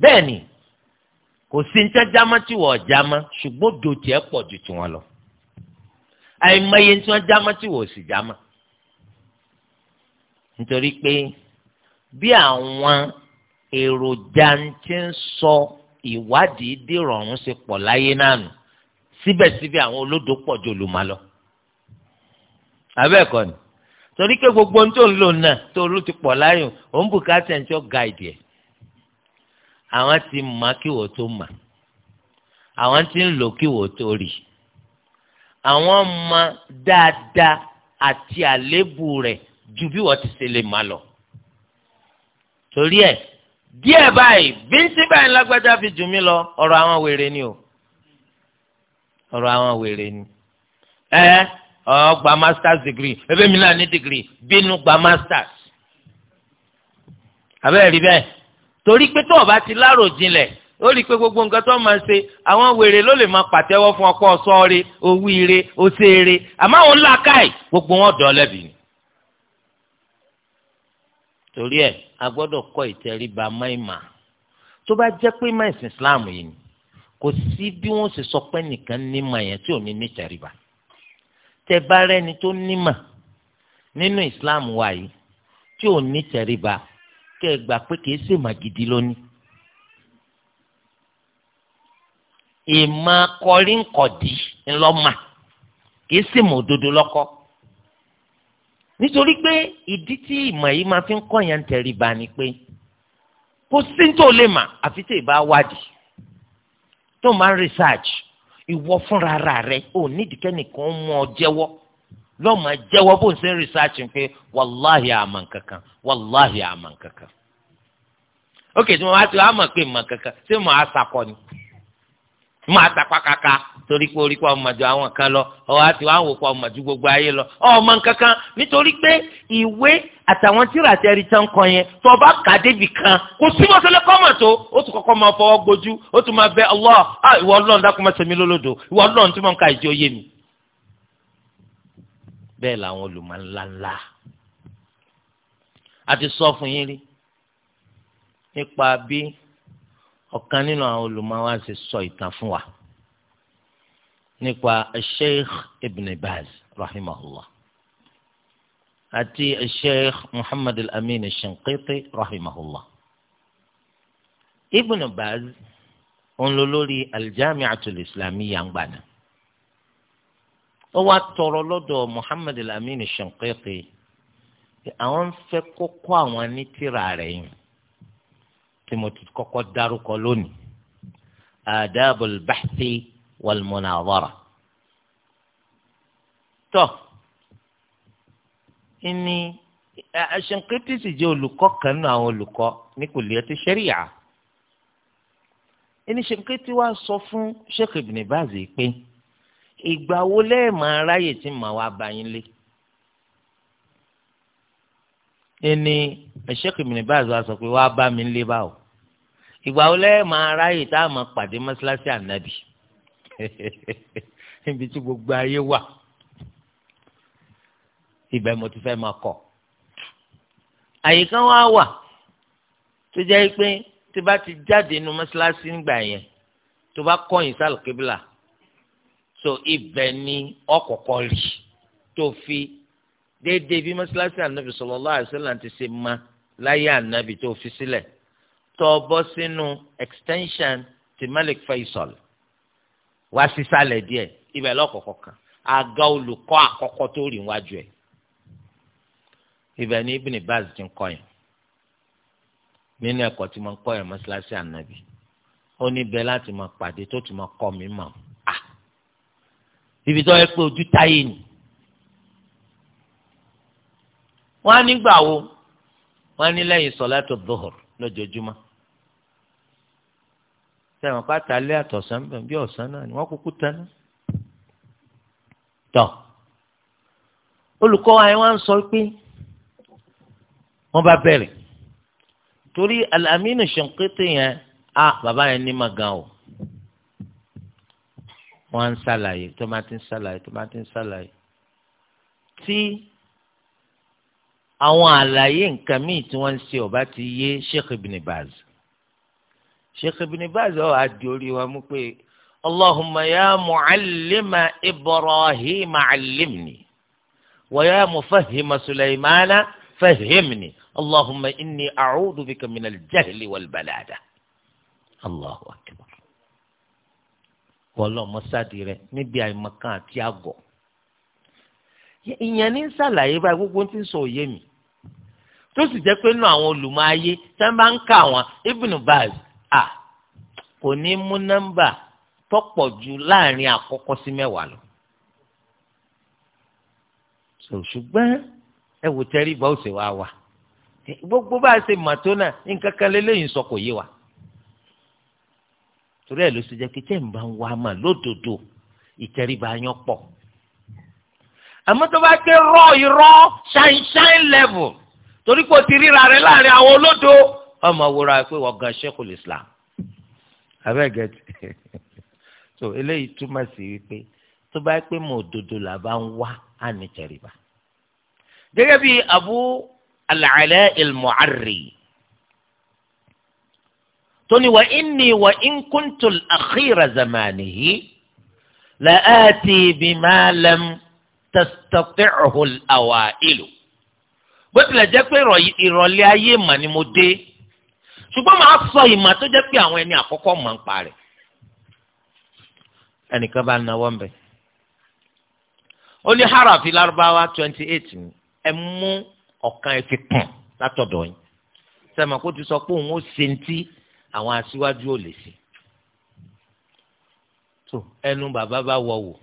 bẹ́ẹ̀ni kò sí ní jájá mọ́ tí wọ́n já mọ́ ṣùgbọ́n odò tiẹ̀ pọ̀ ju tiwọn lọ. àìmọye tí wọ́n já mọ́ tí wọ́n sì já mọ́. nítorí pé bí àwọn èròjà ń ti sọ. So, ìwádìí dìrọ̀rùn ṣe pọ̀ láyé náà nù síbẹ̀síbẹ̀ àwọn olódò pọ̀ ju olùmọ̀ lọ. abẹ́ẹ̀kọ́ ni torí pé gbogbo ohun tó ń lò náà tó olú ti pọ̀ láyò òun bùkátà ẹ̀ ń tọ́ gáìdì ẹ̀ àwọn ti mọ̀ kí wò tó mọ̀ àwọn ti ń lò kí wò tó rì àwọn mọ̀ dáadáa àti àléébù rẹ̀ ju bí wọ́n ti ṣe lè má lọ torí ẹ̀ díẹ̀ báyìí bíntí báyìí lágbájá fi jù mí lọ ọ̀rọ̀ àwọn wèrè ni o ọ̀rọ̀ àwọn wèrè ni ẹ ọ gba masters degree ebe mi náà ní degree bínú gba masters àbẹ́ẹ̀ rí bẹ́ẹ̀ torí pé tó o bá ti lárò jinlẹ̀ ó rí i pé gbogbo nǹkan tó máa ṣe àwọn wèrè ló lè máa pàtẹ́wọ́ fún ọkọ sọ́ọ́rẹ́ owó ire oṣeere àmọ́ àwọn ńlá gbogbo wọn dọ̀ ni. torí ẹ̀ a gbọ́dọ̀ kọ́ ìtẹríba máìmá tó bá jẹ́ pé máa ìsìn islam yìí ni kò sí bí wọ́n ṣe sọ pé nìkan nímọ̀ yẹn tí ò ní ní ìtẹríba tẹ bá rẹ́ni tó nímọ̀ nínú islam wa yìí tí ò ní ìtẹríba kẹ́ ẹ gbà pé kìí ṣèmà gidi lónìí. ìmọ̀ kọrí ń kọ̀dí ńlọ́mà kìí ṣèmọ̀ òdodo lọ́kọ́ nítorí pé ìdí tí ìmọ̀ yìí máa fi ń kọ́ yẹn ń tẹríba ni pé kò sí ma lè mà àfi tí ìbá wádìí tó máa ń research ìwọ fúnra ara rẹ ò nídìí kẹ́nìkan mú ọ jẹ́wọ́ lọ́mọ jẹ́wọ́ bó ń ṣe ń research pé wàláhì àmọ̀ kankan wàláhì àmọ̀ kankan. ok tí mo bá ti wá mọ̀ pé mọ̀ kankan ṣé mo á sakọ ni. máa tàpá kàkà torí pé orí pa ọmọdé àwọn kan lọ ọwọ́ àti wọn àwòkọ ọmọdé gbogbo ayé lọ ọmọ nkankan nítorí pé ìwé àtàwọn tíra àtẹrí tán kan yẹn tó ọba kan kò sí mọ́tòlẹ́ kọ́mọ̀ tó ó tún kọ́kọ́ máa fọwọ́ gbójú ó tún máa bẹ Allah ah ìwọ ọlọ́run dákun máa sẹ́mi lólódò ìwọ ọlọ́run tí mo ń ka ìjọ yé mi. bẹ́ẹ̀ làwọn olùmọ̀ ńláńlá a ti sọ fún yín rí nípa bí ọ̀kan nínú àwọn olùmọ̀wá ṣe sọ ìtàn fún wa nípa sheikh ibn baz rahimahullah àti sheikh muhammad al-amin al-shinqiti rahimahullah ibn baz òun ló lórí aljamiatul islamiyya ń gbàdán ó wá tọrọ lọ́dọ̀ muhammad al-amin al àwọn ń fẹ́ kókó àwọn ní tírà rẹ̀ yìí tí mo ti kọ́kọ́ dárúkọ lónìí adabul bahthi wal munazara tọ́ ìní Ṣinkiti sì jẹ́ olùkọ́ kan nínú àwọn olùkọ́ ní kulliyati sharia ìní Ṣinkiti wá sọ fún Sheikh Ibn Baz pé ìgbà wo lẹ́ẹ̀ máa ráyè tí màá wá bá yín lé ẹni ẹ̀ṣẹ́kù mi ní báyìí wá sọ pé wá bá mi lé báwò ìgbà wo lẹ́yìn máa ráyè tá a máa pàdé mọ́ṣáláṣí ànábì níbi tí gbogbo ayé wà ibẹ̀ mo ti fẹ́ máa kọ̀ àyíká wa wà tó jẹ́ pé tó bá ti jáde nu mọ́ṣáláṣí nígbà yẹn tó bá kọ̀yìn sálùkébìlà so ibẹ̀ ni ọ̀kọ̀ọ̀kọ̀ rí tó fi déédéé bí mọ́ṣáláṣí ànábì sallallahu alaihi wasallam ti ṣe ma láyé ànábì tó fi sílẹ̀ tó bọ́ sínú extension ti Malik Faisal wá sísàlẹ̀ díẹ̀ ibẹ̀ lọ́kọ̀ọ̀kọ̀ kan àga olùkọ́ àkọ́kọ́ tó rìn wájú ẹ̀ ibẹ̀ ní Ibn Baz ti ń kọ́ yẹn nínú ẹ̀kọ́ tí mo ń kọ́ yẹn mọ́ṣáláṣí ànábì ó ní bẹ́ẹ̀ láti máa pàdé tó ti máa kọ́ mi ah, ibi tó yẹ pé ojú táyé ni wọ́n á nígbà wo wọ́n á ní lẹ́yìn sọ̀látù dùhùr lójoojúmọ́ sẹ́wọ̀n pátá lé àtọ̀sán bẹ́ẹ̀ bí ọ̀sán náà ni wọ́n kúkú tán tọ̀ olùkọ́ wa yẹn wá ń sọ pé wọ́n bá bẹ̀rẹ̀ torí Al-Aminu yẹn a bàbá yẹn ní ma gan o wọ́n á ń ṣàlàyé tó ń ṣàlàyé tó ń ṣàlàyé tí àwọn àlàyé nǹkan míì tí wọ́n ń ṣe ọ̀bá ti yé Sheikh Ibn Baz Sheikh Ibn Baz ọ̀ àdì orí wa mú pé Allahumma ya mu'allima Ibrahim 'allimni wa ya mufahhima Sulaymana fahhimni Allahumma inni a'udhu bika min al-jahli Allahu akbar wọ́n lọ́ọ́ níbi àìmọ̀kan àti àgọ̀ ìyẹn ní sàlàyé báyìí gbogbo ti ń sọ òye mi tó sì jẹ́ pé nínú àwọn olùmọ̀ ayé tá bá ń kà wọn Ibn Baz à kò ní mú nọ́mbà tọ́pọ̀ jù láàrin àkọ́kọ́ sí mẹ́wàá lọ. ṣùgbọ́n ẹ wò tẹ́rí bá ó sì wá gbogbo bá a ṣe mà tó náà nǹkan kan lélẹ́yìn sọ kò yé wa. torí ẹ̀ ló ṣe jẹ́ pé tẹ́ ń bá ń wá mà lódodo ìtẹríba yẹn pọ̀ àmọ́ tó bá ké rọ irọ́ ṣáínṣáín level torí kò ti ríra rẹ láàrin àwọn olódo ọmọ wúra pé wọ́n gan Sheikhul Islam abẹ́gẹ́ tí so eléyìí túmọ̀ sí wípé tó bá pé mọ̀ òdodo là bá ń wá á ní tẹ̀ríba. gẹ́gẹ́ bí Abu al-Ala al tóní wa inni wa in kuntu al-akhira la ati bi ma tastati'uhu al-awailu bó tilẹ̀ jẹ́ pé ìrọ̀lẹ́ ayé mà ni mo dé ṣùgbọ́n màá sọ ìmọ̀ tó jẹ́ pé àwọn ẹni àkọ́kọ́ mọ̀ ń parẹ́ ẹnìkan bá náwó ń bẹ̀ ó ní harafi lárúbáwá twenty eight ni ẹ mú ọ̀kan ẹ fi kàn látọ̀dọ̀ yín sẹ́mi kó ti sọ pé òun ó ṣe ń àwọn aṣíwájú ò lè ṣe ẹnu bàbá bá wọ̀ wò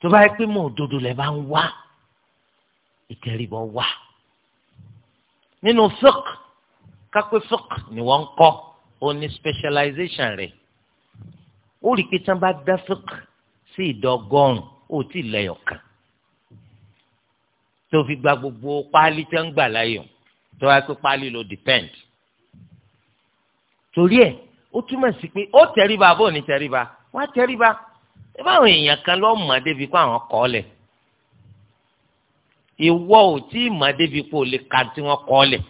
tó bá yẹ pé mọ òdodo lẹ bá ń wá ìtẹríbọ wà nínú fiqh kápé fiqh ni wọ́n ń kọ́ ó ní specialization rẹ̀ ó rí i pé tí wọ́n bá dá fiqh sí ìdọ́gọ́rùn ó ti lẹ́yọ̀ kan tó fi gba gbogbo páálí tí wọ́n gbà láyọ̀ tó wáá pé páálí ló depend torí ẹ̀ ó túmọ̀ sí pé ó tẹríba àbó ní tẹríba wọ́n á báwọn èèyàn kan lọ mọ̀ débi pé àwọn kọ́ lẹ̀ ìwọ ò tí ì mọ̀ débi pé o lè ka tí wọ́n kọ́ lẹ̀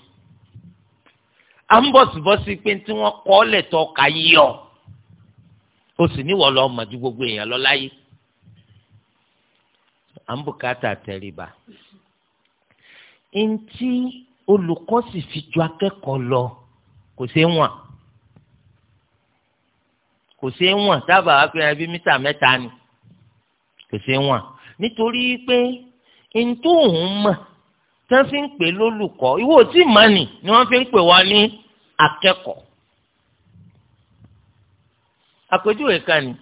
à ń bọ̀sibọ́sí pé tí wọ́n kọ́ lẹ̀ tó ka yí o sì níwọ̀ lọ mọ̀ ju gbogbo èèyàn lọ láyé à ń bùkátà tẹríba ntí olùkọ́ sì fi ju akẹ́kọ̀ọ́ lọ kò ṣeé wọ̀n kò ṣe é wọ̀n tábà wá pé ẹbí mítà mẹ́ta ni kò ṣe é wọ̀n nítorí pé ntòhún mọ̀ tí wọ́n fi ń pè lólùkọ́ ìwọ tí mà ni wọ́n fi ń pè wá ní akẹ́kọ̀ọ́ àpèjúwe kan ni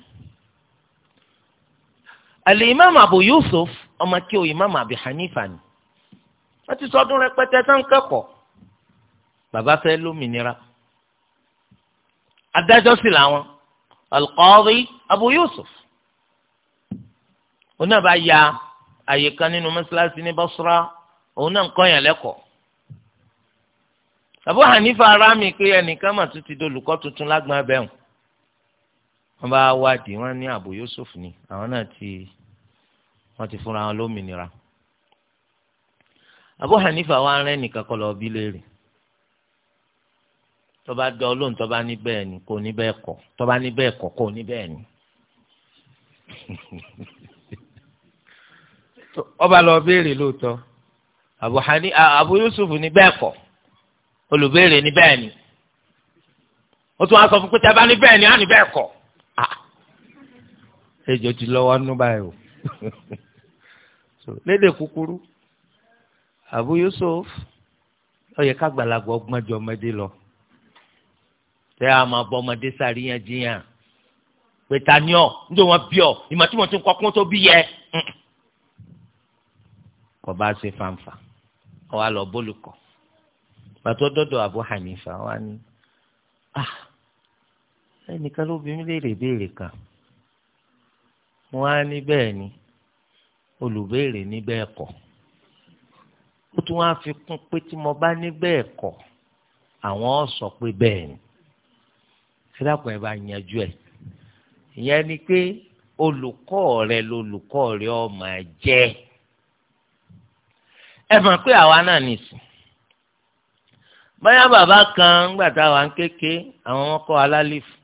alimami abu yusuf ọmọ kí o imam abi hanifa ni wọ́n ti sọdún rẹpẹtẹ tán kẹ́kọ̀ọ́ bàbá fẹ́ lómìnira adájọ́ sì làwọn alqaadi abu yusuf òun náà bá ya àyè kan nínú mọ́ṣáláṣí ní basra òun náà ń kọ́ yàn lẹ́kọ̀ọ́ abu hanifa ara mi pé ẹnìkan mà tún ti dolùkọ́ tuntun lágbọ́n abẹ́hùn wọ́n bá wádìí wọ́n ní abu yusuf ni àwọn náà ti wọ́n ti fúnra wọn lómìnira abu hanifa wa rẹ́ nìkan kọ́ lọ́ọ́ bí léèrè tó bá dọ lóhùn tó ní bẹ́ẹ̀ ni kò ní bẹ́ẹ̀ kọ́ tó bá ní bẹ́ẹ̀ kọ́ kò ní bẹ́ẹ̀ ni. ọba lọ béèrè lóòótọ́ Abu Hani Yusuf ní bẹ́ẹ̀ kọ́ olùbéèrè ní bẹ́ẹ̀ ni ó tún wá sọ fún pé tẹ́ bá ní bẹ́ẹ̀ ni á ní bẹ́ẹ̀ kọ́ ejò ti lọ́wọ́ nú báyìí o lédè kúkúrú Abu Yusuf ó yẹ ká gbàlagbà ọgbọ́n jọ ọmọdé lọ tẹ́ a máa bọ́ ọmọdé ṣàríyànjiyàn pé ta ni ọ níjọ wọn bí ọ ìmọ̀ tí wọ́n tún kọ́ kún tó bí yẹ. kò bá ṣe fanfa ọ wa lọ bólùkọ́ pàtó dọ́dọ̀ Abu Hanifa wa ni ah, ẹnìkan ló bí mi léèrè béèrè kan mo á ní bẹ́ẹ̀ ni olùbéèrè ní bẹ́ẹ̀ kọ́ ó tún wá fi kún pé tí mo bá ní bẹ́ẹ̀ kọ́ àwọn sọ pé bẹ́ẹ̀ ni ẹ dákun ẹ bá yanjú ẹ ìyẹn ni pé olùkọ́ rẹ lolùkọ́ rẹ ọmọ jẹ́ ẹ mọ̀ pé àwa náà nìsín báyà bàbá kan ńgbà táwa ń kéke àwọn ọmọ kọ́ alálìfù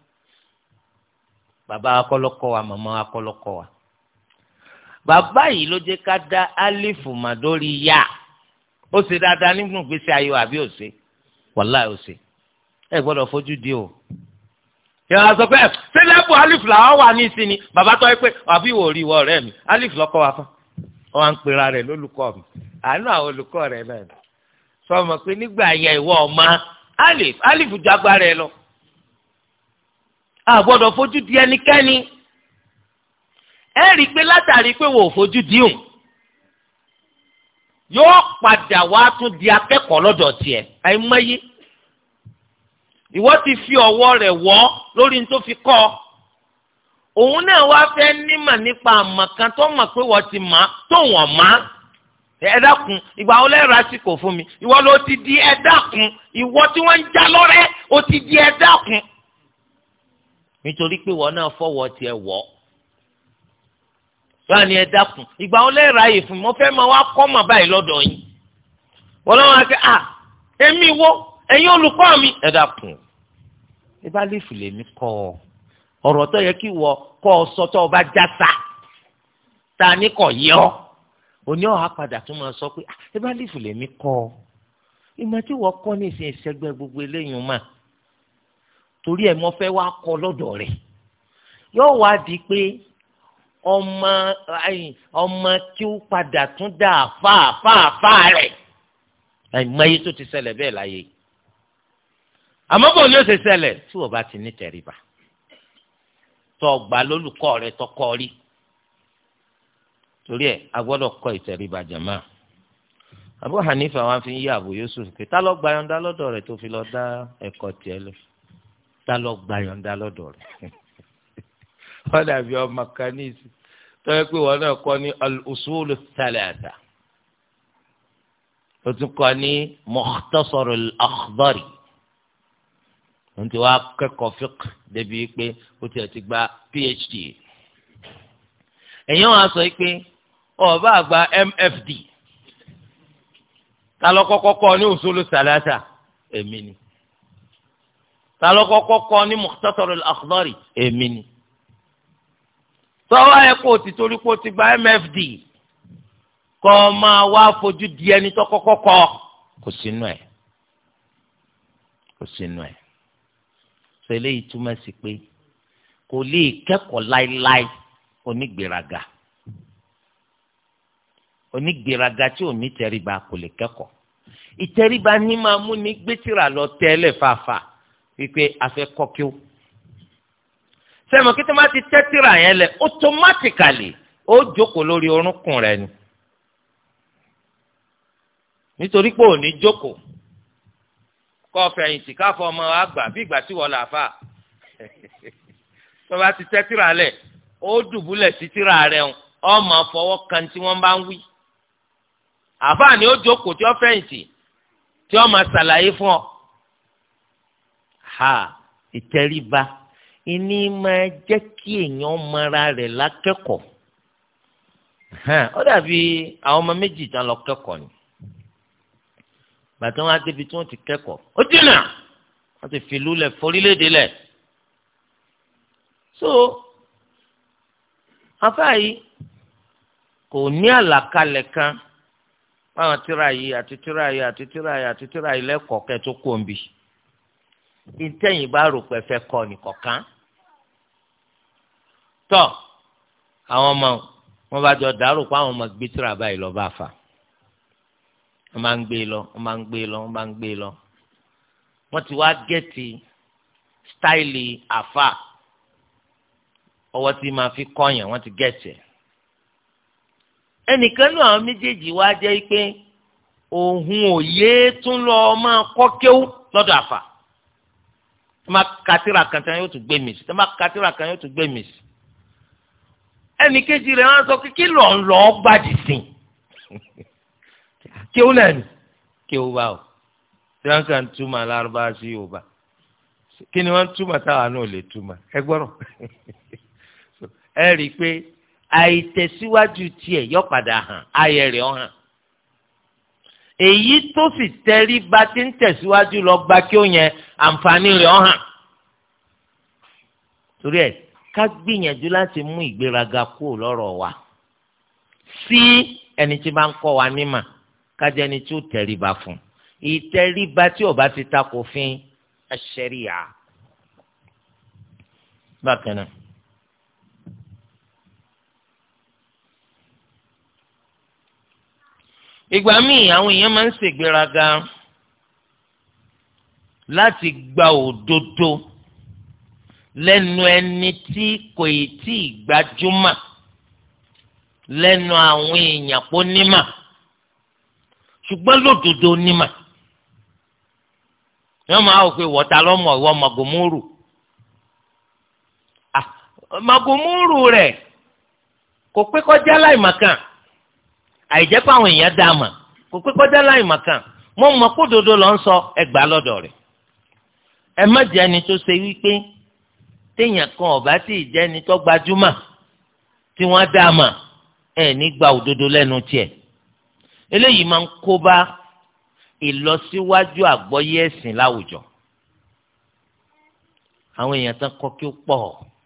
bàbá akọ́lọ́kọ́ wa màmá akọ́lọ́kọ́ wa bàbá yìí ló jẹ́ ká dá alìfù mà dórí yá ó ṣe dáadáa nínú ìgbésí ayé wa àbí ó ṣe wàláì ó ṣe ẹ gbọ́dọ̀ fojú di o. yàrá sọ pé sẹ́lẹ̀ bù alif làwọn wà ní ìsinmi bàbá tó yẹ pé àbí ìwò rí ìwọ rẹ mi alif lọkọ wa fún ọ wá ń pera rẹ lólùkọ́ mi àánú àwọn olùkọ́ rẹ náà sọmọ pé nígbà yẹn ìwọ ọmọ alif alif jagbára ẹ lọ a gbọ́dọ̀ fojú di ẹnikẹ́ni ẹ rí i pé látàrí pé wò ó fojú di òun yóò padà wá tún di akẹ́kọ̀ọ́ lọ́dọ̀ tiẹ̀ àìmọye. ìwọ ti fi ọwọ́ rẹ̀ wọ́ lórí ní tó fi kọ́ òun náà wá fẹ́ nímọ̀ nípa àmọ̀ kan tó mọ̀ pé wọ́n ti mọ̀ tó wọ́n mọ̀ ẹ dákun ìgbà wo lẹ́rọ àsìkò fún mi ìwọ ló ti di ẹ dákun ìwọ tí wọ́n ń já lọ́rẹ́ ó ti di ẹ dákun nítorí pé wọ́n náà fọwọ́ tiẹ̀ wọ́ báà ni ẹ dákun ìgbà wo lẹ́rọ àyè fún mi mo fẹ́ máa wá kọ́ mọ̀ báyìí lọ́dọ̀ yín wọ́n lọ́wọ́ á kẹ́ à èmi wo ẹ̀yin olùkọ́ mi ẹ dákun ẹ bá lè fìlè mi kọ ọ ọ̀rọ̀ tó yẹ kí wọ kọ ọ sọ tó o bá já sa ta ni kò yẹ ọ òní ọ̀hà padà tún máa sọ pé ah, ẹ bá lè fìlè mi kọ ọ ìmọ̀ tí wọ́n kọ́ ní ìsìn ìṣẹ́gbẹ́ gbogbo eléyìí mà torí ẹ̀ mọ́ fẹ́ wá kọ́ lọ́dọ̀ rẹ̀ yóò wá di pé ọmọ ọmọ tí ó padà tún dà fáà fáà fáà mọ iye tó ti ṣẹlẹ̀ bẹ́ẹ̀ láyé yìí àmọ́ bò ní òṣè ṣẹlẹ̀ tí wọ́n bá ti ní tẹ̀ríba tó gbà lólùkọ́ rẹ tọkọ rí torí ẹ̀ a gbọ́dọ̀ kọ́ ìtẹ̀ríba jàmá Abu Hanifa wa fi ń yí Abu Yusuf pé tá ló gba yọ̀ǹda lọ́dọ̀ rẹ̀ tó fi lọ dá ẹ̀kọ́ tiẹ̀ lọ tá ló gba yọ̀ǹda lọ́dọ̀ rẹ̀ wọ́n dàbí ọmọ kan ní pé wọ́n náà kọ́ ní al-usul ath ó tún kọ́ ní Mukhtasar al òun ti wá kẹ́kọ̀ọ́ fík débi pé ó tiẹ̀ ti gba phd èyàn wá sọ pé ọba àgbà mfd ta ló kọ́kọ́ kọ́ ní usulu salasa èmi ni ta ní mukhtasar al-akhdari èmi ni tọ́wọ́ ẹ̀ kó o ti torí kó o ti gba mfd kọ́ ọ máa wá fojú di ẹni tó kò sínú ẹ̀ kò sínú ẹ̀ sọ eléyìí túmọ̀ sí pé kò lè kẹ́kọ̀ọ́ láéláé onígbèraga onígbèraga tí ò ní tẹríba kò lè kẹ́kọ̀ọ́ ìtẹríba ní máa mú ní gbẹ́tìrà lọ tẹ́lẹ̀ fàáfàá wípé a fẹ́ kọ́ kí ó sẹ́mi kí tó má ti tẹ́tìrà yẹn lẹ̀ automatically ó jókòó lórí orúnkún rẹ ni nítorí pé ò jókòó kọ́ fẹ̀yìntì káfọ́ ọmọ wa gbà bí ìgbà tí wọ́n là fà tó bá ti tẹ́tìrà lẹ̀ ó dùbúlẹ̀ sí tìrà rẹ̀ ọmọ fọwọ́ kan tí wọ́n bá ń wí àfáà ni ó jókòó tí ó fẹ̀yìntì tí ó máa ṣàlàyé fún ọ. ha ìtẹríba ìní máa jẹ́ kí èèyàn mara rẹ̀ lákẹ́kọ̀ọ́ ó dàbí àwọn ọmọ méjì tán lọ kẹ́kọ̀ọ́ ni gbàtí wọn á débi tí wọn ti kẹ́kọ̀ọ́ ó dínà wọn ti fìlú lẹ̀ forílẹ̀-èdè lẹ̀ so afáàyí kò ní àlàkalẹ̀ kan báwọn tíra yìí àti tíra yìí àti tíra yìí àti tíra yìí lẹ́kọ̀ọ́ kẹ́ tó kó ń bì ìtẹ̀yìn bá rò pé fẹ́ kọ́ nìkọ̀kan tọ́ àwọn ọmọ wọn bá jọ dàrú pé àwọn ọmọ gbé tíra báyìí lọ́ọ́ bá fà wọ́n máa ń gbé lọ wọ́n máa ń gbé lọ wọ́n máa ń gbé lọ wọ́n ti wá gẹ̀ẹ́tì stáìlì àfà ọwọ́ tí máa fi kọ́yàn wọ́n ti gẹ̀ẹ́tì ẹnìkan náà àwọn méjèèjì wá jẹ́ pé òun ò yé tún lọ máa kọ́ kéwú lọ́dọ̀ àfà tó máa katira kan tán yóò tún gbé mi sí tó máa katira kan yóò tún gbé mi sí ẹnìkejì rẹ̀ wọ́n sọ kí kí lọ́ọ́ lọ́ọ́ gbàdì kéwú lẹ́nu kéwú bá o tí wọ́n kàn túmọ̀ alárúbá sí yorùbá kí ni wọ́n túmọ̀ táwa náà lè túmọ̀ ẹ gbọ́rọ̀ ẹ rí i pé àìtẹ̀síwájú tiẹ̀ yọ padà hàn ayẹ rẹ̀ ọ hàn èyí tó sì tẹrí bá ti ń tẹ̀síwájú lọ gba kí ó yẹn àǹfààní rẹ̀ ọ hàn torí ẹ̀ ká gbìyànjú láti mú ìgbéraga kúrò lọ́rọ̀ wa sí ẹni tí bá ń kọ́ wa nímà kájẹni tí ó tẹríba fún ìtẹríba tí ó bá ti takò fín ẹsẹríà bákan náà. ìgbà míì àwọn èèyàn máa ń ṣègbéraga láti gba òdodo lẹ́nu ẹni tí kò tí ì gbajúmọ̀ lẹ́nu àwọn èèyàn pọ̀ ṣùgbọ́n lódodo nímà yọ́n máa wò pé wọ́ta lọ́mọ ìwọ màgòmórù màgòmórù rẹ̀ kò pé kọjá láì màkàn àìjẹ́ pé àwọn èèyàn dá a mà kò pé kọjá láì màkàn mo mọ̀ kó dodo lọ ń sọ ẹgbà lọ́dọ̀ rẹ̀ ẹ má jẹ́ ẹni tó ṣe wípé téèyàn kan ọ̀bá tí ì ẹni tó gbajúmọ̀ tí wọ́n dá a mà ẹ̀ ní gba òdodo lẹ́nu tiẹ̀ eléyìí máa ń kó bá ìlọsíwájú àgbọ́yé ẹ̀sìn láwùjọ àwọn èèyàn tán kọ́ kí ó pọ̀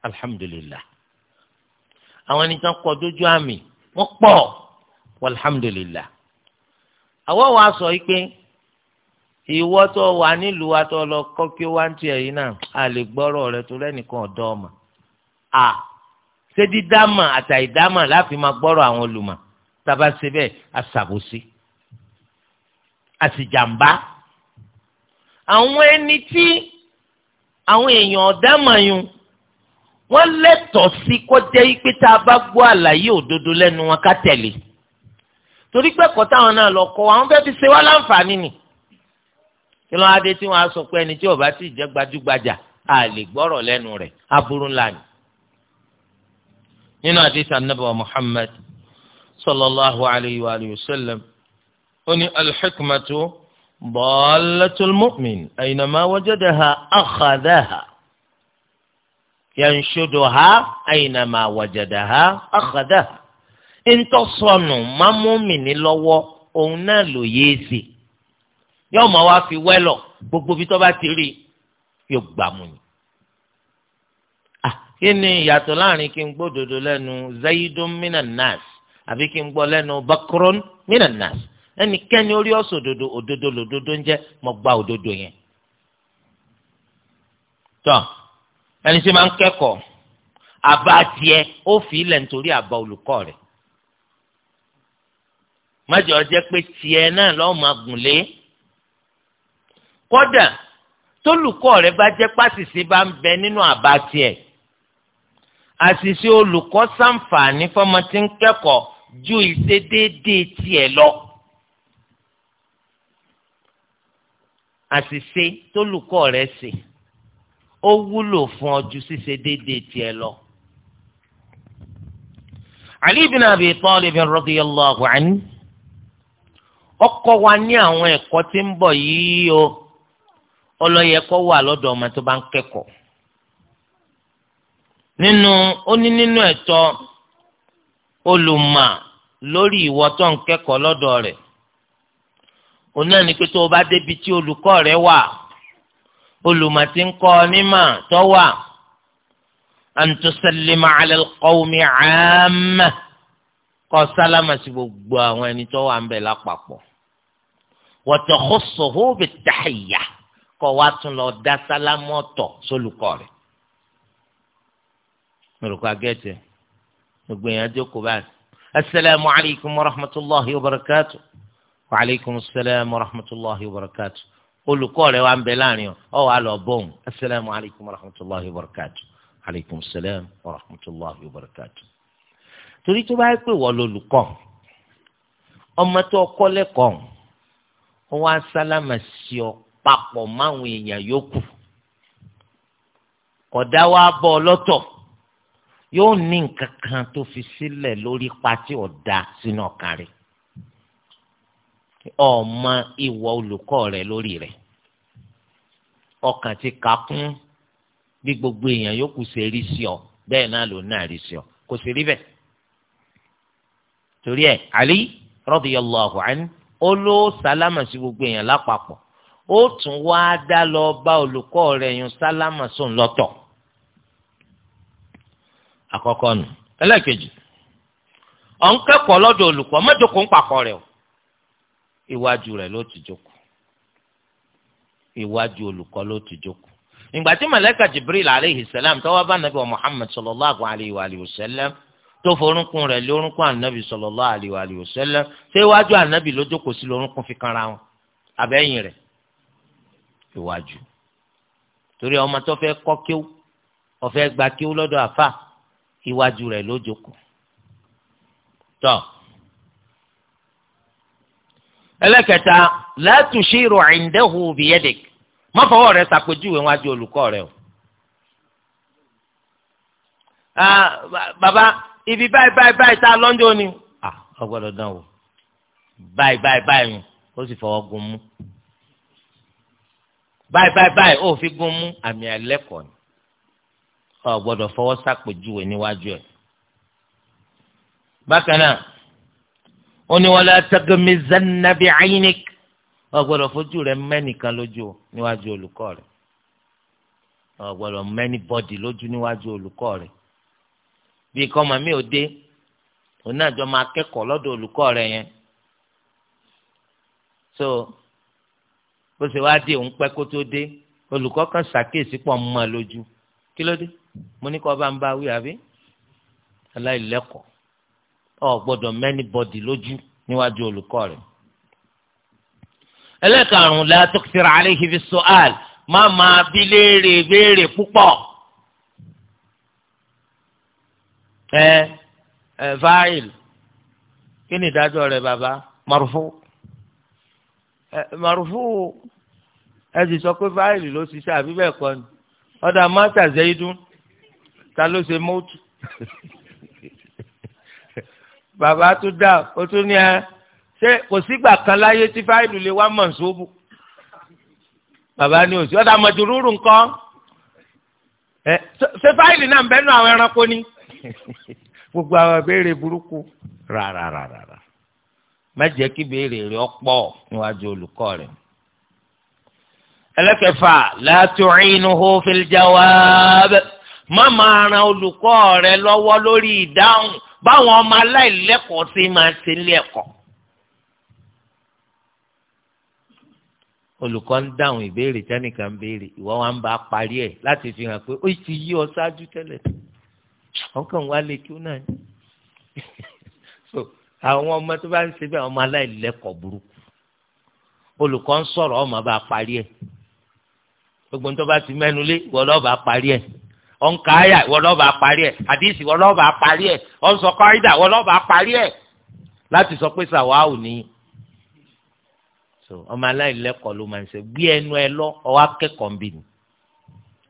alhamdulillah àwọn ẹni tán kọ́ dójú àmì wọ́n pọ̀ alhamdulillah àwọ̀ wa sọ yìí pé ìwọ tó wà nílùú wa tó lọ kọ́ kí ó wá ń tiẹ̀ yìí náà a lè gbọ́rọ̀ rẹ tó lẹ́nìkan ọ̀dọ́ ọmọ à ṣé dídámà àtàìdámà láfi máa gbọ́rọ̀ àwọn olùmọ̀ tàbá ṣe bẹ́ẹ̀ àṣàbòsí àṣìjàmbá àwọn ẹni tí àwọn èèyàn ọ̀dàmàyún wọ́n lẹ́tọ̀ọ́ sí kọjá yìí pé tá a bá gbọ́ àlàyé òdodo lẹ́nu wọn ká tẹ̀lé torí pé ẹ̀kọ́ táwọn náà lọ kọ́ àwọn fẹ́ẹ́ fi ṣe wá láǹfààní ni kí ló á dé tí wọ́n á sọ pé ẹni tí ó bá ti jẹ́ gbajúgbajà a lè gbọ́rọ̀ lẹ́nu rẹ̀ aburú ńlá ni nínú àdìsí anábọ̀ Muhammad sallallahu alayhi wa sallam ó ní alḥikmatu dalatul mu'min aynama wajadaha akhadaha yanshuduha aynama wajadaha akhadaha ntọ́sọnù mámúmìnì lọ́wọ́ òun náà ló yéé sí yóò máa wá fi wẹ́lọ̀ gbogbo bí tó bá ti rí yóò gbà mú ni. Ah, kí ni ìyàtọ̀ láàrin kí n gbódodo lẹ́nu zayidun minan nas àbí kí n gbọ́ lẹ́nu bakurun minan nas ẹnikẹ́ni orí ọ̀sọ̀ òdodo òdodo lòdodo ń jẹ́ mọ̀ gba òdodo yẹn. tọ́ ẹni tí máa ń kẹ́kọ̀ọ́ àbá tiẹ̀ ó fi ilẹ̀ nítorí àbá olùkọ́ rẹ̀ májọ jẹ́ pé tiẹ̀ náà lọ́ọ́ máa gùn lé kódà tólùkọ́ rẹ̀ bá jẹ́ pàṣìṣe bá ń bẹ nínú àbá tiẹ̀ àṣìṣe olùkọ́ ṣàǹfààní fọmọ tí ń kẹ́kọ̀ọ́ ju ìṣedéédéé tiẹ̀ lọ. àṣìṣe tólùkọ́ rẹ̀ ṣe ó wúlò fún ọ ju ṣíṣe tiẹ̀ lọ. Ali ibn Abi Talib radiyallahu anhu ọkọ wa ní àwọn ẹ̀kọ́ tí ń bọ̀ yìí o ọlọ́yẹ kọ́ wà lọ́dọ̀ ọmọ tó bá ń kẹ́kọ̀ọ́ nínú olùmọ̀ lórí ìwọ tó ń kẹ́kọ̀ọ́ lọ́dọ̀ rẹ̀ òun náà ni pé tó o bá débi tí olùkọ́ rẹ̀ wà olùmọ̀ tí ń kọ́ nímọ̀ tó wà an tusallima ala alqawmi aama sí gbogbo àwọn ẹni tó wà ń bẹ lápapọ̀ wa takhussuhu bittahiyya kó wá tún lọ dá sálámà sólùkọ́ rẹ̀. mo rò gbogbo yẹn jókòó báyìí asalaamu alaykum wa rahmatulahi wa barakatu wa alaykum salaam wa rahmatulahi wa barakatu olùkọ́ rẹ̀ wà ń bẹ láàrin ọ wà lọ bọ́ọ̀n asalaamu alaykum wa rahmatulahi wa barakatu alaykum salaam wa rahmatulahi wa barakatu. torí tó bá yẹ pé wọ́n lolùkọ́ ọmọ tó kọ́ lẹ́kọ̀ọ́ ó wá sálámà sí ọ papọ̀ máwọn èèyàn yòókù kódà wá bọ́ ọ lọ́tọ̀ yóò ní nǹkan kan tó fi sílẹ̀ lórí pati ọ̀dà sínú ọ̀kan rẹ̀ ọmọ ìwọ olùkọ́ rẹ̀ lórí rẹ̀ ọkàn ti kà kún bí gbogbo èèyàn yòókù ṣe rí sí ọ bẹ́ẹ̀ náà ló náà rí sí ọ kò sì rí bẹ́ẹ̀ torí ẹ Ali radiyallahu anhu ó ló sálámà sí gbogbo èèyàn lápapọ̀ ó tún wá dá lọ bá olùkọ́ rẹ̀ yun sálámà sóun lọ́tọ̀ àkọ́kọ́ nù ẹlẹ́ẹ̀kejì ọ̀ ń kẹ́kọ̀ọ́ lọ́dọ̀ olùkọ́ má jókòó ń pàkọ́ rẹ̀ o iwájú rẹ̀ ló ti jókòó iwájú olùkọ́ ló ti jókòó ìgbà tí màláíkà jibril aleyhi salam tó wá bá nàbí wa muhammad sallallahu alayhi wa alayhi wa sallam tó forúnkún rẹ̀ lórúnkún ànábì sallallahu alayhi wa alayhi wa sallam ṣé iwájú ànábì ló jókòó sí lórúnkún fi kanra wọn àbẹ́yìn rẹ̀ iwájú torí ọmọ tó fẹ́ kọ́ kíw gba kíw lọ́dọ̀ àfáà iwájú rẹ̀ ló jókòó tọ ẹlẹ́kẹta látúnṣe ìrò àìndẹ́hù bìyẹ́dẹ̀k má fọwọ́ rẹ̀ ṣàpèjúwe wájú olùkọ́ rẹ̀ o. Ah, bàbá ibi báyìí báyìí báyìí tá a lọ́njọ́ ni ọgbọ́dọ̀ ah, dán o báyìí báyìí báyìí ó sì fọwọ́ gun mú báyìí báyìí báyìí ó fi gun mú àmì ẹlẹ́kọ̀ọ́ ni ọ gbọ́dọ̀ fọwọ́ sàpèjúwe níwájú ẹ̀. bákan náà ó ní wala taghmizanna bi'aynik ọ gbọ́dọ̀ fojú rẹ̀ mẹ́nìkan lójú níwájú olùkọ́ rẹ̀ ọ gbọ́dọ̀ mẹ́nìbọ́dì lójú níwájú olùkọ́ rẹ̀ bí kọ́mọ mi ò dé òun náà jọ máa kẹ́kọ̀ọ́ lọ́dọ̀ olùkọ́ rẹ̀ yẹn so bó ṣe wá dé òun pẹ́ kó tó dé olùkọ́ kan ṣàkíyèsí pọ̀ mọ́ lójú kí ló dé mo ní kọ́ bá ń bá wí àbí aláìlẹ́kọ̀ọ́ ọ̀ gbọ́dọ̀ mẹ́ni bọ́dì lójú níwájú olùkọ́ rẹ̀. ẹlẹ́karùn-ún la tukthira alayhi fi su'al máa bí léèrè béèrè púpọ̀. ẹ ẹ fáìl kí ni ìdájọ́ rẹ̀ bàbá marufu marufu ẹ sì sọ pé fáìl ló ṣiṣẹ́ àbí bẹ́ẹ̀ kọ́ ni ọ̀dà mátà zẹ́yìdún ta ló ṣe mọ́tò bàbá tó dà ó tún ní ẹ ṣé kò sígbà kan láyé tí fáìlì lè wá mọ̀nsóbù bàbá ni òsì ọ̀dà mọ̀jòrúurú nǹkan ẹ ṣé fáìlì náà ń bẹ àwọn ẹranko ni gbogbo àwọn ìbéèrè burúkú rárárárá má kí béèrè rẹ̀ ọ̀pọ̀ níwájú olùkọ́ rẹ̀ ẹlẹ́kẹ̀fà la tu'inuhu fil jawab má máa ran olùkọ́ rẹ lọ́wọ́ lórí ìdáhùn báwọn ọmọ aláìlẹ́kọ̀ọ́ ṣe máa ṣe ilé ẹ̀kọ́. olùkọ́ ń dáhùn ìbéèrè tẹ́nìkan ń béèrè ìwọ wa ń bá a parí ẹ̀ láti fi hàn pé ó ti yí ọ ṣáájú tẹ́lẹ̀ ọkàn wa lè kí ó náà ní. so àwọn ọmọ tó bá ń ṣe bẹ́ẹ̀ ọmọ aláìlẹ́kọ̀ọ́ burúkú olùkọ́ ń sọ̀rọ̀ ọmọ bá a parí ẹ̀ gbogbo ń tó bá ti mẹ́nu lé ìwọ lọ́ọ́ bá a parí ẹ̀ ọ̀nkà àyà ìwọ lọ́ba parí ẹ̀ àdìsí ìwọ lọ́ba parí ẹ̀ ọ̀nsọ̀kọ́ àyídà ìwọ lọ́ba parí ẹ̀ láti sọ pé sàwáwù ni ọmọ aláìlẹ́kọ̀ọ́ ló máa ń ṣe gbé ẹnu ẹ lọ ọwọ́ akẹ́kọ̀ọ́ ń bì ní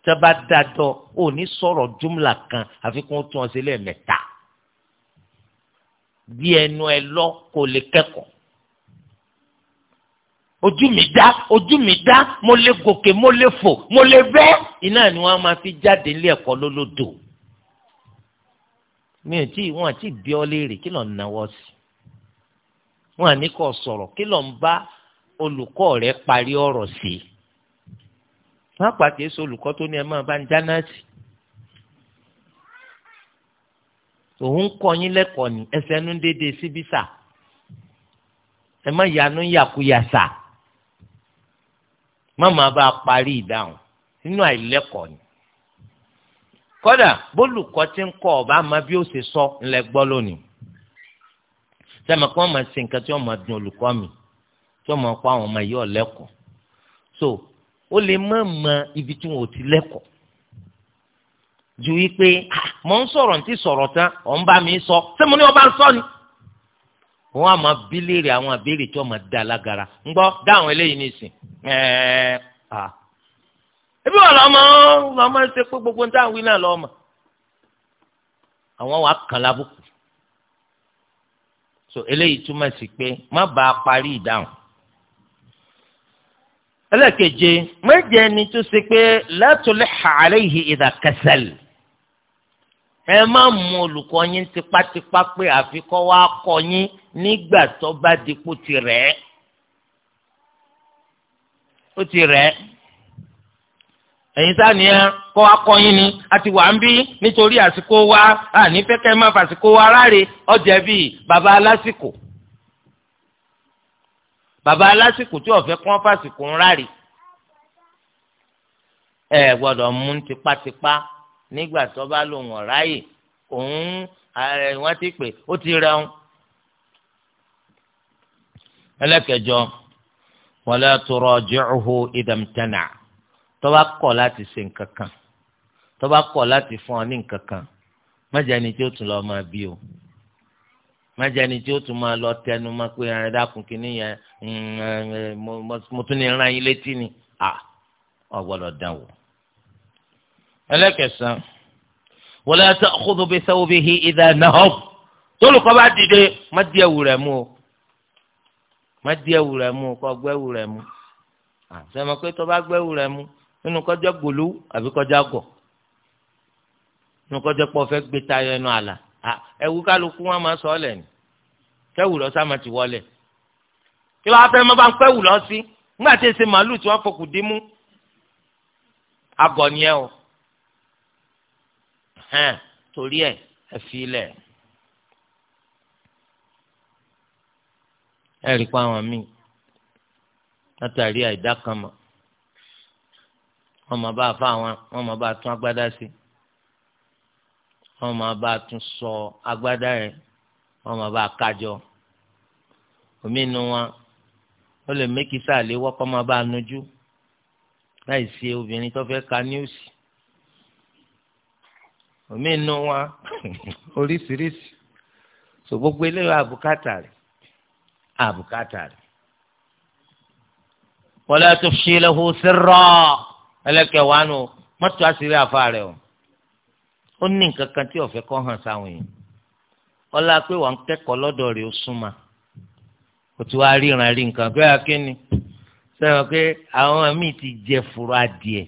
tẹ́bá dájọ́ ò ní sọ̀rọ̀ júmùlà kan àfikún tún ọ sílẹ̀ mẹ́ta gbé ẹnu ẹ lọ kó lè kẹ́kọ̀ọ́ ojú mi dá ojú mi dá mo lè gòkè mo lè fò mo lè bẹ́ iná ni wọ́n máa fi jáde ilé ẹ̀kọ́ lólódò mi ò tí wọn àti bí ọ léèrè kí ló ń náwó sí wọn àní kò sọ̀rọ̀ kí ló ń bá olùkọ́ rẹ̀ parí ọ̀rọ̀ sí wọn pàtẹ sọ olùkọ́ tó ní ẹ máa bá ń já náà òun kọ́ yín lẹ́kọ̀ọ́ ní ẹsẹ̀ ẹnu déédéé síbí sáà ẹ má yanu yakuya sa mọ́mọ́ bá parí ìdáhùn nínú àìlẹ́kọ̀ọ́ ni. kódà bólùkọ́ ti ń kọ́ ọba àmọ́ bí ó ṣe sọ ńlẹ̀ gbọ́ lónìí. sẹ́mi kí wọ́n máa ṣe nǹkan tí wọ́n máa dun olùkọ́ mi tí wọ́n máa kọ́ àwọn ọmọ yìí ọ̀lẹ́kọ̀ọ́. so ó lè má mọ ibi tí wọn ò ti lẹ́kọ̀ọ́. ju wípé ah, mọ̀ ń sọ̀rọ̀ ní sọ̀rọ̀ tán ọ̀ ń bá mi sọ sẹ́mi ni wọ́n bá ń sọ ni wọn a máa bí léèrè àwọn àbéèrè tí wọn máa da lágara ń gbọ́ dá àwọn eléyìí nìsín ẹ̀ẹ́ à ebi wọn lọ́mọ lọ́mọ ṣe pé gbogbo ń táwọn wí náà àwọn wà kàn lábùkù so eléyìí túmọ̀ sí pé má bá a parí ìdáhùn ẹlẹ́keje mẹ́jẹ ni tó ṣe pé látòlẹ́ xaalẹ́ yìí ìdá ẹ má mú olùkọ́ yín tipátipá pé àfikọ́ wa kọ́ yín nígbà tó bá dipò ti rẹ̀ ẹ́ ó ti rẹ̀ ẹ́ ẹ̀yin sáni kọ́ wa kọ́ yín ni a ti wà ń bí nítorí àsìkò wa àní fẹ́kẹ́ má fàsìkò wa ráre ọjẹ́ bíi bàbá alásìkò bàbá alásìkò tí ọ̀fẹ́ kọ́ fàsìkò ń ráre ẹ gbọ́dọ̀ mú tipátipá nígbà tó bá lò wọ́n ráyè òun wọ́n ti pè ó ti rẹun. ẹlẹ́kẹjọ wala turaji'uhu idamtana tó bá kọ̀ láti ṣe nǹkan kan tó bá kọ̀ láti fún ọ ní nǹkan kan má jẹ́ ẹni tí ó tún lọ máa bí o májani tí ó tún máa lọ tẹnu máa pé ẹran dákun kínní yẹn mm, mo tún ní ran yín létí ni à ọ gbọ́dọ̀ dán wò ẹlẹ́kẹ̀sán wọlé ẹsẹ ọkọọdọ bíi sẹwọ bíi hi ìdá nahọb tólùkọ́ bá dìde má di ẹ̀wù rẹ̀ mú o má di ẹ̀wù rẹ̀ mú o kọ gbẹ̀wù rẹ̀ mú àtẹmọ pé tó bá gbẹ̀wù rẹ̀ mú nínú kọjá gbòlú àbí kọjá gọ nínú kọjá pọ fẹ gbé tayọ ẹnu àlà ẹ̀wù kálukú wọn máa sọ ọlẹ ni kẹwù lọ sá máa wọlé kí ló fẹ́ mọ́ bá ń pẹ́wù lọ sí nígbà tí èsì màálù tí wọ́n fọkù dín agọ̀ ni ẹ o hàn torí ẹ̀ ẹ fi lẹ̀. ẹ rí pa àwọn míì látàrí àìdá kan mọ̀ wọ́n máa bá a fa àwọn wọ́n máa bá a tún agbádá sí wọ́n máa bá a tún sọ agbádá yẹn wọ́n máa bá a kájọ omi nu wọn ó lè mékì sáà lé wọ́kọ́ máa bá a nujú láì ṣe obìnrin tó fẹ́ ka níwùsì omi inú wọn oríṣiríṣi so gbogbo eléyìí àbùkátà rẹ̀ àbùkátà rẹ̀ wala tufshi lahu sirra ẹlẹ́kẹ̀wàá nù mọ́tò àṣírí àfa rẹ̀ o ó ní nǹkan kan tí ó fẹ́ kọ́ hàn sáwọn yìí ọlá pé wọ́n ń kẹ́kọ̀ọ́ lọ́dọ̀ rẹ̀ ó súnmọ́ kò tí wàá ríran rí nǹkan bẹ́ẹ̀ kí ni sẹ́wọ̀n pé àwọn míì ti jẹ fúru adìẹ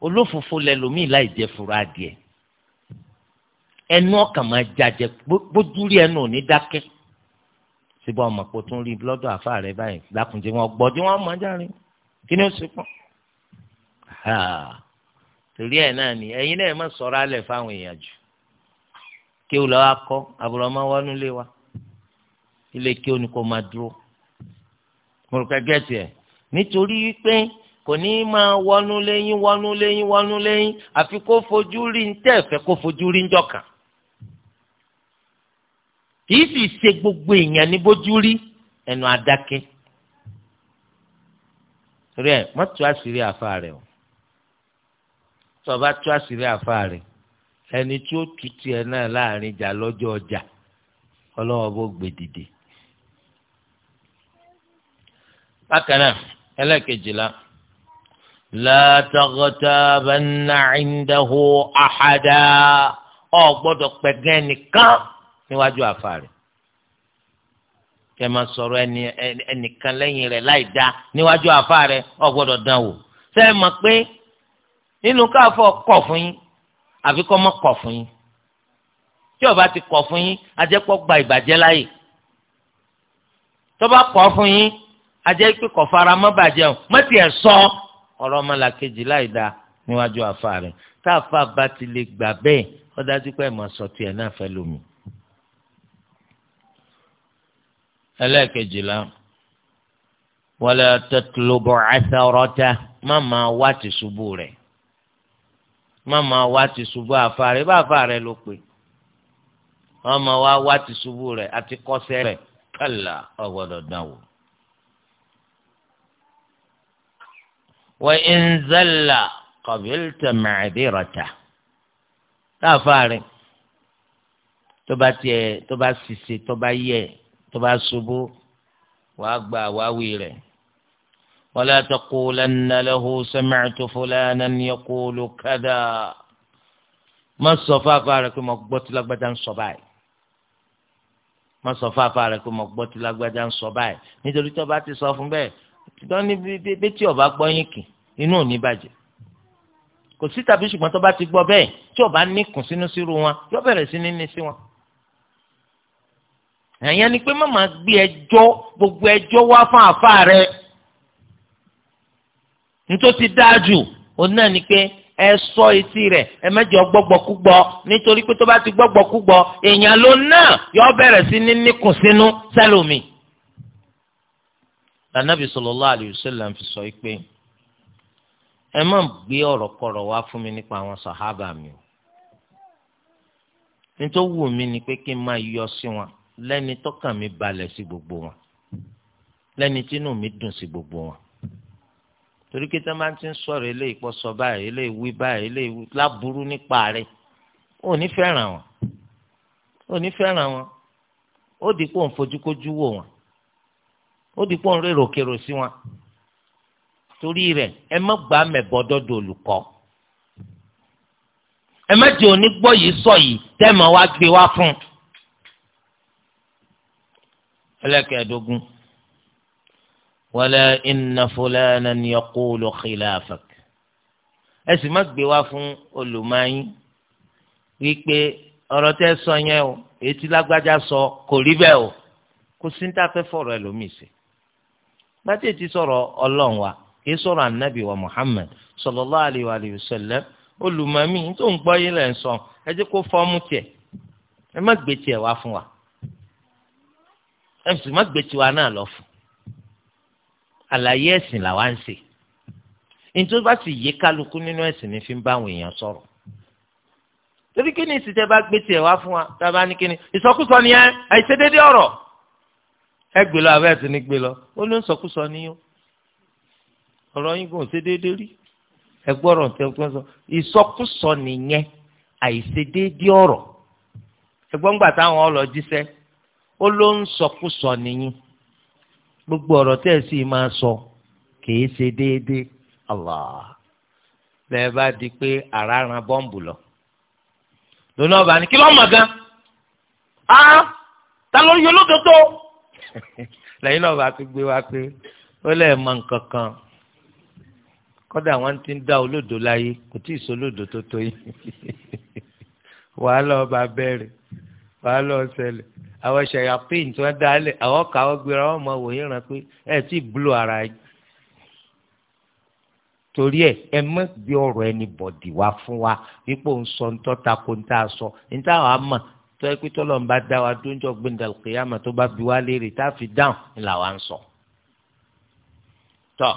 olófòfò lẹlòmíì láì jẹ fúra adìẹ ẹnu ọkàn máa jàjẹ gbójúrí ẹnu òní dákẹ́ síbi ọmọ pò tún rí lọ́dọ̀ àfa rẹ báyìí lákùnjẹ wọn gbọ́ tí wọ́n mọ járe kí ni ó sì pọ̀ torí ẹ̀ náà ni ẹ̀yin náà má sọ̀rọ̀ alẹ̀ fáwọn èèyàn jù kí o lọ́wọ́ akọ́ àbúrò ọmọ wọnú ilé wa ilé kí o ní kó máa dúró mo rò pé gẹ́tì ẹ̀ nítorí pé kò ní máa wọnú lẹ́yìn wọnú lẹ́yìn wọnú lẹ́yìn àfi kó fojú rí ń tẹ̀fẹ́ kó fojú rí ń jọkàn kìí sì ṣe gbogbo èèyàn ní rí ẹnu adákẹ́ torí má tú àṣírí àfa rẹ o tó o bá tú àṣírí àfa rẹ ẹni tí ó tu tiẹ̀ náà láàrin ìjà lọ́jọ́ ọjà ọlọ́wọ́ bó gbé dìde bákan náà ẹlẹ́kejìlá la taghtabanna indahu ahada ọ gbọ́dọ̀ pẹ̀gẹ́ nìkan níwájú àfàrẹ kẹ máa sọ̀rọ̀ ẹni ẹnìkan lẹ́yìn rẹ̀ láì dá níwájú àfàrẹ ọ gbọ́dọ̀ dán wò ṣe é mọ̀ pé nínú káfọ kọ̀ fún yín àfi kọ mọ kọ̀ fún yín tí ọba ti kọ̀ fún yín ajẹpọ gba ìbàjẹ́ láàyè tọba kọ̀ fún yín ajẹ pé kọ fara mọ́ bàjẹ́ o mọtì ẹ sọ. So ọ̀rọ̀ ọmọlàkejì láì dáa níwájú àfa rẹ̀ tá a fa bá ti lè gbà bẹ́ẹ̀ ó dájú pé ẹ̀mọ́ sọ tiẹ̀ náà fẹ́ lómi. ẹlẹ́ẹ̀kejìlá wọlé tẹtulobọ àtẹrọtẹ má máa wá ti ṣubú rẹ̀ má máa wá ti ṣubú àfa rẹ̀ bá àfa rẹ̀ ló pè má máa wá wá ti ṣubú rẹ̀ àti kọ́sẹ́ rẹ̀ kálá ọ̀gbọ́dọ̀ dánwò. wa in zalla qabilta ma'dirata láàfáàrin tó bá tiẹ̀ tó bá ṣiṣe tó bá yẹ̀ tó bá ṣubú wàá gba àwáwí rẹ̀ wala taqulanna lahu sami'tu fulanan yaqulu kada má sọ fún afá rẹ̀ pé mo gbọ́ tí lágbájá ń sọ báyìí má sọ fún afá rẹ̀ pé mo gbọ́ tí lágbájá ń sọ báyìí nítorí tó bá ti sọ fún bẹ́ẹ̀ tọ́ni bí tí ọba gbọ́ yín kì inú ò ní bàjẹ́ kò sí tàbí ṣùgbọ́n tó bá ti gbọ́ bẹ́ẹ̀ tí ọba níkùn sínú sírú wọn yóò bẹ̀rẹ̀ sí ní ní sí wọn. ẹ̀yàn ni pé má máa gbé ẹjọ́ gbogbo ẹjọ́ wá fún àfa rẹ̀ nítorí ti dáa jù òun náà ni pé ẹ sọ etí rẹ̀ ẹ mẹ́jọ gbọgbọkúgbọ nítorí pé tó bá ti gbọgbọkúgbọ èèyàn ló náà yóò bẹ̀rẹ̀ sí ní níkùn sínú sẹ́lómi lànàbì sallallahu alayhi wa sallam fi sọ pé ẹ má gbé ọ̀rọ̀ kọ̀rọ̀ wá fún mi nípa àwọn sàhábà mi o nítorí wù mí ni pé kí n máa yọ sí wọn lẹ́ni tọ́kàn mi balẹ̀ sí gbogbo wọn lẹ́ni tínú mi dùn sí gbogbo wọn torí kí tẹ́lẹ̀ máa ti ń sọ̀rọ̀ eléyìí pọ̀ sọ báyìí eléyìí wí báyìí eléyìí láburú nípa rẹ̀ ò ní fẹ́ràn wọn ò ní fẹ́ràn wọn ó dìpọ̀ nfojúkójú wò wọn ó di pọ́n rérò kérò sí wọn torí rẹ̀ ẹ má gbà mẹ́bọ dọ́dọ̀ olùkọ́ ẹ má jẹ́ onígbọ́ yìí sọ yìí tẹ́ẹ̀mọ́ wá gbé wá fún un. ẹlẹ́kẹ̀ẹ́dógún wala inna fulanan yaqulu khilafak ẹ sì má gbé wá fún olùmọ̀ọ́yìn wípé ọ̀rọ̀ tẹ́ sọ yẹn o ètí lágbájá sọ kò rí bẹ́ẹ̀ o kò sí ní tá a sí i gbàtẹ́ ti sọ̀rọ̀ ọlọ́run wa kì í sọ̀rọ̀ anabi wa muhammed sallallahu alayhi wa sallam olùmọ̀mí tó ń gbọ́ yín lẹ̀ ń sọ ẹ jẹ́ kó fọ́ọ̀mù tiẹ̀ ẹ má gbé tiẹ̀ wá fún wa ẹ sì má gbé tiwa náà lọ fún àlàyé ẹ̀sìn làwa ń ṣe nítorí bá sì yé kálukú nínú ẹ̀sìn ní fi ń bá àwọn èèyàn sọ̀rọ̀ torí kí ni ìsìtẹ́ bá gbé tiẹ̀ wá fún wa tá a bá ní kí ni ìsọkúsọ nìyẹn àìṣedéédé ọ̀rọ̀ ẹ lọ abẹ́ ẹ̀sìn ní lọ ó ló ń sọkúsọ níyó ọ̀rọ̀ yín kò ṣe déédéé rí n'i nye tẹ isede sọ ìsọkúsọ nìyẹn àìṣedéédéé ọ̀rọ̀ ẹgbọ́n gbà táwọn ọlọ jíṣẹ́ ó ló ń sọkúsọ nìyí gbogbo ọrọ tẹ́ ẹ sì máa sọ kìí ṣe déédéé Allah bá di pé ara ran lọ lónà ọba ni kí ló mọ̀ gan ah, ta yọ lẹ́yìn náà bá tó gbé wá pé ó lẹ́ẹ̀ mọ nǹkan kan kọ́dà wọ́n ti ń dá olódò láyé kò tí ì sọ olódò tó tó yìí wàá lọ bá bẹ̀rẹ̀ wàá lọ ṣẹlẹ̀ àwọn ṣẹyàpín tí wọ́n dá lẹ̀ àwọn kàwọ́ gbéra wọn mọ òye ràn pé ẹ ti blu ara yìí torí ẹ ẹ mọ bí ọ̀rọ̀ ẹni bọdì wá fún wa wípé òun sọ ń tọ́ ta ko ń tà sọ ń tà wàá mọ̀ tó yẹ pé tọ́lọ̀ ń bá dá wa tó ń jọ gbé ndàlùkìyàmà tó bá bi wá léèrè tá a fi dáhùn ni làwa ń sọ. tọ́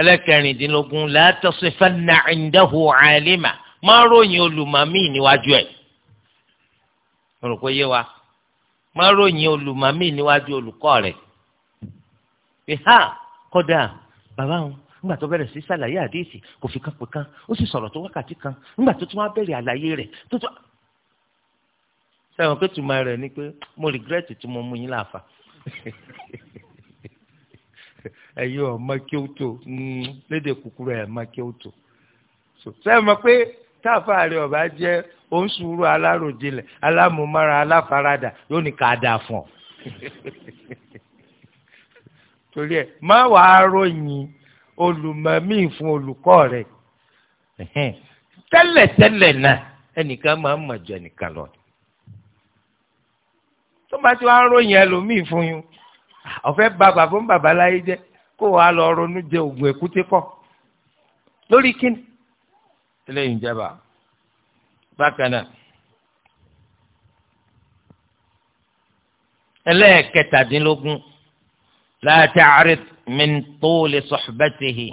ẹlẹ́kẹrìndínlógún látọ̀sífẹ́nà ìndẹ́hù àlìmà máa ròyìn olùmọ̀mí níwájú ẹ̀. mo rò pé yé wa máa ròyìn olùmọ̀mí níwájú olùkọ́ rẹ̀. pé kódà bàbá wọn nígbà tó bẹ̀rẹ̀ sí sàlàyé àdéhìsì kò fi kan pè kan ó sì sọ̀rọ̀ tó wákàtí kan nígbà tó tún wá bẹ̀rẹ̀ àlàyé rẹ̀ tó tún. sẹ́wọ̀n pé tùmọ̀ rẹ̀ ni pé mo rìgírẹ́tì tí mo mú yín láàfà ẹ̀yin ọ̀ma kí ó tó hmm, léde kúkúrú ẹ̀ ma kí ó tó. sẹ́wọ̀n mọ̀ pé táàfà rẹ̀ ọ̀bá jẹ́ oṣùúrù aláròjinlẹ̀ alámúmára aláfaradà yóò ní ká dáa fún ọ. torí ẹ má wàá ròyìn olùmọ̀mí fún olùkọ́ rẹ̀ tẹ́lẹ̀tẹ́lẹ̀ náà ẹnìkan máa ń mọ̀jọ ẹnìkan lọ. tó bá ti wá ń ròyìn ẹlòmíì fún yín ọ̀fẹ́ ba bàbá fún bàbá láyé jẹ́ kó wàá lọ ronú jẹ oògùn èkúté kọ́ lórí kíni. eléyìí ń jẹba bákan náà. ẹlẹ́ẹ̀kẹtàdínlógún la ta'rid min tuli suhbatihi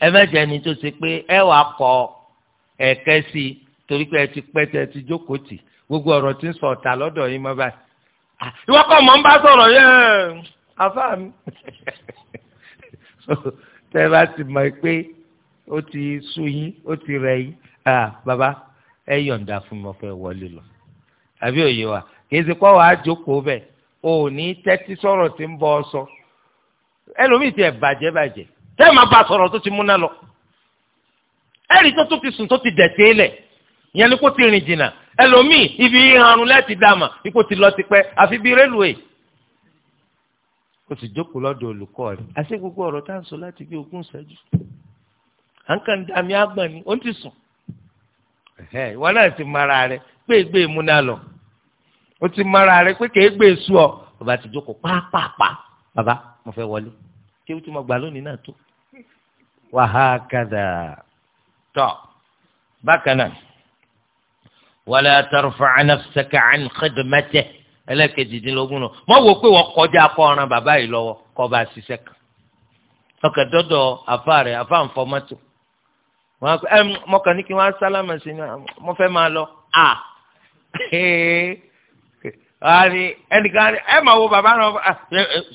ẹ mẹ́jẹ ni tó ṣe pé ẹ wàá kọ ẹ̀kẹ́ sí i torí pé ẹ ti pẹ́ tẹ ẹ ti jókòó tì gbogbo ọ̀rọ̀ tí ń sọ ọ̀tà lọ́dọ̀ yín mọ́ báyìí. ìwọ kọ́ mọ̀ ń bá sọ̀rọ̀ yẹ́ afá mi. tẹ́ bá ti mọ̀ pé ó ti sú yín ó ti rẹ̀ yín bàbá ẹ yọ̀ǹda fún mi ọ̀fẹ́ wọlé lọ. àbí òye wa kì í ṣe kọ́ wàá jókòó bẹ́ẹ̀ o ní tẹ́tí sọ̀rọ̀ tí ń bọ́ sọ ẹlòmíì ti ẹ̀ bàjẹ́ bàjẹ́ tẹ́ẹ̀ máa bá sọ̀rọ̀ tó ti múná lọ ẹ̀rí tó tún ti sùn tó ti dẹ̀tẹ́ lẹ̀ ìyẹn ni kó ti rìn jìnnà ẹlòmíì ibi ìhàrùn lẹ́ẹ̀tì dàmà ipò ti lọ tipẹ́ àfi bíi rélùwé ó sì jókòó lọ́dọ̀ olùkọ́ rẹ̀ àṣé gbogbo ọ̀rọ̀ tá à ń sọ láti bí ogún à ń kàn dàmí àgbọ̀n ni ó ti sùn ìwọ náà ti mara rẹ̀ gbégbé o ti mara rẹ pé kéé gbé su ọ bàbá ti jókòó pàápàá bàbá mo fẹ́ wọlé kí o ti mọ gbà lónìí náà tó wàhá kàdà tọ bákan náà wàlẹ àtàrùfà ànàfẹsẹkà ànkẹdẹmẹtẹ ẹlẹkẹjìdínlógún náà mọ wò pé wọn kọjá kọ ọ̀ràn yìí lọ́wọ́ kọ bá kan ọkẹ dọdọ afa rẹ afa nfọmọtò wọn ẹ mọkàn ní kí wọn sálámà sí ni mo fẹ́ máa lọ a. ani ẹnìkan ẹ máa wo bàbá náà ah,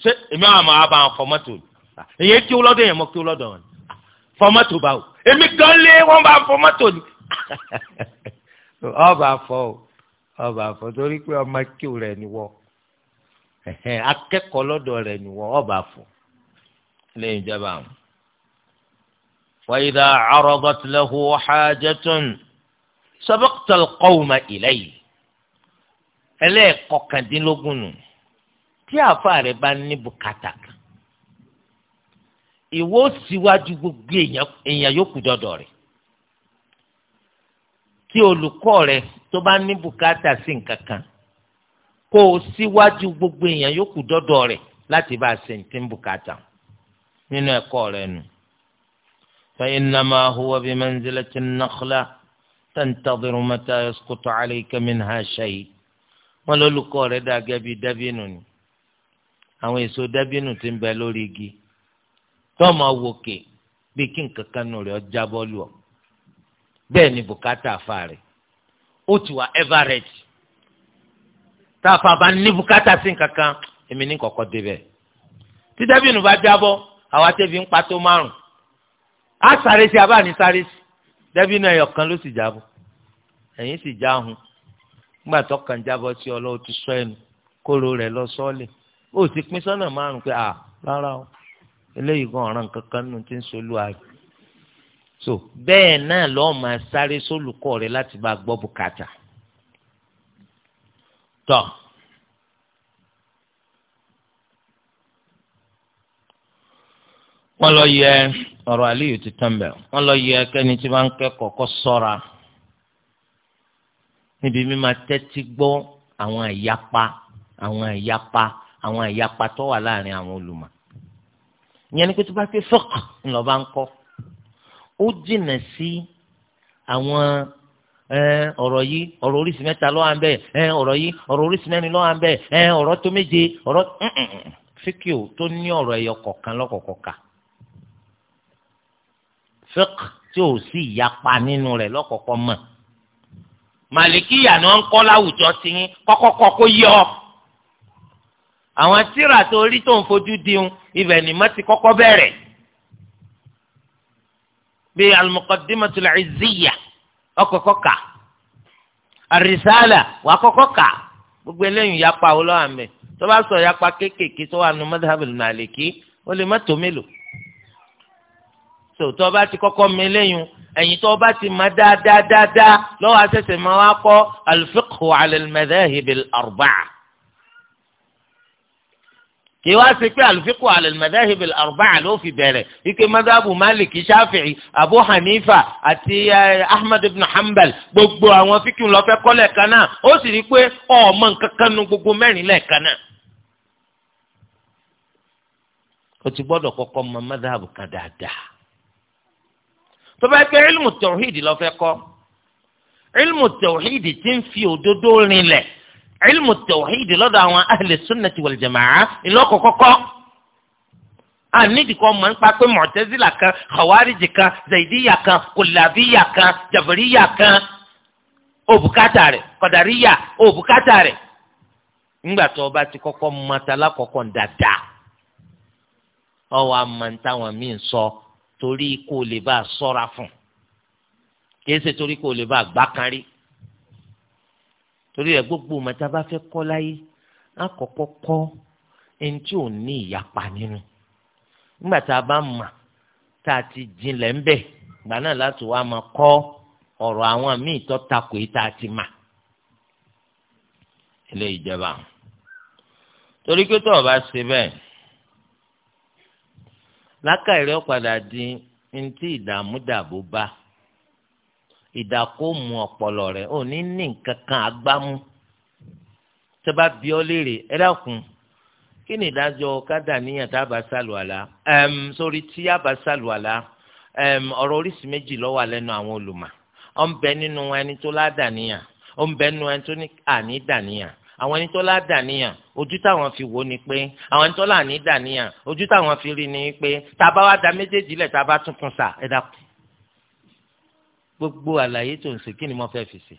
ṣe èmi àwọn àmọ́ àbá fọmọ́tò ni èyí kí lọ́dọ̀ yẹn mọ́ kí lọ́dọ̀ wọn fọmọ́tò báwo èmi gan lé wọ́n bá fọmọ́tò ni ọba fọ ọba fọ torí pé ọmọ kíw rẹ ni wọ akẹ́kọ̀ọ́ lọ́dọ̀ rẹ ni wọ ọba fọ lẹ́yìn ìjọba àwọn. وإذا عرضت له حاجة سبقت القوم إليه ẹlẹ́ẹ̀kọkàndínlógún nù tí àáfàá rẹ bá ní bùkátà kan ìwọ síwájú gbogbo èèyàn yòókù dọdọ rẹ tí olùkọ́ rẹ tó bá ní bùkátà sí nǹkan kan kó o síwájú gbogbo èèyàn yòókù dọdọ rẹ láti bá a ṣe ní bùkátà nínú ẹ̀kọ́ rẹ nù. فإنما هو بمنزلة النخلة تنتظر متى يسقط عليك منها شيء wọn lólùkọ́ rẹ̀ dà gẹ́gẹ́ bí ni àwọn èso dẹ́bínù ti ń bẹ lórí igi tọ́ọ̀mù awòkè bí kí nǹkan kan nù rẹ̀ ọjà bọ́ọ̀lù ọ̀ bẹ́ẹ̀ ni bùkátà afa rẹ̀ ó ti wà everage tá a fa bá ní bùkátà sí nǹkan kan èmi ní kọ̀kọ́ débẹ̀ tí dẹ́bínù bá jábọ́ àwa tẹ́bi ń pa tó márùn-ún á sáré sí abáàní sáré sí ló sì sì já hun. nígbà tó kàn jábọ́ sí ọ ti sọ ẹnu kóró rẹ̀ lọ sọ́ọ̀lẹ̀ ó sì pín sọ́nà márùn pé à rárá o eléyìí gan ọ̀ràn kankan nù ti ń solú àrè so bẹ́ẹ̀ náà lọ́ọ́ máa sáré sólùkọ́ rẹ̀ láti bá gbọ́ bùkátà tọ́ wọ́n lọ yẹ ọ̀rọ̀ àlẹ́ yìí ti tán bẹ́ẹ̀ wọ́n lọ yẹ kẹ́ni tí wọ́n ń kẹ́kọ̀ọ́ kọ́ sọ́ra. So, níbi mímá tẹ́tí gbọ́ àwọn ìyapa àwọn ìyapa àwọn ìyapa tó wà láàrin àwọn olùmọ̀ ìyẹn ni pé tó bá pé fọ́k ńlọba ń kọ́ ó jìnà sí àwọn ọ̀rọ̀ yìí ọ̀rọ̀ oríṣi mẹ́ta lọ́wọ́ à ń bẹ̀ ọ̀rọ̀ yìí ọ̀rọ̀ oríṣi mẹ́rin lọ́wọ́ à ń bẹ̀ ọ̀rọ̀ tó méje ọ̀rọ̀ fíkìó tó ní ọ̀rọ̀ ẹ̀yọ kọ̀ọ̀kan lọ́kọ̀ọ̀kọ̀ka fíkì tí ò sí ìyapa nínú rẹ̀ lọ́kọ̀ọ̀kọ̀ mọ̀ màlìkíyà náà ń kọ́ láwùjọ sí yín kọ́kọ́kọ́ kó yé ọ. àwọn tíra tó rí tó ń fojú diun ibẹ̀ ni mo ti kọ́kọ́ bẹ̀rẹ̀. bí al-Muqaddimatul Izziyya ọkọ̀kọ́ kà ar-Risala wà kọ́kọ́ kà gbogbo eléyìí yapa olóhàmẹ tó bá sọ yapa kéékèèké tó wà nù madhhabul Maliki ó lè má mélòó tó tó bá ti kọ́kọ́ mi lẹ́yìn ẹ̀yìn tó bá ti mọ̀ dáadáa dáadáa lọ́wọ́ àṣẹṣe máa wá kọ́ al-fiqhu ala al-madhahib al-arba'a kì í wá sí pé àlùfíkù àlùmọ̀dáhìb àrùbáà ló fi bẹ̀rẹ̀ wípé madhabu malik shafi'i abu hanifa àti eh, ahmed ibn hanbal gbogbo àwọn fíkì ńlọfẹ́ kọ́lẹ̀ kan náà ó sì rí i pé ọmọ nǹkan kan nu gbogbo mẹ́rin lẹ́ẹ̀kan náà. o ti gbọ́dọ̀ kọ́kọ́ mọ madhabu kan dáadáa tó bá ilmu tawhid lọ kọ kọ́ ilmu tawhid ti ń fi òdodo rinlẹ̀ ilmu tawhid lọ́dọ̀ àwọn ahli sunnati wal jamaa ìlọkọ kọkọ ànídìí kan mọ nípa pé mọ̀tẹ́zìlà kan khawariji kan zaidiya kan kulabiya kan jabariya kan òbúkátà rẹ̀ kọ̀dàríyà òbúkátà rẹ̀ ńgbà tó bá ti kọkọ mọ̀tàlá kọ̀kọ́ dáadáa ọwọ́ àmọ̀ ní sọ. So torí kó lè bá a sọ́ra fún kìí ṣe torí kó lè bá a gbá kan rí torí rẹ̀ gbogbo mọ̀tá bá fẹ́ kọ́ láyé àkọ́kọ́ kọ́ ẹni tí ò ní ìyapa nínú nígbà tá a bá mà tá a ti jinlẹ̀ ń bẹ̀ gbà náà láti wá máa kọ́ ọ̀rọ̀ àwọn míì tó takò yìí tá a ti mà ilé ìjọba torí pé tó o bá ṣe bẹ́ẹ̀ lákàrẹ́ ọ̀padà di ntí ìdààmú dàbò bá ìdàkóòmù ọpọlọ rẹ ò ní ní nǹkan kan agbámú tó bá bí ọ léèrè ẹ dákun kí ni ìdájọ́ kádà níyàn tá a bá sàlùwàlà ẹm sórí tí a bá sàlùwàlà ẹm ọ̀rọ̀ oríṣi méjì ló wà lẹ́nu àwọn olùmọ̀ ọ ń bẹ nínú ẹni tó ládàníyàn ó ń bẹ nínú ẹni tó ní àní dàníyàn àwọn ẹni tó lá dàníyàn ojú táwọn fi wò ni pé àwọn ẹni tó lá ní dàníyàn ojú táwọn fi rí ni pé tá a da méjèèjì lẹ̀ tá tuntun sà ẹ dákun. gbogbo àlàyé tó ń ṣe kí ni mo fẹ́ fi ṣe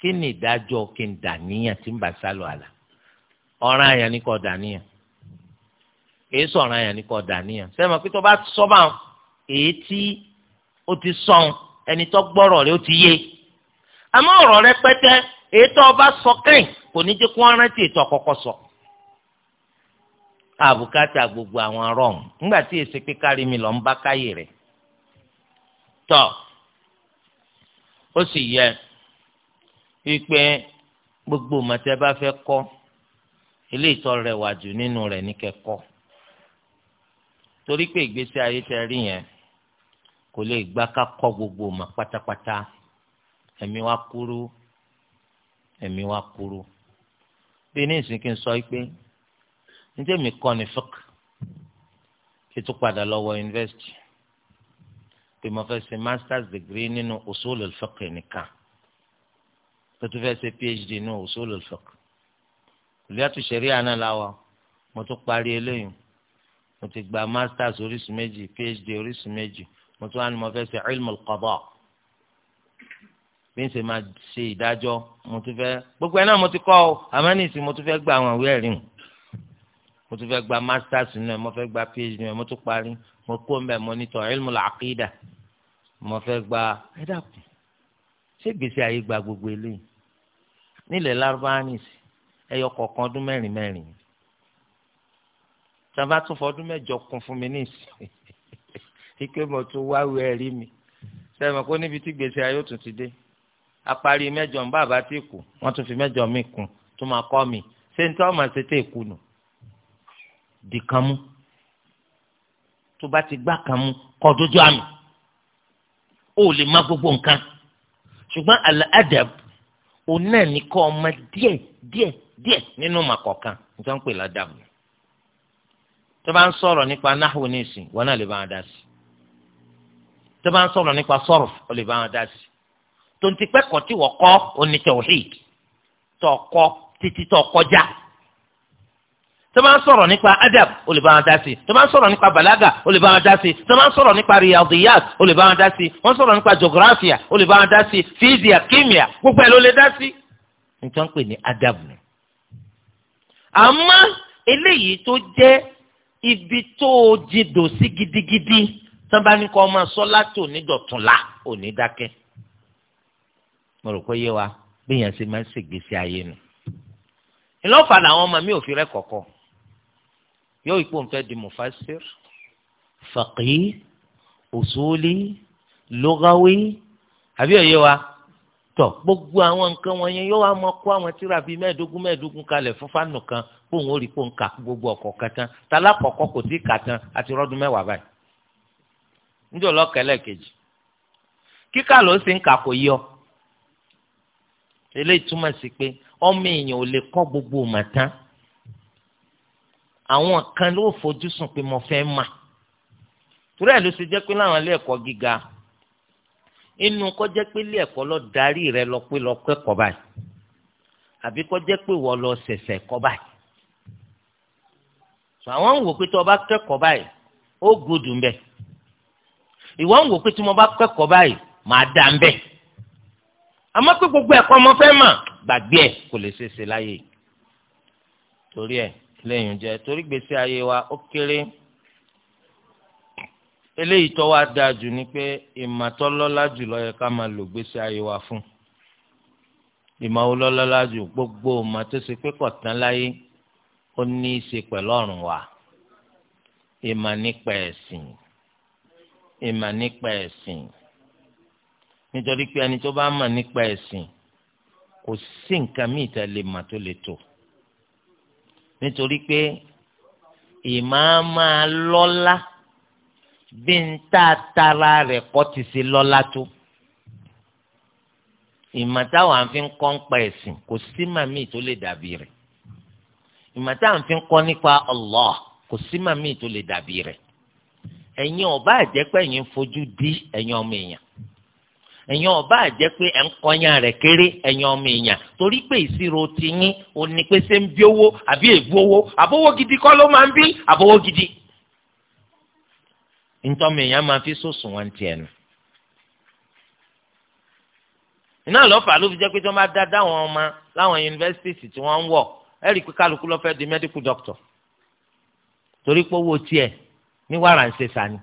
kí ni ìdájọ́ kí n dàníyàn tí ń bá sálọ àlà ọ̀ràn àyàn ni kò dàníyàn èyí sọ̀ràn àyàn ni kò dàníyàn sẹ́mi pé tó bá sọ́bà èyí tí ó ti sọ̀n ẹni tó gbọ́rọ̀ rẹ̀ ó ti yé àmọ́ ọ̀rọ̀ rẹ̀ pẹ́tẹ́ ètò ọba sọ kẹ́yìn kò ní jẹ́ kó rántí ètò ọ̀kọ̀kọ̀ sọ. àbùkátà gbogbo àwọn rọm nígbà tí èsì pé kárí mi lọ ń bá káyè rẹ̀ tọ́ ó sì yẹ wípé gbogbo màtẹ́ bá fẹ́ kọ́ ilé ìtọ́ rẹ̀ wà jù nínú rẹ̀ ní kẹ́kọ́ torí pé ìgbésí ayé tẹ rí yẹn kò lè gbá ká kọ́ gbogbo mà pátápátá ẹ̀mí wa kúrú ẹ̀mí wa kúrú bí ní ìsìnkí ń sọ pé níjẹ́ mi kọ́ ni fúk kí tó padà lọ́wọ́ yunifásitì pé mo fẹ́ ṣe masters degree nínú usul al nìkan tó tún fẹ́ ṣe phd nínú usul al-fiqh ìlúyàtú ṣẹ̀ríà náà láwa mo tún parí eléyìí mo ti gba masters oríṣi méjì phd oríṣi méjì mo tún wá ní mo fẹ́ ṣe ilmu al bí n ṣe máa ṣe ìdájọ́ mo tún fẹ́ gbogbo ẹ̀ náà mo ti kọ́ ọ àmọ́ ní ìsìn mo tún fẹ́ gba àwọn ìwé ẹ̀rí hùn mo tún fẹ́ gba masters nínú ẹ̀ mo fẹ́ gba phd nínú ẹ̀ mo tún parí mo kó mbẹ́ mo ní tọ́ ilmu làkìdà mo fẹ́ gba ẹ dàkún ṣé gbèsè ayé gba gbogbo eléyìí nílẹ̀ larubanis ẹyọ kọ̀ọ̀kan ọdún mẹ́rin mẹ́rin sábà tún fọdún mẹ́jọ kún fún mi ní ìsìn ike mo tún wáwé ẹ̀rí mi apari mẹ́jọ ń bá àbá tí kù wọ́n tún fi mẹ́jọ mi kù tó máa kọ́ mi ṣé ní tí wọ́n máa ṣe tẹ́ ìkù nù dìkan mú tó bá ti gbá kan mú kọ́ dojú àmì ó lè má gbogbo nǹkan ṣùgbọ́n al-adab òun náà ní kọ́ ọmọ díẹ̀ díẹ̀ díẹ̀ nínú màkọ̀kan nítorí pé ládàbò tó bá ń sọ̀rọ̀ nípa náhùn nísìn wọn náà lè bá wọn dá sí tó bá ń sọ̀rọ̀ nípa sọ̀rọ̀ ó lè bá wọn dá sí tonti pẹ́kọ̀ tí wọ́n kọ́ oní tawhid tọ́ kọ́ títí tọ́ kọjá tó máa ń nípa adab ó lè bá wọn nípa balaga ó lè bá wọn dá sí tó máa ń sọ̀rọ̀ nípa riyadiyat ó lè wọn dá nípa geografia ó lè bá wọn gbogbo ẹ̀ lè dá nítorí pé ní adab ni. àmọ́ eléyìí tó jẹ́ ibi tó jìdò sí gidigidi tó bá ní kó máa sọ látò nídọ̀túnla ò mo rò pé yé wa bí èèyàn ṣe máa ń ṣègbésí ayé nu ìlọ́fà làwọn ọmọ mi ò fi rẹ́ kọ̀kọ́ yóò ipò ń fẹ́ di mufassir faqih usuli lughawi àbí òye wa tọ gbogbo àwọn nǹkan wọ̀nyẹn yóò wá mọ kó àwọn tíra bíi mẹ́ẹ̀ẹ́dógún mẹ́ẹ̀ẹ́dógún kalẹ̀ fún fánù kan kóun ó rí kó ń ka gbogbo ọkọ̀ kẹtàn tálákọ̀ọ́kọ́ kò tí ì kà tán àti rọ́dún mẹ́wàá báyìí níjọ́ lọ́kẹ́lẹ́ kejì kíkà ló sì ń kà kò yọ eléyìí túmọ̀ sí pé ọmọ èèyàn ò lè kọ́ gbogbo màtán àwọn kan ló fojú sùn pé mo fẹ́ mà torí ẹ̀ ló ṣe jẹ́ pé láwọn ilé ẹ̀kọ́ gíga inú kọ́ jẹ́ pé ilé ẹ̀kọ́ lọ darí rẹ lọ pé lọ kẹ́kọ̀ọ́ báyìí àbí kọ́ jẹ́ pé wọ́n lọ ṣẹ̀ṣẹ̀ kọ́ báyìí sọ àwọn ń wò pé tí wọ́n bá kẹ́kọ̀ọ́ báyìí ó gbódùn bẹ́ẹ̀ ìwọ́n ń wò pé tí wọ́n bá kẹ́kọ̀ọ́ báyìí màá dá ń bẹ́ẹ̀ àmọ́ pé gbogbo ẹ̀kọ́ ọmọ fẹ́ mà gbàgbé ẹ̀ kò lè ṣe é ṣe láyè torí ẹ̀ lẹ́yìn jẹ́ torí gbèsè ayé wa ó kéré eléyìí tó wá dáa jù ni pé ìmọ̀ tó lọ́lá jù ló yẹ ká máa lò gbèsè ayé wa fún ìmọ̀ jù gbogbo ìmọ̀ tó ṣe láyé ó ní í ṣe pẹ̀lú ọ̀run wa ìmọ̀ nípa ẹ̀sìn ìmọ̀ nípa ẹ̀sìn nítorí pé ẹni tó bá mọ̀ nípa ẹ̀sìn kò sí nǹkan míì tá a lè mà tó lè tó nítorí pé ìmáàmá lọ́lá bí n tá a tara rẹ̀ kọ́ ti ṣe lọ́lá tó ìmọ̀táwà ń fi kọ́ ń ẹ̀sìn kò sí màmí tó lè dàbí rẹ̀ ìmọ̀táwà ń fi kọ́ nípa Allah kò sí màmí tó lè dàbí rẹ̀ ẹ̀yin ọba àjẹpẹ́ fojú di ẹ̀yin ọmọ èèyàn ẹ̀yin ọba àjẹ́ pé ẹ̀ ń kọyán rẹ̀ kéré ẹ̀yin ọmọ èèyàn torí pé ìṣirò ti yín ò ní pé ṣé ń bí owó àbí èbú owó àbówó gidi kọ́ ló máa ń bí àbówó gidi. ntọ́mọ èèyàn máa fi sòsùn wọn tiẹ̀ nù. iná lọ́fà ló fi jẹ́ pé tí wọ́n bá dá dáwọn ọmọ láwọn yunifásitì tí wọ́n ń wọ̀ ẹ̀ rí i pé kálukú ló di medical doctor torí pé owó tiẹ̀ ní wàrà ń ṣe sani.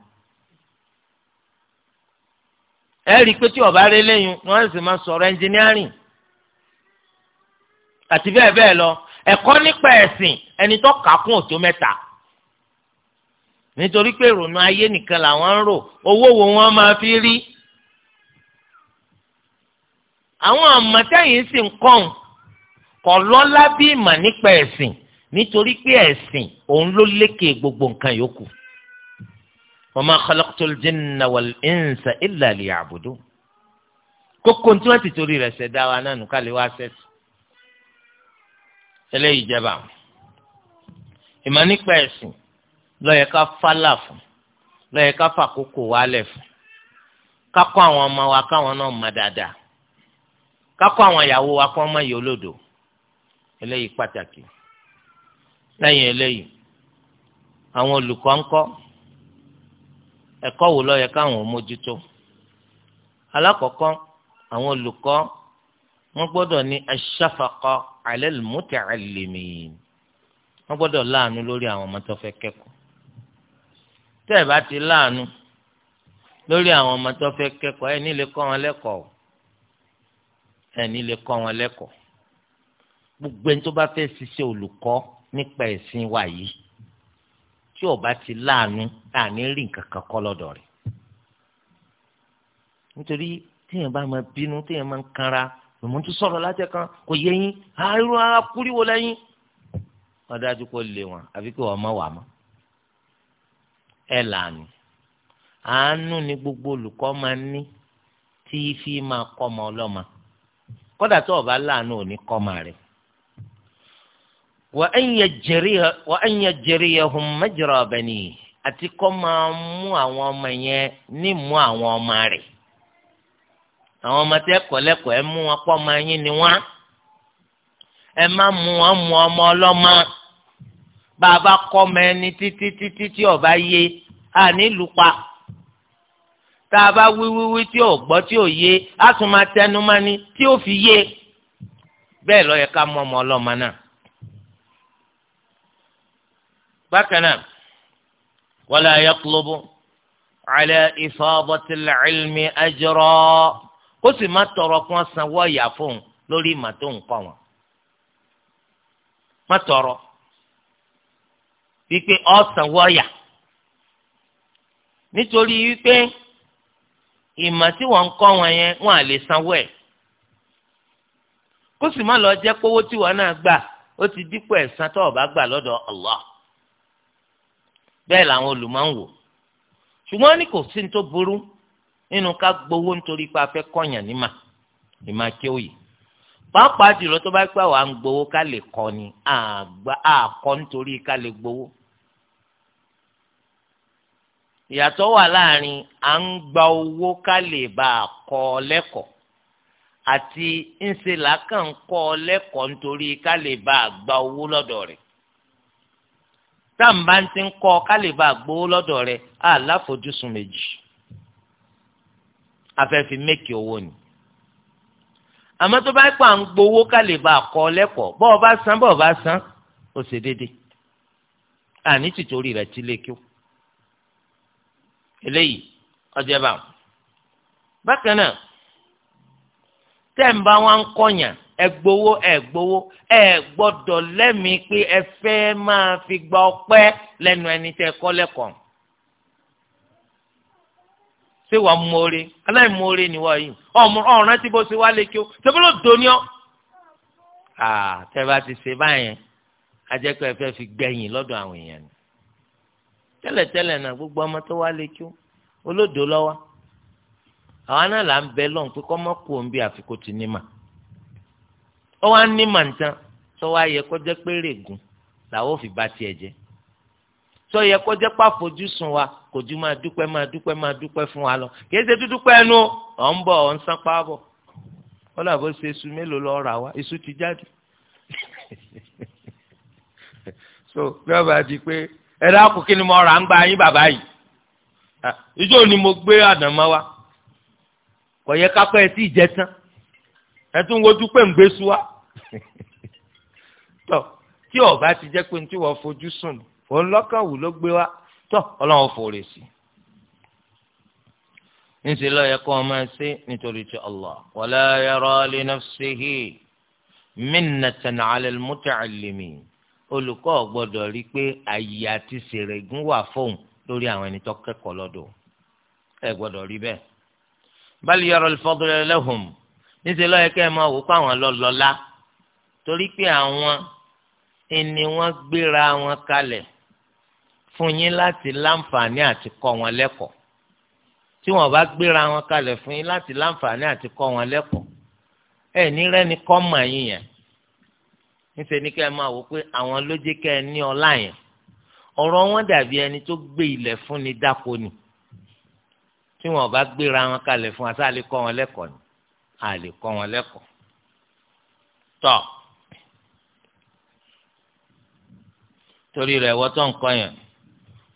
ẹ rí i pé tí ọba rẹ lẹ́yìn ni wọ́n sì máa sọ̀rọ̀ ẹnjìnírìn àti bẹ́ẹ̀ bẹ́ẹ̀ lọ ẹ̀kọ́ nípa ẹ̀sìn ẹni tó kà kún òtó mẹ́ta nítorí pé ìrònú ayé nìkan làwọn ń rò owó wo wọn máa fi rí àwọn àmọ̀tẹ́yìn sì ń kọ́n kọ́ lọ́lá bí ìmọ̀ nípa ẹ̀sìn nítorí pé ẹ̀sìn òun ló lékè gbogbo nǹkan yòókù. wa ma khalaqtul jinna wal insa illa liya'budun kókó tí wọ́n ti torí rẹ̀ ṣẹ̀dá wa náà nùkà lè wá sẹ́sì eléyìí jẹba ìmọ̀ nípa ẹ̀sìn lọ́yẹ ká fálà fún lọ́yẹ ká fàkókò wálẹ̀ fún kákọ́ àwọn ọmọ wa káwọn náà mọ̀ dáadáa kákọ́ àwọn ìyàwó wa kọ́ mọ̀ yìí olódò eléyìí pàtàkì lẹ́yìn eléyìí àwọn olùkọ́ ńkọ́ ẹ̀kọ́ wo ló yẹ káwọn mójútó alákọ̀ọ́kọ́ àwọn olùkọ́ wọ́n gbọ́dọ̀ ní aṣáfàkọ́ alẹ́ lùmútẹ́ àlèmí wọ́n gbọ́dọ̀ láàánú lórí àwọn ọmọ tó fẹ́ kẹ́kọ̀ọ́ tẹ́ ẹ̀ bá ti láàánú lórí àwọn ọmọ tó fẹ́ kẹ́kọ̀ọ́ ẹ̀ ní lè wọn lẹ́kọ̀ọ́ ẹ̀ ní lè wọn lẹ́kọ̀ọ́ gbogbo ẹni tó bá fẹ́ ṣiṣẹ́ olùkọ́ nípa ẹ̀sìn wa tí ọba ti láàánú tá à ní rí nǹkan kan kọ́ lọ́dọ̀ rẹ̀ nítorí téèyàn bá máa bínú téèyàn máa ń kanra lòmọ́ tún sọ̀rọ̀ láti ẹ̀kan kò yẹ yín àìrú ara kúríwó lẹ́yìn wọ́n dájú kó lè wọ́n àfi kí wọ́n má wà mọ́ ẹ lànà àánú ni gbogbo olùkọ́ máa ń ní tí fi máa kọ́ ọmọ ọlọ́mọ kódà tó o láàánú ò ní kọ́ ọmọ rẹ̀ wa an yajriyahum majra bani àti kọ́ máa àwọn ọmọ yẹn ni mú àwọn ọmọ rẹ̀ àwọn ọmọ tẹ́ kọ́ lẹ́kọ̀ọ́ wọn ọmọ ni wọn ẹ ma mú wọn ọmọ ọlọ́mọ bá a bá kọ́ ọmọ títí tí ọba a nílùú pa bá wí wíwí ti o gbọ́ a fi ka ọmọ náà. bákan wale wala yatlubu ala ifadatil ilmi ajra kó si má tọrọ kí wọ́n sanwó ọ̀yà fún un lórí ìmọ̀ tó ń tọrọ wípé ọ sanwó ọ̀yà nítorí wípé ìmọ̀ tí wọ́n ń kọ́ wọn yẹn wọ́n à lè sanwó ẹ̀ kó sì má lọ jẹ́ pé owó tí wọ́n náà gbà ó ti dípò ẹ̀san tó o gbà lọ́dọ̀ Allah bẹ́ẹ̀ làwọn olùmọ̀ ń wò ṣùgbọ́n ní kò sí ní tó burú nínú ká gbowó nítorí pé a fẹ́ kọ̀yàn nímà ìmà kéwù yìí pàápàá jùlọ tó bá pẹ́ wàá ń gbowó ká lè kọ́ ni àgbà àkọ́ nítorí ká lè gbowó ìyàtọ̀ wà láàrin à ń gba owó ká lè bá a kọ́ lẹ́kọ̀ọ́ àti ńṣe làákàn kọ́ lẹ́kọ̀ọ́ nítorí ká lè bá a gba owó lọ́dọ̀ rẹ̀ táǹbà ń ti ń kọ́ kálíbà gbowó lọ́dọ̀ rẹ̀ àláfojúsùn méjì afẹ́fi mékì owó ni àmọ́ tó bá pa ń gbowó kálíbà kọ́ lẹ́kọ̀ọ́ bọ́ bá san bọ́ bá san ó ṣe déédé àní tìtorí rẹ̀ ti lé kí ó eléyìí ọjọ́ bá wọn bákan náà tẹ́ ń bá wọn ń kọ̀yàn ẹ gbowó ẹ gbowó ẹ gbọ́dọ̀ lẹ́mìí pé ẹ fẹ́ máa fi gba ọpẹ́ lẹ́nu ẹni tẹ́ kọ́ lẹ́kọ̀ọ́ ṣé wàá mọ̀ọ́rẹ́ aláìmọ̀ọ́rẹ́ ni wàá yìí ọmọ ọ̀ràn tí bó ṣe wá lé kí o ṣebí ló dòní ọ́ tẹ́ bá ti ṣe báyẹn a jẹ́ pé ẹ fẹ́ fi gbẹ̀yìn lọ́dọ̀ àwọn èèyàn ni tẹ́lẹ̀tẹ́lẹ̀ náà gbogbo ọmọ tó wá lé kí o olódò lọ́wọ́ àwọn náà là ń bẹ lọ́n pé kọ́mọ́kù òun bí àfikún ti ní mà ó wá ní màǹtán sọ wá yẹ kó jẹ́ pé règùn làwọn ò fi bá tiẹ̀ jẹ́ sọ yẹ kó jẹ́ pàfojúsùn wa kò ju máa dúpẹ́ máa dúpẹ́ máa dúpẹ́ fún wa lọ kìí ṣe dúdúpẹ́ ẹnu ọ̀ ń bọ̀ ọ̀ ń sán páàbọ̀ ó làbó ṣe iṣu mélòó lọ rà wá iṣu ti jáde so bí wọ́n bá di pé ẹ dákun kí ni mo rà ń gba yín bàbá yìí ah, ìjọ ni mo gbé àdàmọ́ wa kò yẹ kápẹ́ ẹ tí ì jẹ tán ẹ tún wojú pé ń gbé súwá tọ tí ọba ti jẹ́ pé ní tí wọ́n fojú sùn òun lọ́kàn wù ló gbé wá tọ ọlọ́run fòrè sí níṣẹ ló yẹ kó o máa ṣe nítorí ti Allah wala yara li nafsihi minnatan ala al-muta'allimin olùkọ́ gbọ́dọ̀ rí pé àyè àti sèrègùn wà fóun lórí àwọn ẹni tó kẹ́kọ̀ọ́ lọ́dọ̀ ẹ gbọ́dọ̀ rí bẹ́ẹ̀ bal yara al-fadla níṣẹ́ lọ́yẹ kẹ́ ẹ máa wò pé àwọn lọ́lọ́lá torí pé àwọn ẹni wọ́n gbéra wọn kalẹ̀ fún yín láti láǹfààní àti kọ́ wọn lẹ́kọ̀ọ́ tí wọ́n bá gbéra wọn kalẹ̀ fún yín láti láǹfààní àti kọ́ wọn lẹ́kọ̀ọ́ ẹ ní rẹ́ni kọ́ mọ̀ yín yẹn níṣẹ́ ni kẹ́ ẹ máa wò pé àwọn ló jẹ́ kẹ́ ẹ ní ọlá yẹn ọ̀rọ̀ wọn dàbí ẹni tó gbé ilẹ̀ fún ni dáko ni tí wọ́n bá gbéra wọn kalẹ̀ fún asálẹ̀ kọ́ wọn lẹ́kọ̀ọ́ ni a lè kọ́ wọn lẹ́kọ̀ọ́ tọ́ torí rẹ̀ wọ́n tó ń kọ́ yẹn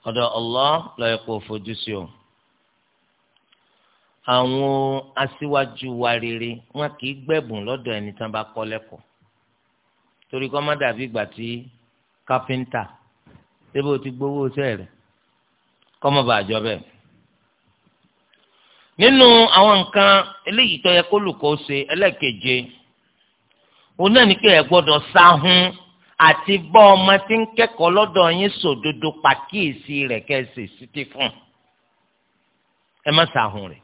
ọ̀dọ̀ Allah lọ́ọ́ kó fojú sí o àwọn aṣíwájú wa rere wọn kì í gbẹ̀bùn lọ́dọ̀ ẹni tán bá kọ́ lẹ́kọ̀ọ́ torí kọ́ má dàbí ìgbà tí kápẹ́ńtà débò ti gbowó sẹ́ẹ̀ kọ́ mọ́ bàjọ́ bẹ́ẹ̀ nínú àwọn nǹkan eléyìí tó yẹ kó lùkọ́ ṣe ẹlẹ́ẹ̀keje òun náà ní pé ẹ gbọ́dọ̀ sáhún àti bọ́ ọmọ tí ń kẹ́kọ̀ọ́ lọ́dọ̀ yín sòdodo pàkíyèsí rẹ̀ kẹ́sì títí fún ẹ má sáhún rẹ̀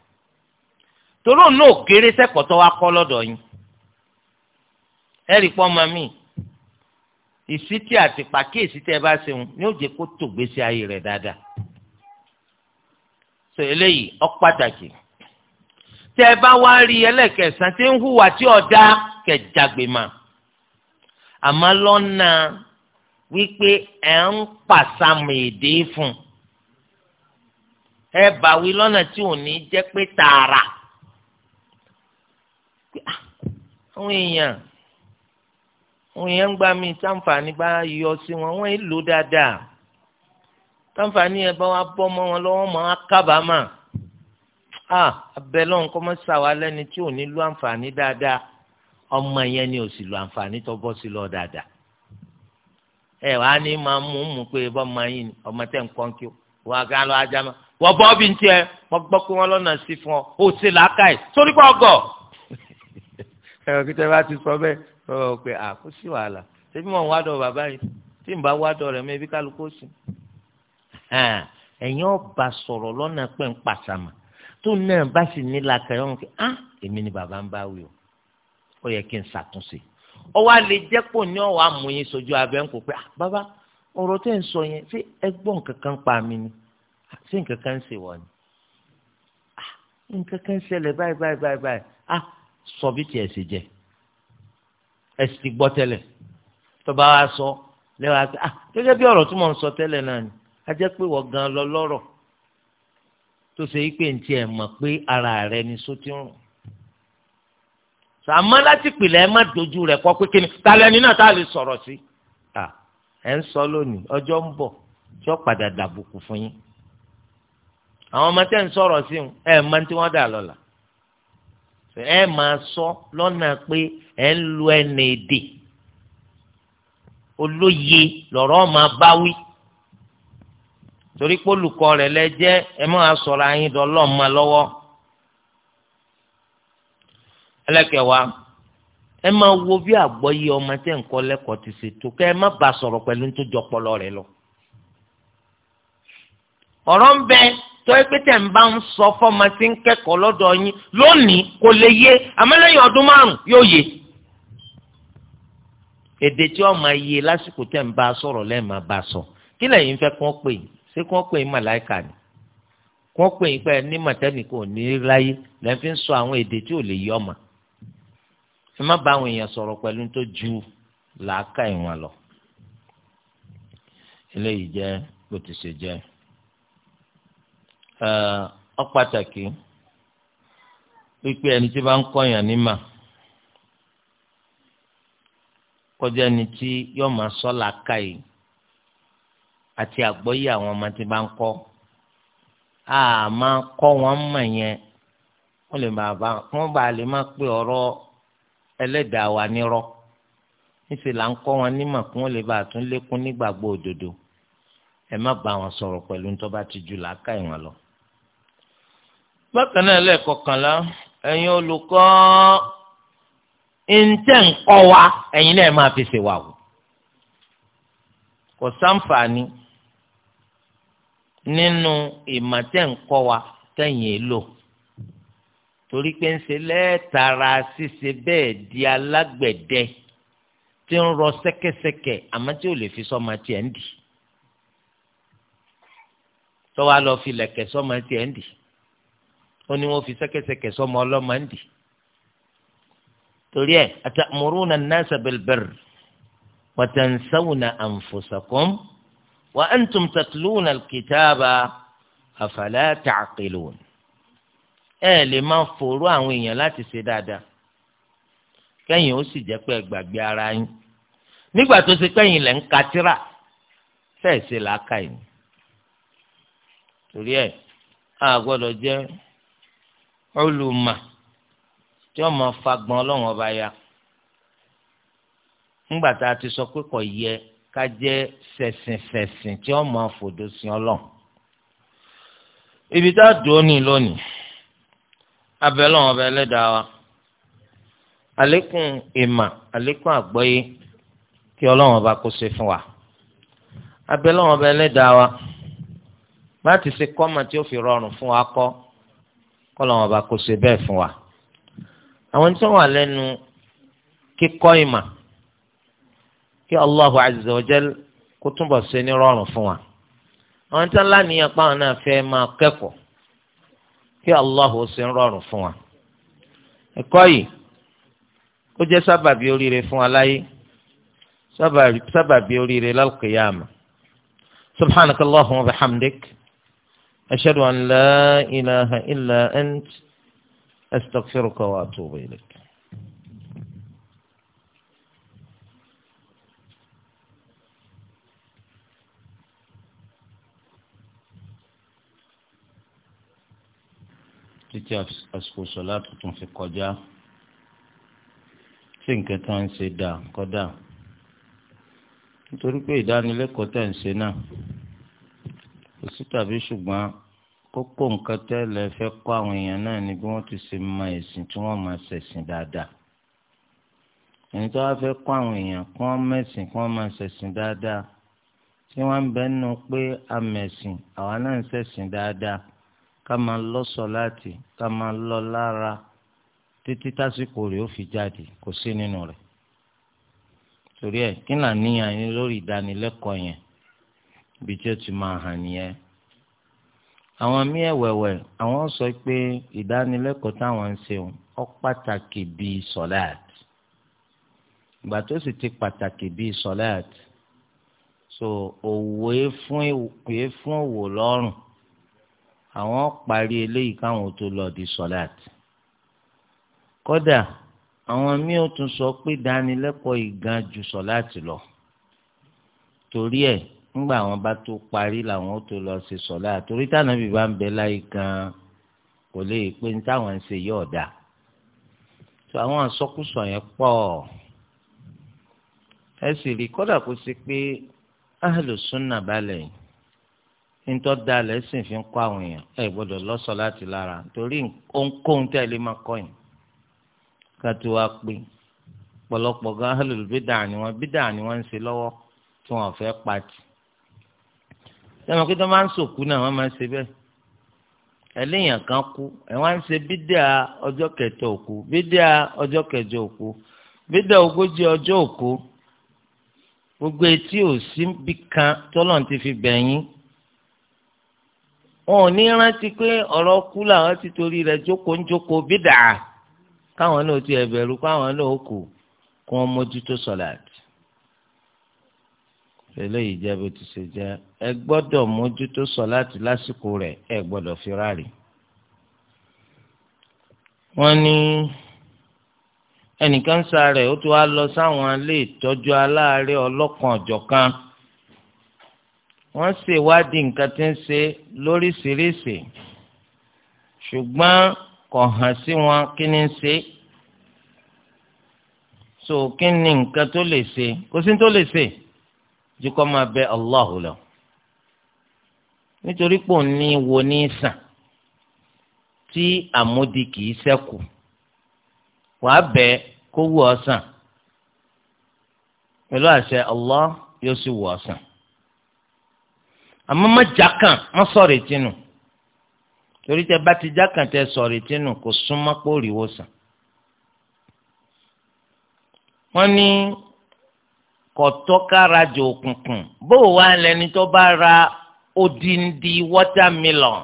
torí òun náà kéré sẹ́kọ̀ọ́ tó wá kọ́ lọ́dọ̀ yín ẹ rí pọ́ ọmọ mi ìsítí àti pàkíyèsí tẹ́ ẹ bá ṣeun ní ó jẹ́ kó tògbésí ayé rẹ̀ dáadáa tó eléyìí ó pàtàkì tẹ ẹ bá wá rí ẹlẹ́kẹ̀sán tí ń hùwà tí ọ̀dà kẹjàgbé mà àmọ́ lọ́nà wípé ẹ ń pàṣàmù èdè fún ẹ bá wí lọ́nà tí ò ní jẹ́ pé tààrà ah, àwọn èèyàn àwọn èèyàn ń gbà mí sáǹfààní bá yọ sí wọn wọ́n ń lò dáadáa káǹfààní ẹ bá wa bọ́ mọ́ wọn lọ́wọ́ mọ́ á kábàámà à abẹ́lẹ́ ọ̀nkọ́ mọ́ sàwa lẹ́ni tí ò ní lu àǹfààní dáadáa ọmọ yẹn ni ò sì lu àǹfààní tó bọ́ sí lọ dáadáa ẹ wàá ní máa mú mú pé bọ́mọ yìí ni ọmọ tẹ̀ ń kọ́n kí wọ́n á gán lọ ajá mọ́ wọ́n bọ́ bí n tiẹ̀ wọ́n gbọ́ pé wọ́n lọ́nà sí fún ọ ó sì làákàyè sórí pọ̀ ọgọ̀ ẹ̀rọ kí tẹ́lá ti sọ bẹ́ẹ̀ lọ́wọ́ ẹ̀yin ọba sọ̀rọ̀ lọ́nà pẹ́ ń pàṣàmà tó náà bá sì ní làkàyọ̀ ń pè á èmi ni bàbá ń bá wí o ó yẹ kí n ṣàtúnṣe ọwọ́ alẹ́ jẹ́pọ̀ ní ọ̀wọ́ amòyin sojú abẹ́ ń kó pé ah, bàbá ọ̀rọ̀ tẹ́ ń sọ yẹn ṣé ẹgbọ́n nǹkan kan pa mi ni ah, ṣé nǹkan kan ń ṣe wọ̀ ni ah, nǹkan kan ń ṣẹlẹ̀ báyìí báyìí báyìí báyìí ah sọ bí tiẹ̀ ṣe jẹ́ ẹ sì ti gbọ́ tẹ́lẹ̀ tó bá wa sọ lẹ́wọ̀n àti ah gẹ́gẹ́ bí ọ̀rọ̀ tí mò ń sọ tẹ́lẹ̀ náà ni a jẹ́ pé wọ́n gan lọ lọ́rọ̀ tó ṣe yí pé ń tiẹ̀ mọ̀ pé ara rẹ ni só ti ń rùn sàmọ́ láti pìlẹ̀ ẹ má dojú rẹ̀ kọ́ pé kí ni talẹ́ni náà tá a lè sọ̀rọ̀ sí ẹ ń sọ lónìí ọjọ́ ń bọ̀ tí ó padà dàbùkù fún yín àwọn ọmọ tẹ́ ń sọ̀rọ̀ sí wọn ẹ máa tí wọ́n dà lọ́la ẹ máa sọ lọ́nà pé ẹ ń lo ẹnì èdè olóye lọ́rọ̀ máa báwí torí pé olùkọ́ rẹ̀ lẹ́jẹ́ ẹ máa sọ̀rọ̀ ayin dọ́lọ́mọ lọ́wọ́ ẹlẹ́kẹ̀wá ẹ máa wo bí àgbọ́yé ọmọ tẹ́ ń kọ́ lẹ́kọ̀ọ́ ti ṣe tó kẹ́ ẹ má bàa sọ̀rọ̀ pẹ̀lú tó jọ pọlọ rẹ̀ lọ. ọ̀rọ̀ ń bẹ tó ẹ pé tẹ̀ ń bá ń sọ fọ́mọ tí ń kẹ́kọ̀ọ́ lọ́dọ̀ yín lónìí kò lè yé àmọ́ ọdún márùn-ún yóò yé. èdè tí ọmọ yé lásìkò tẹ̀ ń bá a sọ̀rọ̀ lẹ́ẹ̀ máa bá a sọ kí lẹ́yìn fẹ́ kán pè yín ṣé kí pè é màláìkà ni kí pè é pé ní màtẹ́nì kò ní láyé lẹ́yìn fi ń sọ àwọn èdè tí ò lè ọmọ ẹ bá àwọn èèyàn sọ̀rọ̀ pẹ̀lú tó ju làákà ìwọ̀n lọ eléyìí jẹ́ bó ti ọ pàtàkì àti àgbọ́yé àwọn ọmọ tí bá ń kọ́ a máa kọ́ wọn mọ̀ yẹn wọ́n lè máa bá wọ́n bá lè máa pé ọ̀rọ̀ ẹlẹ́dàá wa nírọ́ níṣẹ́ là ń kọ́ wọn nímọ̀ kí wọ́n lè bá tún lékún nígbàgbọ́ òdodo ẹ má bá wọn sọ̀rọ̀ pẹ̀lú nítorí bá ti ju làákà ìwọ̀n lọ. bákan náà lẹ́ẹ̀kọ̀kànlá ẹ̀yin olùkọ́ ǹjẹ́ ńkọ́ wa ẹ̀yin náà máa fi ṣèwà wò kò sáǹfààní nínú ìmọ̀tẹ́ǹkọ́ wa tẹ̀yìn èlò torí pé ń ṣe lẹ́ẹ̀tara ṣíṣe bẹ́ẹ̀ di alágbẹ̀dẹ tí ń rọ ṣẹ́kẹ́ṣẹkẹ̀ àmọ́ tí ò lè fi sọ́mọ tiẹ̀ ń dì tọ́wọ́ á lọ fi lẹ̀kẹ̀ sọ́mọ tiẹ̀ ń dì ó ní wọ́n fi ṣẹ́kẹ́ṣẹkẹ̀ sọ́mọ ọlọ́mọ ń dì torí ẹ̀ atamuruna an-nasa bil-birri wa tansawna وأنتم antum tatluna al-kitaba afala ta'qilun ẹ lè máa fòrò àwọn èèyàn láti ṣe dáadáa kẹ́yìn ó sì jẹ́ pé ẹ gbàgbé ara yín nígbà tó ṣe kẹ́yìn lẹ́ ń ka tírà fẹ́ẹ̀ ṣe làákà yìí torí ẹ̀ a gbọ́dọ̀ jẹ́ olùmọ̀ tí wọ́n máa fagbọn ọlọ́run ọba ya ńgbà tá a ti sọ pé kò yẹ ká jẹ́ sẹ̀sìnsẹ̀sìn tí ó máa fòdó sí ọlọ́run. ibi tá a dùn ó ní lónìí abẹ́lẹ́ ọ̀bẹ ẹlẹ́dàá wa àlékún ìmà àlékún àgbọ́yé kí ọlọ́run ọba kó ṣe fún wa abẹ́lẹ́ ọ̀bẹ ẹlẹ́dàá wa bá ti ṣe kọ́mà tí ó fi rọrùn fún wa kọ́ kọ́lọ́run ọba kó ṣe bẹ́ẹ̀ fún wa àwọn tí wọ́n wà lẹ́nu kíkọ́ ìmà kí Allahu azza wa jal kó túnbọ̀ ṣe ní rọrùn fún wa àwọn tí wọn lánìyàn pa àwọn náà fẹ́ máa kẹ́kọ̀ọ́ kí Allahu ṣe ń rọrùn fún wa ẹ̀kọ́ yìí ó jẹ́ sábàbí oríire fún aláyé sábàbí oríire lálùkìyàmù subhanaka allahumma wa bihamdik ashhadu an la ilaha illa ant astaghfiruka wa atubu ilayk. títí àsìkò sọlá tuntun fi kọjá tí nǹkan tó ń ṣe dà kódà nítorí pé ìdánilẹ́kọ̀ọ́ tẹ̀ ń ṣe náà kò sí tàbí ṣùgbọ́n kókó nǹkan tẹ́lẹ̀ fẹ́ kọ́ àwọn èèyàn náà ni bí wọ́n ti ṣe mọ ẹ̀sìn tí wọ́n máa ṣẹ̀sìn dáadáa ẹni tó wá fẹ́ kọ́ àwọn èèyàn kí wọ́n mẹ̀sìn kí wọ́n máa ṣẹ̀sìn dáadáa tí wọ́n ń bẹ́ẹ̀ nù pé amẹ̀sìn àwa náà ń ṣẹ̀sìn dáadáa ká máa lọ sọláàtì ká máa lọ lára títí tásìkò rẹ̀ ó fi jáde kò sí nínú rẹ̀ torí ẹ̀ kí là níyàn yín lórí ìdánilẹ́kọ̀ọ́ yẹn ibi tí ó ti máa hàn nìyẹn àwọn míì ẹ̀wẹ̀wẹ̀ àwọn sọ pé ìdánilẹ́kọ̀ọ́ táwọn ń ṣe ó pàtàkì bíi sọláàtì ìgbà tó sì ti pàtàkì bíi sọláàtì so òwò é fún òwò lọ́rùn àwọn parí eléyìí káwọn tó lọ di sọláàt kódà àwọn míì ó tún sọ pé dánilẹ́kọ̀ọ́ ìgan ju sọláàt lọ torí ẹ̀ ńgbà àwọn bá tó parí làwọn ó tó lọ ṣe sọláàt torí tànàbí bá ń bẹ láyé gan kò lè pé ní táwọn ń ṣe yí ọ̀dà tó àwọn àsọkùsọ yẹn pọ̀ ẹ sì rí kódà kó ṣe pé ahlu sunna balẹ̀ yìí ntọ́ da lẹ́sìn fi ń kọ́ àwọn èèyàn ẹ gbọ́dọ̀ lọ́sọ̀ láti lára torí ohunkóhun tẹ́ ẹ lè máa kọ́ yìí ká tó wá pé pọ̀lọpọ̀ gan hálòlù bídà ni wọ́n bídà ni wọ́n ń ṣe lọ́wọ́ tí wọ́n fẹ́ pati sẹ́wọ̀n kí tó máa ń sòkú náà wọ́n máa ń ṣe bẹ́ẹ̀ ẹlẹ́yìn kan kú ẹ̀ wọ́n ń ṣe bídà ọjọ́ kẹtọ òkú bídà ọjọ́ kẹjọ òkú bídà ogójì ọjọ́ òkú gbogbo etí ò sí wọn ò ní rántí pé ọ̀rọ̀ kú làwọn ti torí rẹ̀ jókòó ń jókòó bídà káwọn náà ti ẹ̀bẹ̀rù káwọn náà kù kí wọ́n mójútó sọ̀láàtì. eléyìí jẹ́ bó ti ṣe jẹ́ ẹ gbọ́dọ̀ mójútó sọ̀láàtì lásìkò rẹ̀ ẹ gbọ́dọ̀ fi ráàlì. wọ́n ní ẹnìkan ń ó tún wá lọ sáwọn ilé ìtọ́jú aláàárẹ̀ ọlọ́kan ọ̀jọ̀kan. wọ́n ṣèwádìí nǹkan tí ń ṣe lóríṣiríṣi ṣùgbọ́n kò hàn sí wọn kí ni ń ṣe so kí ni nǹkan tó lè ṣe kò sí tó lè ṣe jù kọ́ máa bẹ Allah lọ nítorí pò ní wo ní sàn tí àmúdi kì í ṣẹ́kù wàá bẹ kó wù ọ sàn pẹ̀lú àṣẹ Allah yóò sì wù ọ sàn. àmọ́ má jákàn má sọ̀rọ̀ etí nù torí tẹ bá ti jákàn tẹ sọ̀rọ̀ etí nù kò súnmọ́ pé ó rí ìwòsàn. wọ́n ní kọ̀tọ́kára jò òkùnkùn bó wá lẹni tó bá ra odindi watermelon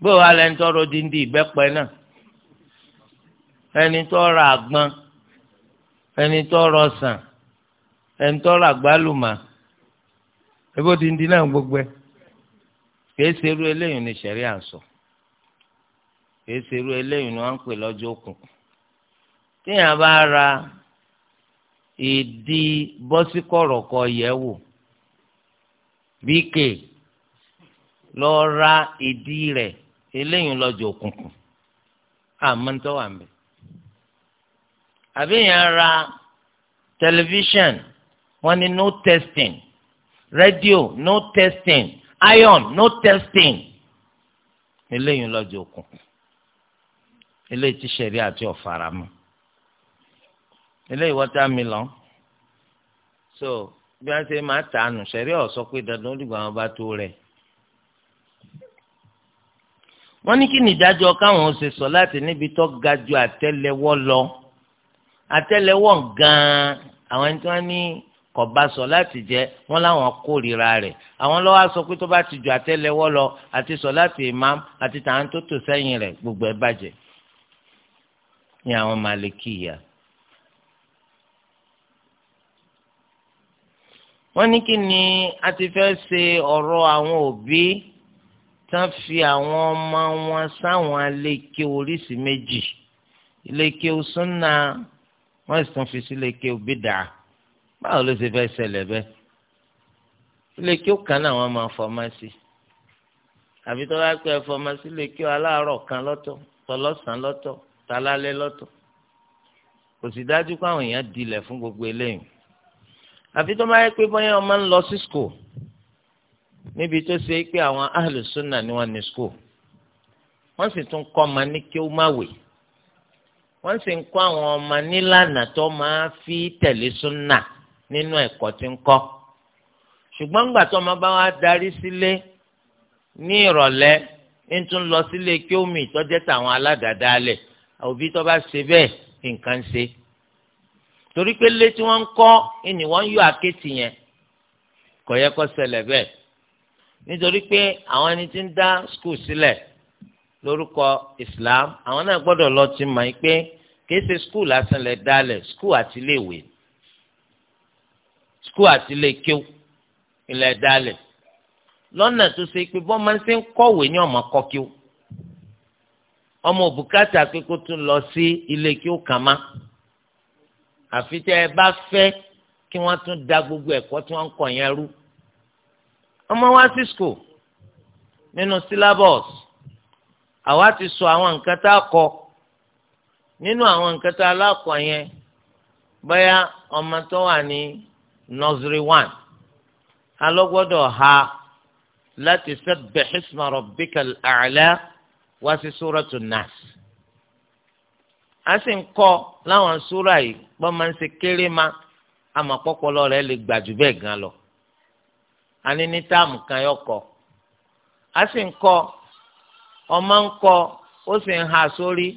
bó o wá lẹni tó ra odindi ìbẹ́pẹ náà ẹni tó ra àgbọn ẹni tó ra ọsàn ẹni tó ra àgbálùmọ̀. ebó dindi náà gbogbo ẹ kìí ṣe irú eléyìí ni sẹ̀rí à ń sọ kìí ṣe irú eléyìí ni wọ́n ń pè lọ́jọ́ òkùnkùn téèyàn bá ra ìdí bọ́síkọ̀rọ̀kọ yẹ̀ wò bíkè lọ ra ìdí rẹ̀ eléyìí lọ́jọ́ òkùnkùn àmọ́ ń wà ń àbí èèyàn ra tẹlifíṣàn wọ́n ní no testing rédíò no testing iron no testing eléyìí lọ́jọ́ òkun eléyìí tí sẹ̀rí àti ọ̀fara mọ́ eléyìí watermelon so bí wọ́n ṣe máa tànù sẹ̀rí ọ̀sọ́ pé dandan ó dìgbà wọn bá tó rẹ̀ wọ́n ní kí ni ìdájọ́ káwọn ṣe sọ láti níbi tó ga ju àtẹ́lẹwọ́ lọ àtẹ́lẹwọ́ gan-an àwọn ẹni tí wọ́n ní kò bá sọ láti jẹ wọn láwọn kórìíra rẹ̀ àwọn lọ́wọ́ sọ pé tó bá ti ju àtẹ́lẹwọ́ lọ àti sọ láti imam àti tàn tó tò sẹ́yìn rẹ̀ gbogbo ẹ̀ bàjẹ́ ní àwọn malikiya. wọ́n ní kí ni a ti fẹ́ ṣe ọ̀rọ̀ àwọn òbí tán fi àwọn ọmọ wọn sáwọn aléke oríṣìí méjì iléke sunna wọ́n sì tún fi sí iléke bídà. Si báwo ló ṣe fẹ́ ṣẹlẹ̀ bẹ́ẹ̀ ilé kí ó kan náà wọ́n máa fọmásì àbí tó bá pẹ́ fọmásì lè kí ó aláàárọ̀ kan lọ́tọ̀ tọlọ́sàn lọ́tọ̀ találẹ́ lọ́tọ̀ kò sì dájú pé àwọn fún gbogbo eléyìí àfi tó bá yẹ pé bóyá ọmọ ń lọ sí school níbi tó ṣe pé àwọn ahlu ni wọ́n ní school wọ́n sì tún kọ́ ọmọ ní kí ó má wè wọ́n sì ń kọ́ fi tẹ̀lé nínú ẹ̀kọ́ tí ń kọ́ ṣùgbọ́n ńgbà tó ọmọ bá wá darí sílé ní ìrọ̀lẹ́ ń tún lọ sílé kí ó mì tọ́jẹ́ tàwọn aládàádáalẹ̀ òbí tó bá ṣe bẹ́ẹ̀ nǹkan ń ṣe torí pé lé tí wọ́n ń kọ́ ni wọ́n ń yọ àkẹ́tì yẹn kò yẹ kó ṣẹlẹ̀ bẹ́ẹ̀ nítorí pé àwọn ẹni tí ń dá skul sílẹ̀ lórúkọ Islam àwọn náà gbọ́dọ̀ lọ ti mọ̀ pé kì í ṣe skul lásán dálẹ̀ skul àti ni skul àti ilé kéw ilẹ̀ dálẹ̀ lọ́nà tó ṣe pé bọ́n máa ń ṣe ń kọ̀wé ní ọmọ kọ́ kéw ọmọ òbúkátà pé kó tún lọ sí ilé kéw kàmá àfi tẹ́ ẹ bá fẹ́ kí wọ́n tún da gbogbo ẹ̀kọ́ tí wọ́n ń kọ́ yẹn rú ọmọ wa sí skul nínú syllabus àwa ti sọ àwọn nǹkan tá a kọ nínú àwọn nǹkan tá a lákọ yẹn bóyá ọmọ tó wà ní nursery one alọ́gbọ́dọ̀ ha láti sẹ́bẹ̀ xisma rabbika al-a'la wá sí súrọ̀tù nas a sì ń kọ́ láwọn súra yìí gbọ́n máa ń ṣe kéré ma àmọ́ pọ́pọ́lọ́ rẹ̀ lè gbàjú bẹ́ẹ̀ gan lọ a ní ní táàmù kan yọ kọ́ a sì ń kọ́ ọmọ ń kọ́ ó sì ń ha sórí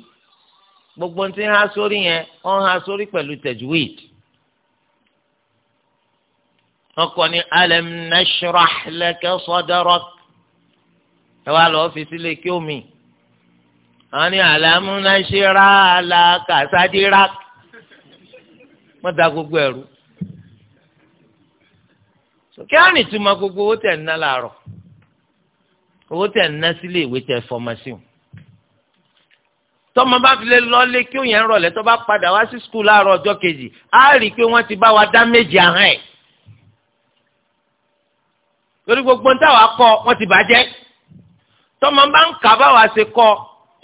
gbogbo ti ń ha sórí yẹn ó ń ha sórí pẹ̀lú tajwid wọ́n kọ́ ní alam nashrah laka sadrak ẹ wá lọ́ọ́ fi sílẹ̀ kí omi àwọn ní alam nashrah laka sadrak wọ́n da gbogbo ẹ̀rú kí á nìtumọ̀ gbogbo owó tẹ̀ ń ná làárọ̀ owó tẹ̀ ń ná sílé ìwé tẹ̀ fọmásìn tọmọ bá fi lè lọlé kí òyìn rọlẹ tó bá padà wá sí skul láàárọ̀ ọjọ́ kejì á rí i pé wọ́n ti bá wa dá méje ahọ́n ẹ̀ lórí gbogbo ń táwa kọ wọ́n ti bàjẹ́ tọ́mọ bá ń kà báwa ṣe kọ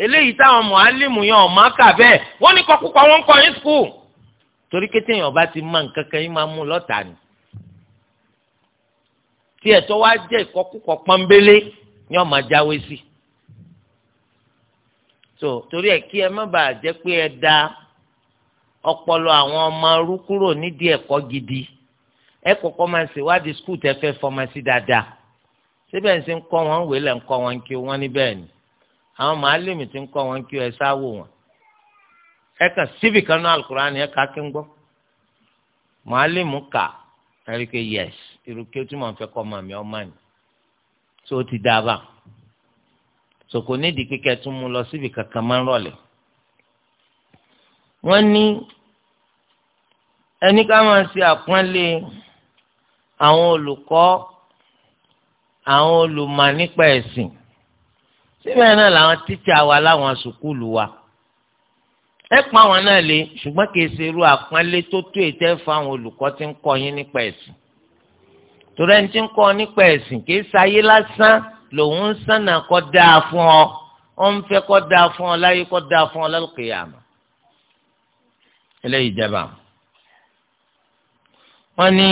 eléyìí táwọn mọ̀álìmù yẹn ọ̀mọ́ kà bẹ́ẹ̀ wọ́n ní kọkúkọ wọn ń kọ ní skul torí kété yẹn ọba ti máa nǹkan kan yín máa mú lọ́tà ni tí ẹ̀tọ́ wá jẹ́ ìkọkúkọ pọ́nbélé ni ọmọ jáwé sí so torí ẹ kí ẹ má bàa jẹ́ pé ẹ da ọpọlọ àwọn ọmọ arú kúrò nídìí ẹ̀kọ́ gidi ẹ kọ́kọ́ máa ṣèwádìí skul tẹ́ fẹ́ fọmọsí dáadáa síbẹ̀ ń ṣe ń kọ́ wọn wèé lẹ̀ ń kọ́ wọn kí wọ́n níbẹ̀ ni àwọn màálìmù ti ń kọ́ wọn kí ẹ sáwò wọn ẹ kàn síbì kan náà alukur'an ẹ ká kí ń gbọ́ màálìmù kà ẹ rí i pé yẹs irú kí o tún máa fẹ́ kọ́ màmí ọmọ ni tó o ti dábà sòkò nídìí kíkẹ́ tún mú lọ síbì kankan máa ń rọ̀lẹ́ wọ́n ní ẹni ká máa ṣe àpọ́nlé àwọn olùkọ́ àwọn olùmọ̀ nípa ẹ̀sìn síbẹ̀ náà làwọn títsà wa láwọn sùkúlù wa ẹ pa àwọn náà lé ṣùgbọ́n kì í ṣe irú àpọ́nlé tó tó ètò ẹ̀ fún àwọn olùkọ́ tí ń kọ́ yín nípa ẹ̀sìn torí ẹni tí ń kọ́ nípa ẹ̀sìn kì ṣayé lásán lòun ń sànà kọ́ dáa fún ọ ó ń fẹ́ kọ́ dáa fún ọ láyé kọ́ dáa fún ọ lálùkìyàmà eléyìí jẹba wọn ní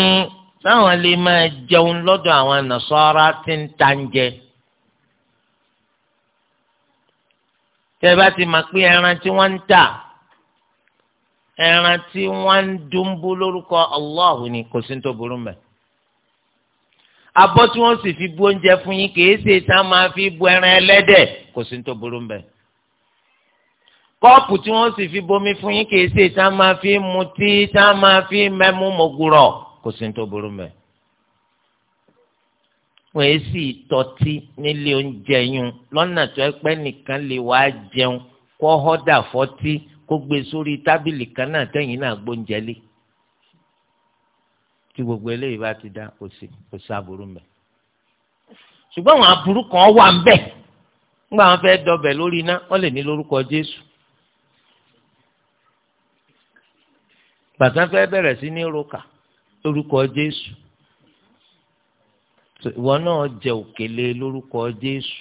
táwọn lè máa jẹun lọ́dọ̀ àwọn nàṣọ́ra tí ń ta ń jẹ. tẹ́ bá ti mọ̀ pé ẹran tí wọ́n ń tà ẹran tí wọ́n ń dúnbú lórúkọ Allah ni kò sí tó burú mẹ́. abọ́ tí wọ́n sì fi bu oúnjẹ fún yín kì í ṣe tá máa fi bu ẹran ẹlẹ́dẹ̀ kò sí tó burú mẹ́. kọ́ọ̀pù tí wọ́n sì fi bomi fún yín kì í ṣe tá máa fi mutí tá máa fi mẹ́mú mọ̀gùrọ̀. kò sí ní tó burú mẹ́. wọ́n yé sì tọ́tí nílé oúnjẹ yún lọ́nà tó ẹ pẹ́ nìkan lè wá jẹun kó họ́dà fọ́tí kó gbé sórí tábìlì kan náà tẹ̀yìn náà gbóúnjẹ lé. tí gbogbo eléyìí bá ti dá kò sí kò sí aburú mẹ́. ṣùgbọ́n àwọn aburú kan wà ń bẹ̀ nígbà wọn fẹ́ dọbẹ̀ lórí iná wọ́n lè ní lórúkọ Jésù. bàtà fẹ́ bẹ̀rẹ̀ sí ní roka. lórúkọ Jésù ìwọ náà jẹ òkèlè lórúkọ Jésù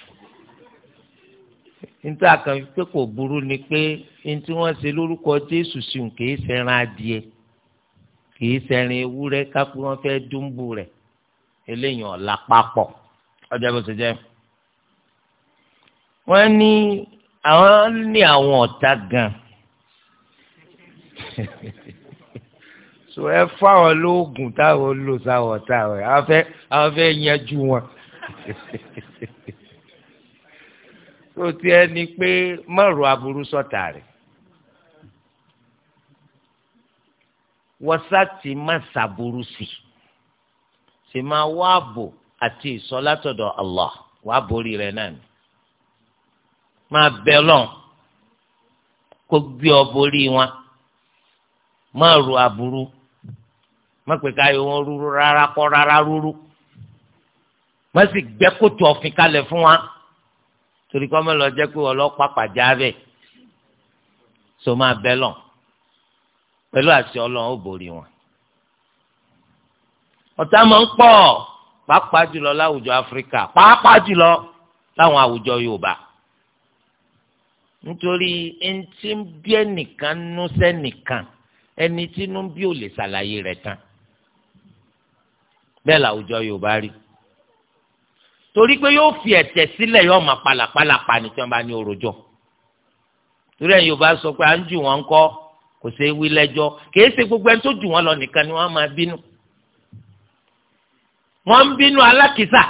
níta kan pé kò burú ni pé ní tí wọ́n ṣe lórúkọ Jésù sí òun kìí ṣẹran adìẹ kìí ṣẹran ewúrẹ́ kápú wọn fẹ́ dúnbù rẹ̀ eléyìí ọ̀la papọ̀ ọjà bó ṣe jẹ́. wọ́n ní àwọn ní àwọn ọ̀tá gan so ẹ fáwọn lóògùn táwọn lò sáwọn táwọn àwọn fẹ́ yanjú wọn so tí ẹ ní pé mọ̀rọ̀ aburú sọ̀tà rẹ̀ wọ́sá ti má sàbúrú sí i sì wá ààbò àti ìsọlátọ̀dọ̀ Allah wàá borí rẹ̀ náà ni máa bẹ lọ́n kó gbé ọ borí wọn máa aburú má pè káyọ̀ wọn rúru rárá kọ́ rárá rúru má sì gbẹ́ kótó ọ̀fìn kalẹ̀ fún wa torí kọ́ mọ́ lọ jẹ́ pé ọlọ́pàá pàjá bẹ́ẹ̀ so máa bẹ́ lọ pẹ̀lú àṣẹ ọlọ́run ó borí wọn. ọ̀tá máa ń pọ̀ pàápàá jùlọ láwùjọ áfíríkà pàápàá jùlọ láwọn àwùjọ yorùbá nítorí ẹni tí ń bí ẹnìkan nú sẹ́nìkan ẹni tí inú bí ò lè ṣàlàyé rẹ̀ tán bẹ́ẹ̀ làwùjọ yorùbá rí torí pé yóò fi ẹ̀tẹ̀ sílẹ̀ yóò máa palàpalà pa ni tí wọ́n bá ní orojọ́ torí ẹ̀ yorùbá sọ pé à ń jù wọ́n kọ́ kò ṣeé wí lẹ́jọ́ kìí ṣe gbogbo ẹni tó jù wọ́n lọ nìkan ni wọ́n máa bínú wọ́n ń bínú alákìsà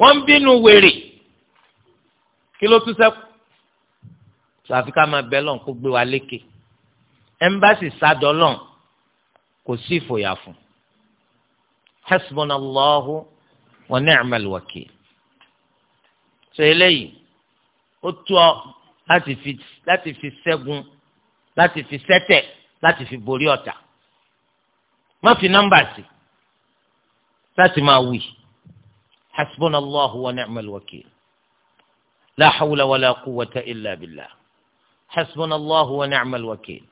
wọ́n ń bínú wèrè kí ló tún sẹ́kù sàfi ká máa bẹ lọ́n kó gbé wa lékè ẹ̀ńbáṣì sádọ́lọ́n kò sí ìfòyà fún hasbunallahu wa ni'mal wakil ṣe eléyìí ó tó ọ láti fi láti fi ṣẹ́gun láti fi ṣẹ́tẹ̀ láti fi borí ọ̀tá má fi nọ́mbà sí láti máa wí hasbunallahu wa ni'mal wakil la hawla wa la quwwata illa billah hasbunallahu wa ni'mal wakil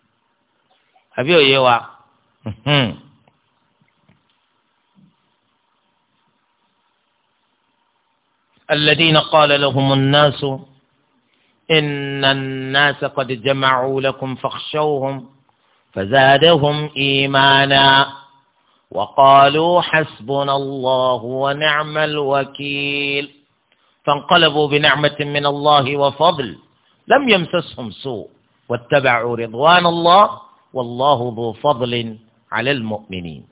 àbí òye wa. Hmm. الذين قال لهم الناس إن الناس قد جمعوا لكم فاخشوهم فزادهم إيمانا وقالوا حسبنا الله ونعم الوكيل فانقلبوا بنعمة من الله وفضل لم يمسسهم سوء واتبعوا رضوان الله والله ذو فضل على المؤمنين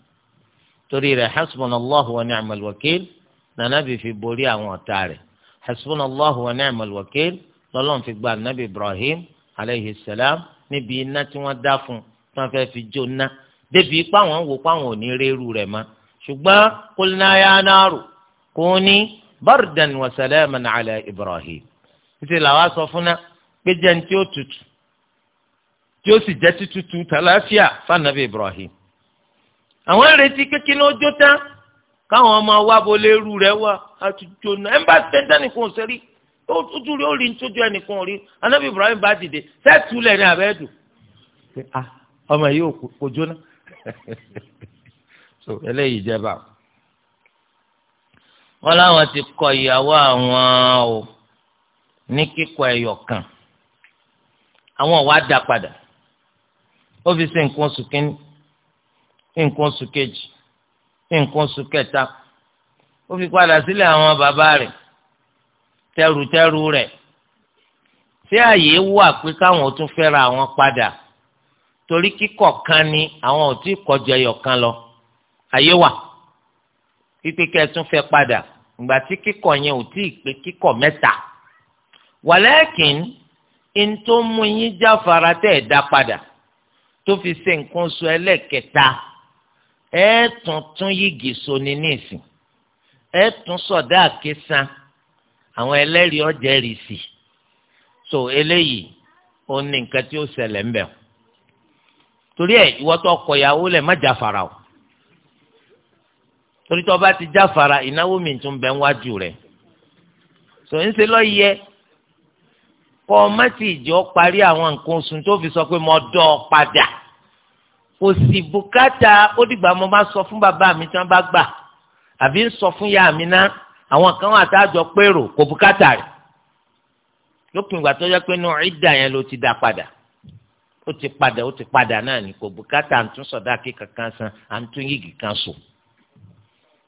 تريد حسبنا الله ونعم الوكيل nànàbì fi borí àwọn ọ̀tá rẹ̀ hasbunallahu wa ni'mal wakil lọ́lọ́run fi gba nàbì ibrahim aleyhi salam níbi iná tí wọ́n dá fún tí wọ́n fẹ́ fi jó ná débi ipá wọn wò pa wọn ò ní rérú rẹ̀ mọ́ ṣùgbọ́n qulna ya naru kuni bardan wa salaman ala ibrahim títí làwa sọ fún ná pé jẹ́ ní tí ó tutù tí ó sì jẹ́ títútù tàlàáfíà fún nàbì ibrahim àwọn èrètí kékeré ó tán káwọn ọmọ wa bo lérú rẹ wá àtúntò náà ẹnbàsí tẹ́ńtẹ́ nìkan sẹ́rí ó tún rí ó rí nítorí ẹnìkan rí anábì Ibrahim bá dìde sẹ́tùlẹ̀ ní abẹ́dù. Ah, ọmọ yìí ò kò jóná so eléyìí jẹba wọn láwọn ti kọ ìyàwó àwọn o ní kíkọ ẹyọ kan àwọn wá dá padà ó fi ṣe nǹkan oṣù kínní nǹkan oṣù kejì nǹkan oṣù kẹta ó fi padà sílẹ̀ àwọn bàbá rẹ̀ tẹrùtẹrù rẹ̀ tí àyè wà pé káwọn tún fẹ́ra àwọn padà torí kíkọ̀ kan ni àwọn ò tí kọjọ ẹyọ kan lọ àyè wà pípé kẹtún fẹ́ padà ìgbà tí kíkọ̀ yẹn ò tí ì pé kíkọ̀ mẹ́ta wàlẹ́kìn ń tó mú yín jáfara tẹ̀ dá padà tó fi ṣe nǹkan oṣù ẹlẹ́kẹta ẹ tún tún yìgì so ní nísìn ẹ tún sọdá àwọn ẹlẹ́rìí ọ̀jẹ̀ rì sí so eléyìí ó ní nǹkan tí ó ṣẹlẹ̀ ńbẹ̀ torí ẹ ìwọ tó kọ ìyàwó lẹ̀ má jáfara o torí tó bá ti jáfara ìnáwó mi tún bẹ níwájú rẹ̀ so ńṣe ló yẹ kọ́ ọ má ti ìjọ parí àwọn nǹkan oṣù tó fi sọ pé mo dọ́ ọ padà kò sì bùkátà ó dìgbà mo bá sọ fún bàbá mi tí wọ́n bá gbà àbí ń sọ fún yá mi ná àwọn kan wà tá a jọ pérò kò bùkátà rẹ̀ lópin ìgbà tó yẹ pé nù ìdá yẹn ló ti dá padà ó ti padà ó ti padà náà ní kò bùkátà à sọdáàkì kankan san à yìgì kan so.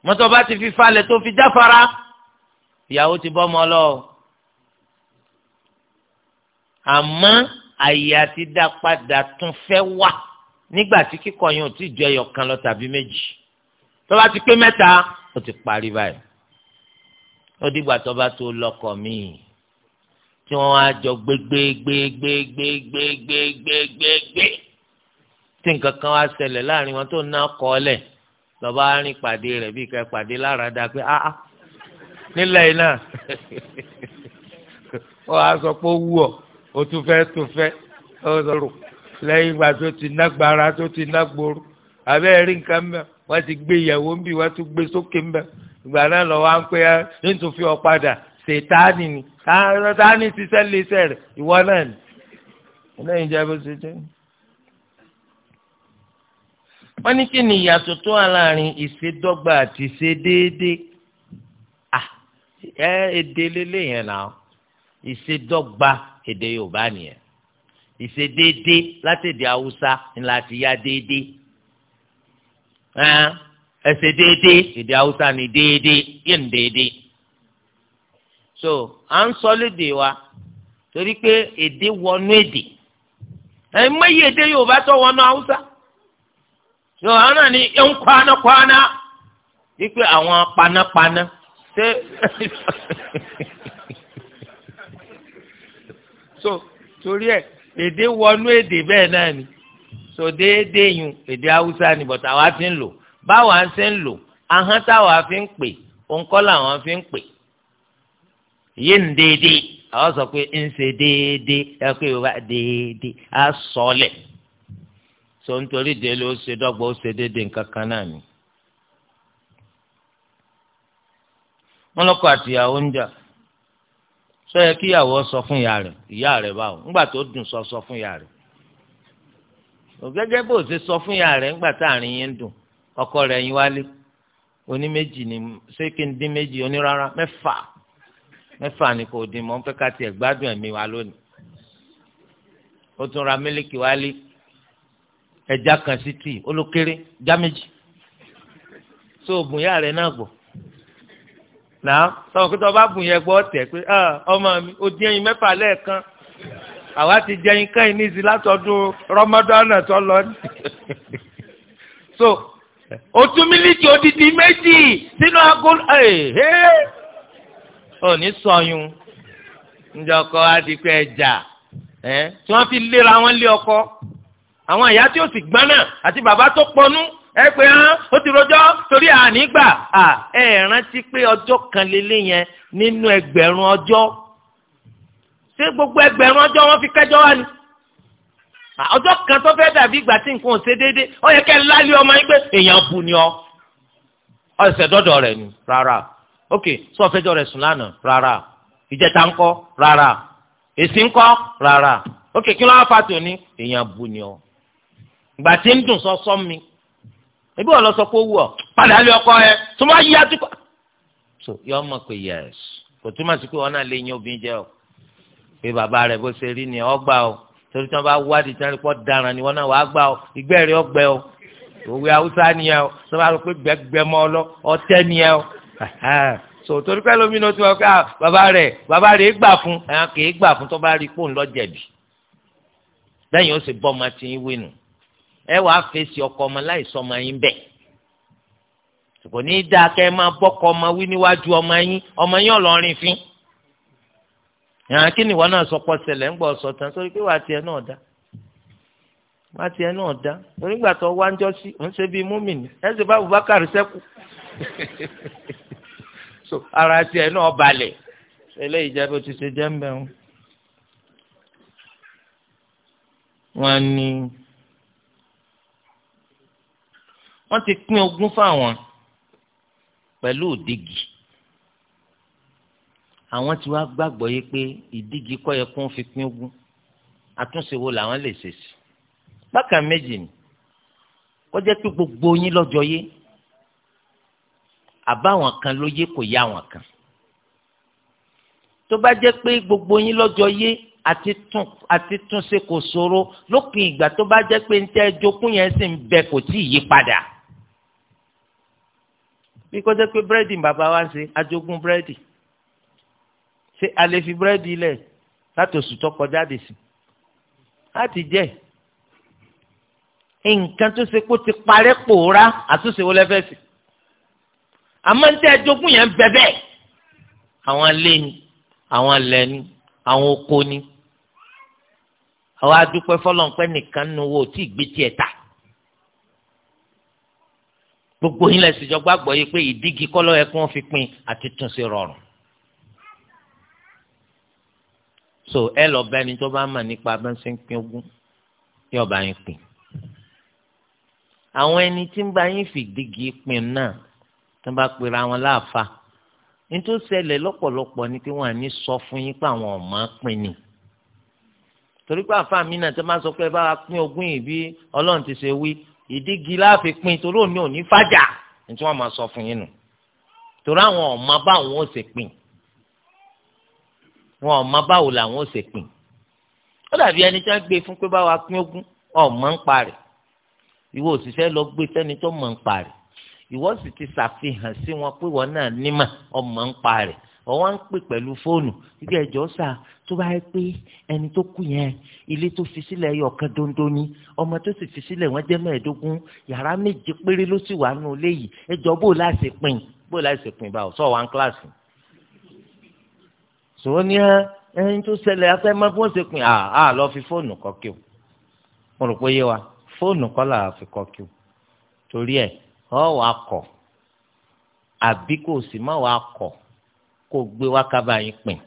mọ́tò bá ti fi falẹ̀ tó fi jáfara ìyàwó ti bọ́ ọmọ lọ. àmọ́ àyè àti dá padà tún fẹ́ wà nígbà tí kíkọ yẹn ò tí ju ẹyọ kan lọ tàbí méjì tó bá ti pé mẹ́ta ó ti parí báyìí ó dìgbà tó bá tó lọ́kọ míì tí wọ́n á jọ gbégbégbégbégbégbégbégbé tí nǹkan kan wá ṣẹlẹ̀ láàrin wọn tó ná kọ́ ọ lẹ̀ lọ́ba á rìn pàdé rẹ̀ bí kẹ́ pàdé lára dáa pé áá ah, ah, nílẹ̀ iná ó wá sọ pé ó wù ọ́ ó tún fẹ́ tún fẹ́ ó sọ rò lẹ́yìn ìgbà tó ti nágbára tó ti nágboro àbẹ́ rí nǹkan mẹ́ wọ́n ti gbé ìyàwó ń bì wọ́n tún gbé sókè ń bẹ́ ìgbà náà lọ́wọ́ à ń pè á ah, ní tún fi ọ padà ṣètáàní ni táàní ti sẹ́lẹ̀ iṣẹ́ rẹ̀ ìwọ náà ni lẹ́yìn ìjà bó ṣe jẹ́. wọ́n ní kí ni ìyàtọ̀ tó wà láàrin ìṣedọ́gba àti ìṣedéédéé ah, èdè lélẹ́yìn náà ìṣedọ́gba èdè Yorùbá nìyẹn ìṣedéédé látẹ̀dẹ̀ haúsá ńlá ti ya déédé ẹsẹ̀ déédé èdè awusa ni déédé yẹn so à ń sọ wa torí pé èdè wọnú èdè ẹ̀ mẹ́yìí èdè Yorùbá tó wọnú haúsá yóò àwọn náà ní ń kwana kwana wípé àwọn panápaná ṣé so torí e. èdè wọnú èdè bẹ́ẹ̀ náà ni so déédéé yun èdè haúsá ni bọ̀tà wa fi ń lò báwa ń ṣe ń lò ahọ́n táwa fi ń pè òǹkọ́ làwọn fi ń pè yé ń déédéé àwọn sọ pé ń ṣe déédéé ẹ pé yorùbá déédéé á sọ ọ so nítorí délé ó ṣe dọ́gba ó ṣe déédéé nǹkan kan náà ni. wọ́n lọ́kọ àtìyàwó ń jà. sọ yẹ kí ìyàwó sọ fún ìyá rẹ̀ ìyá rẹ̀ báwo ńgbà tó dùn sọ sọ fún ìyá rẹ̀ gẹ́gẹ́ bó ṣe sọ fún ìyá rẹ̀ ńgbà tá ọkọ rẹ̀ yín wálé oní méjì ni ṣé kí n dín méjì oní rárá mẹ́fà mẹ́fà ni kò dín mọ́ ká tiẹ̀ gbádùn wa lónìí ó tún ra mílíkì wálé ẹja kan sí tíì ó já méjì náà sọ̀rọ̀ pé tí wọ́n bá bùn yẹn gbọ́ tẹ̀ pé ah, ọmọ mi ó dín ẹyin mẹ́fà lẹ́ẹ̀kan àwa ti jẹ ẹyin kẹ́yìn ní ìsìn látọdún rọmọdọ́nà tó lọ ní. so otu mílíkì odidi méjì sínú aago òní eh, eh. sọyún njọkọ adigun ẹja tí wọ́n fi léra wọn lé ọkọ àwọn ìyá tí ó sì gbọ́n náà àti bàbá tó pọnú ẹ pé hàn ó ti rojọ́ torí àní gbà ẹ rántí pé ọjọ́ kan lélẹ̀ yẹn nínú ẹgbẹ̀rún ọjọ́ ṣé gbogbo ẹgbẹ̀rún ọjọ́ wọn fi kẹjọ́ wá ni ọjọ́ kan tó fẹ́ dàbí ìgbà tí nǹkan ò ṣe déédéé ó yẹ kẹ́ ẹ lálé ọmọ yín pé èèyàn bu ni ọ ọ̀sẹ̀ dọ́dọ̀ rẹ̀ ni rárá ok sọ fẹjọ́ rẹ̀ sùn lánàá rárá ìjẹta ńkọ́ rárá èsì ńkọ́ rárá ok kí ló wá fa tòní èèyàn bu ni ọ ìgbà tí ń dùn sọ sọ́ mi ebi wọn lọ sọ pé ó wù ọ padà lé ọkọ yẹ tó máa yí àtúkọ. so yọ ọmọ pé yẹs kò túmọ̀ sí pé wọn náà lè yan obìnrin jẹ o pé bàbá rẹ bó ṣe rí ni ọgbà o torí tí wọn bá wádìí tí wọn pọ̀ daran ni wọn náà wàá gbà o ìgbẹ́ rẹ ọgbẹ́ o òwe haúsá ni ẹ o tó bá rọ pé gbẹgbẹ mọ ọlọ ọtẹ ni ẹ o so torí pẹ́ lómi náà tí wọn kọ́ bàbá rẹ bàbá rẹ gbà fún ẹ̀ kì í gbà fún tó bá rí pò ń lọ jẹ̀bi lẹ́yìn ó sì bọ́ ọmọ tí ń wé nù ẹ wàá fèsì ọkọ ọmọ láìsọ ọmọ yín bẹ́ẹ̀ kò ní í dáa kẹ́ ẹ máa bọ́kọ ọmọ wí níwájú ọmọ yín ọmọ yín ọlọ́rin fín yàrá kí ni ìwọ náà sọ pọ̀ ṣẹlẹ̀ ń gbọ́ sọ tán sórí pé wàá tiẹ̀ náà dá wàá tiẹ̀ náà dá onígbà tó wá ń ṣe bíi múmìnì ẹ ṣe bá Abubakar sẹ́kù so ara tiẹ̀ náà balẹ̀ eléyìí jẹ́ bó ti ṣe jẹ́ ń bẹ̀rù wọn ni. wọ́n ti pín ogún fáwọn pẹ̀lú òdìgì àwọn tí wàá gbàgbọ́ yìí pé ìdígi kọ́ yẹ kó ń fi pín ogún àtúnṣe wo làwọn lè ṣe sí bákan méjì ni ó jẹ́ pé gbogbo yín lọ́jọ́ yé àbáwọn kan ló yé kò yá àwọn kan tó bá jẹ́ pé gbogbo yín lọ́jọ́ yé àti túnṣe kò ṣòro lópin ìgbà tó bá jẹ́ pé ń tẹ́ jokún yẹn sì ń bẹ kò tí ì yí padà bí kò jẹ́ pé búrẹ́dì bàbá wa ń Se àjogún búrẹ́dì ṣé a lè fi búrẹ́dì ilẹ̀ láti oṣù tó kọjá dè sí láti jẹ́ nǹkan tó ṣe kó ti parẹ́ pòórá àtúnṣe wọlé fẹ́ sí àmọ́ ní tẹ́ ẹ jogún yẹn ń àwọn ilé ni àwọn ilẹ̀ ni àwọn oko ni àwọn adúpẹ́ fọlọ́npẹ́ nìkan nu wo tí ì gbé tiẹ̀ ta gbogbo yín lẹ́sìn jọ gbàgbọ́ yìí pé ìdígi kọ́lọ́ yẹ kí wọ́n fi pín àti tún sí rọrùn. so ẹ lọ bá ẹni tó bá mọ̀ nípa bá ń ṣe ń pín ogún yóò bá yín pín. àwọn ẹni tí ń bá yín fi dígi pín náà tó bá pera wọn láàfa nítorí ṣẹlẹ̀ ni pé wọ́n á sọ fún yín pé àwọn ọ̀mọ́ pín ni torí pé àfa mi náà tó máa sọ pé bá wa ogún yìí bí ọlọ́run ti ṣe wí ìdígi láàfin pin torí òní òní fàjà ní tí wọ́n máa sọ fún yín nù torí àwọn ọmọ báwọn ò ṣe pin wọn ọmọ báwo làwọn ò ṣe pin ó dàbí ẹni tí wọ́n gbé fún pé báwa pín ogún ọmọ ń parẹ ìwọ òṣìṣẹ́ lọ gbé sẹ́ni tó mọ̀ ń parẹ ìwọ sì ti ṣàfihàn sí wọn pé wọn náà nímọ̀ ọmọ ń parẹ ọwọ́ ń pè pẹ̀lú fóònù ibi ẹ̀jọ́ sà tó bá yẹ pé ẹni tó kú yẹn ilé tó fi sílẹ̀ yọ ọ̀kan dondo ni ọmọ tó sì fi sílẹ̀ wọ́n jẹ́ mẹ́ẹ̀ẹ́dógún yàrá méje péré ló sì wà nù léyìí ẹjọ́ bó láìsí pin bó láìsí pin báwo sọ wá ń kíláàsì. sọ ni ẹ ẹni tó ṣẹlẹ̀ afẹ́ máa fún ọ̀sẹ̀ pin àá lọ fi fóònù kọ́ kí o mo rò pé yé wa fóònù kọ́ là fi kọ́ kí o torí ẹ̀ ọ wàá kọ̀ àbí kò sì má wàá kọ̀ kó gbé wá kábàá yín pin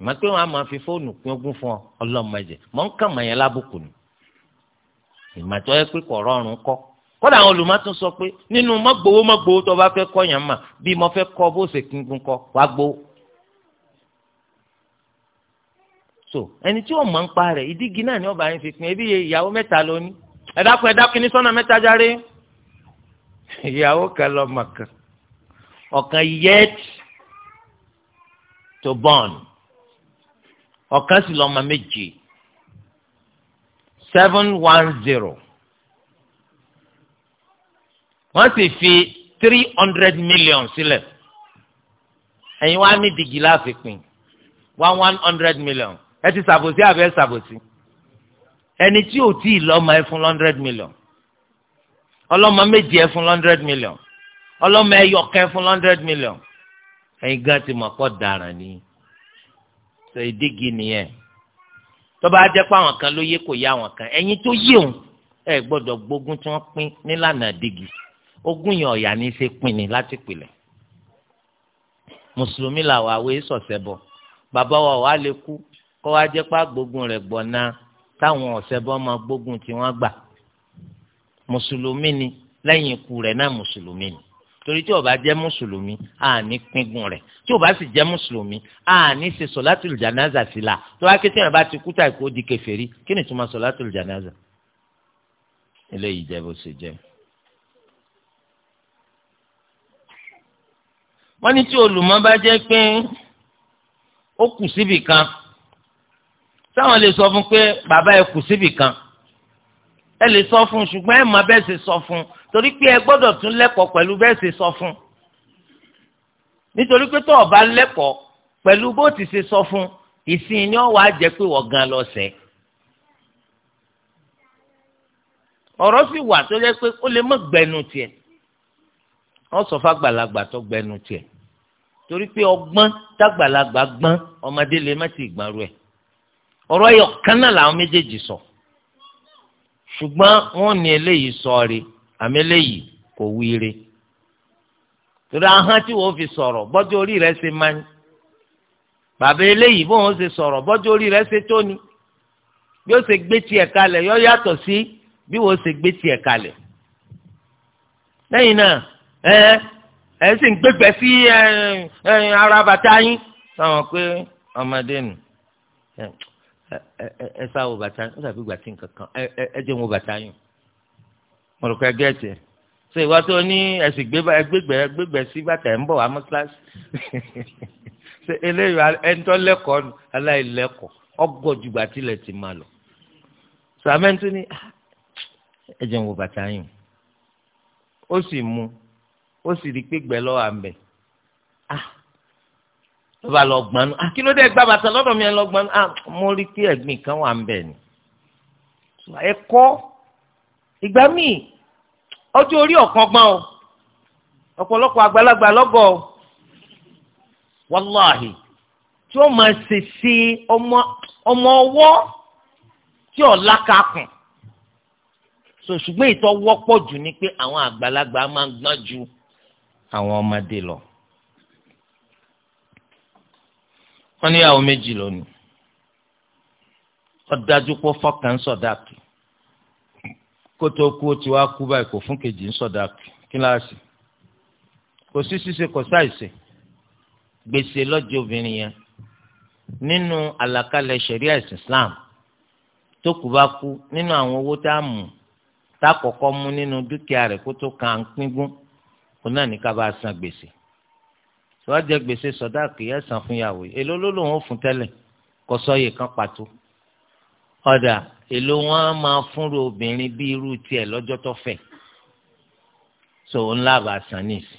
mọ pé wọn a máa fi fóònù pín ogún fún ọ ọlọmọdé mọ ń kàn mọ lábùkù ni ìmọ̀tọ́ yẹ pé kọ̀ rọrùn kọ́ kódà àwọn olùmọ̀tún sọ pé nínú mọ́gbowó mọ́gbowó tó bá fẹ́ kọ́ yẹn mà bí mo fẹ́ kọ́ bó ṣe kíngún kọ́ wá gbowó. so ẹni tí wọn mọ̀ ń pa rẹ̀ ìdígi náà ni ọba yẹn fi pin ebi ìyàwó mẹ́ta lóní ẹ dákun ní sọ́nà mẹ́ta járe ìyàwó kan to born ọ̀kan sì lọ́mọ méje seven one zero wọ́n sì fi three hundred million sílẹ̀ ẹ̀yin wá ní dìgì láfikún one one hundred million ẹ ti ṣàbòsí àbẹ́ ṣàbòsí ẹni tí ò tí ì lọ́mọ ẹ fún hundred million ọlọ́mọ méje ẹ fún hundred million ọlọ́mọ ẹyọkẹ́ fún hundred million ẹ̀yin gan ti mọ̀ kọ́ dáràn ni sọ ìdígi nìyẹn tọ́ba jẹ́ pé àwọn kan ló yé kò yá àwọn kan ẹ̀yin tó yé òun ẹ gbọ́dọ̀ gbógun tí wọ́n pín nílànà dígi ogún yẹn ọ̀yà ní í ṣe pín ni láti pìlẹ̀ mùsùlùmí làwọn àwẹ̀ sọ̀sẹ̀ bọ̀ bàbá wa wà lè kú kọ́ wa jẹ́ pé àgbógun rẹ̀ gbọ̀nà táwọn ọ̀sẹ̀ bọ́ máa gbógun tí wọ́n gbà mùsùlùmí ni lẹ́yìn ikú rẹ̀ náà mùsùlùmí ni torí tí ó bá jẹ́ mùsùlùmí àní píngun rẹ̀ tí ó bá sì jẹ́ mùsùlùmí àní ṣe sọlátùlù jànáza sí la tó bá ké téèyàn bá ti kú táì kó di kèfèrí kí ni túmọ̀ sọlátùlù jànáza eléyìí jẹ́ bó ṣe jẹ́. wọ́n ní tí olùmọ̀ bá jẹ́ pé ó kù síbì kan táwọn lè sọ fún pé bàbá ẹ kù síbì kan ẹ lè sọ fún ṣùgbọ́n ẹ má bẹ́ẹ̀ ṣe sọ fún un torí pé ẹ gbọ́dọ̀ tún lẹ́kọ̀ọ́ pẹ̀lú bẹ́ẹ̀ ṣe sọ fún nítorí pé tó o bá lẹ́kọ̀ọ́ pẹ̀lú bó ti ṣe sọ fún ìsìn ni ó wàá jẹ́ pé wọ́n gan lọ sẹ́ ọ̀rọ̀ sì wà tó jẹ́ pé ó lè mọ̀ gbẹnu tiẹ̀ wọ́n sọ fàgbàlagbà tó gbẹnu tiẹ̀ torí pé ọgbọ́n tágbàlagbà gbọ́n ọmọdé lè má ti gbọ́n rẹ̀ ọ̀rọ̀ yọ̀ kánà làwọn méjèèjì sọ ṣùgbọ́n wọ́n ní eléyìí sọ rí àmẹ́lẹ́yìí kò wíire torí ahọ́n tí wọ́n fi sọ̀rọ̀ bọ́jú orí rẹ̀ ṣe máa ń bàbá eléyìí bóun ṣe sọ̀rọ̀ bọ́jú orí rẹ̀ ṣe tóni bí ó ṣe gbé tiẹ̀ kalẹ̀ yọ yàtọ̀ sí bí wọ́n ṣe gbé tiẹ̀ kalẹ̀ lẹ́yìn náà ẹ ẹ sì ń gbégbé sí ara bàtà yín sáwọn pé ọmọdé nù ẹ ẹ ẹ sáwọ bàtà yín ó dàbí gbàtí nǹkan kan ẹ ẹ ẹ jẹun bàtà yín mọ̀lùkọ́ ẹgbẹ́ ẹ̀jẹ̀ so ìwà tó ní ẹ̀sìn gbégbẹ́ gbégbẹ́ sí bàtà ẹ̀ ń bọ̀ wá mọ́ṣáláṣí ṣe eléyìí ẹni tó lẹ́kọ̀ọ́ aláìlẹ́kọ̀ọ́ ọgọ́ jùgbà tilẹ̀ ti máa lọ sàmẹ́ntì ni ah, ẹ̀jẹ̀ ń wo bàtà yìí ó sì mú ó sì rí pé gbẹ́lọ́ wà ń bẹ̀ ah ló bá lọ gbanu ah kí ló dé gba bàtà lọ́dọ̀ mi ẹ lọ gbanu ah rí pé ẹ̀gbìn kan wà ń ni ẹ kọ́ ìgbà míì ọjọ́ orí ọ̀kan gbọ́n o ọ̀pọ̀lọpọ̀ àgbàlagbà lọ́gọ̀ o wàláhì tí ó máa ṣèṣe ọmọ ọwọ́ tí ọ̀la kakùn so ṣùgbọ́n ìtọ́ wọ́pọ̀ jù ni pé àwọn àgbàlagbà máa ń gbọ́n ju àwọn ọmọdé lọ. wọ́n ní ìyàwó méjì lónìí ó dájú pé fọ́kàn kótó kú ó ti wá kú báyìí kò fún kejì ń sọdá kíláàsì kò sí ṣíṣe kò sáìsì gbèsè lọ́jọ́ obìnrin yẹn nínú àlàkalẹ̀ ṣẹ̀ríà Islam tó kù bá kú nínú àwọn owó tá a mú tá a kọ́kọ́ mú nínú dúkìá rẹ̀ kó tó kàn án pínpín kó náà ní ká bá a san gbèsè tó wá jẹ gbèsè sọdá kìí ẹ̀sán fún yàwó èló ló lòun ó fún tẹ́lẹ̀ kó sọ kan pàtó ọ̀dà èló wọn á máa fúnra obìnrin bí irú tiẹ̀ lọ́jọ́ tó fẹ̀ so ńlá bá san níìsì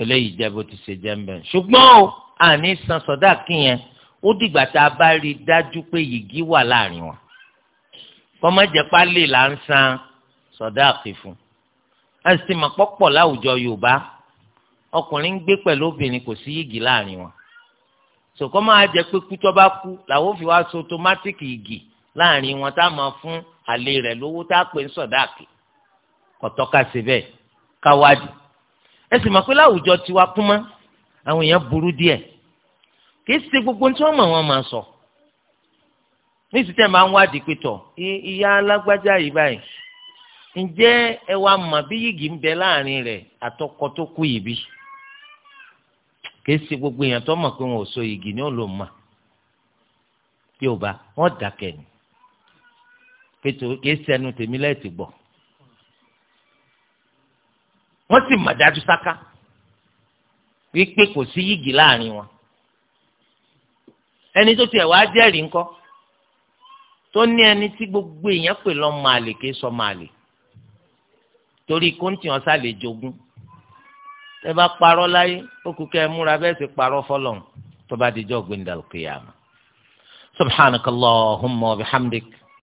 eléyìí jẹ́ bó ti ṣe jẹ́ mbẹ́ ṣùgbọ́n o àní san sọ̀dá kìyẹn ó dìgbà tá a bá rí i dájú pé yìgì wà láàrin wọn kọ́mọ́jẹ́pá lè là ń san sọ̀dá kìí fún a láwùjọ Yorùbá ọkùnrin ń gbé pẹ̀lú obìnrin kò sí yìgì láàrin wọn sòkò máa jẹ pé kú tó bá kú làwọn fi wá so tomatiki igi láàrin wọn tá a máa fún àlè rẹ lówó tá a pè ń sọdáàkì kọtọka sí bẹ́ẹ̀ káwádìí ẹ sì mọ̀ pé láwùjọ tiwa kú mọ àwọn èèyàn burú díẹ̀ kì í ṣe gbogbo tí wọ́n mọ̀ wọ́n máa sọ ní ìsìtẹ́ máa ń wádìí pé tọ̀ ìyá alágbájá yìí báyìí ǹjẹ́ ẹ wá mọ̀ bí yìgì ń bẹ láàrin rẹ̀ àtọkọ tó kú yìí bí kì í ṣe gbogbo èèyàn tó mọ̀ pé wọn ò so igi ni ó lò mà yorùbá wọn dàkẹ́ ni pètò kì í ṣẹnu tèmi lẹ́ẹ̀tì gbọ̀ wọ́n sì mà dájú sáká wípé kò sí yìgì láàrin wọn ẹni tó tiẹ̀ wáá jẹ́rìí ńkọ́ tó ní ẹni tí gbogbo èèyàn pè lọ́ọ́ máa lè kí sọ máa lè torí kóńtì ọ̀sà lè jogún tẹ bá parọ́ láyé ó kú kẹ́ ẹ múra bẹ́ẹ̀ sì parọ́ fọlọ́n tó bá dijọ́ gbẹ̀ndàlùkìyàmù subhanakallahumma wa bihamdik.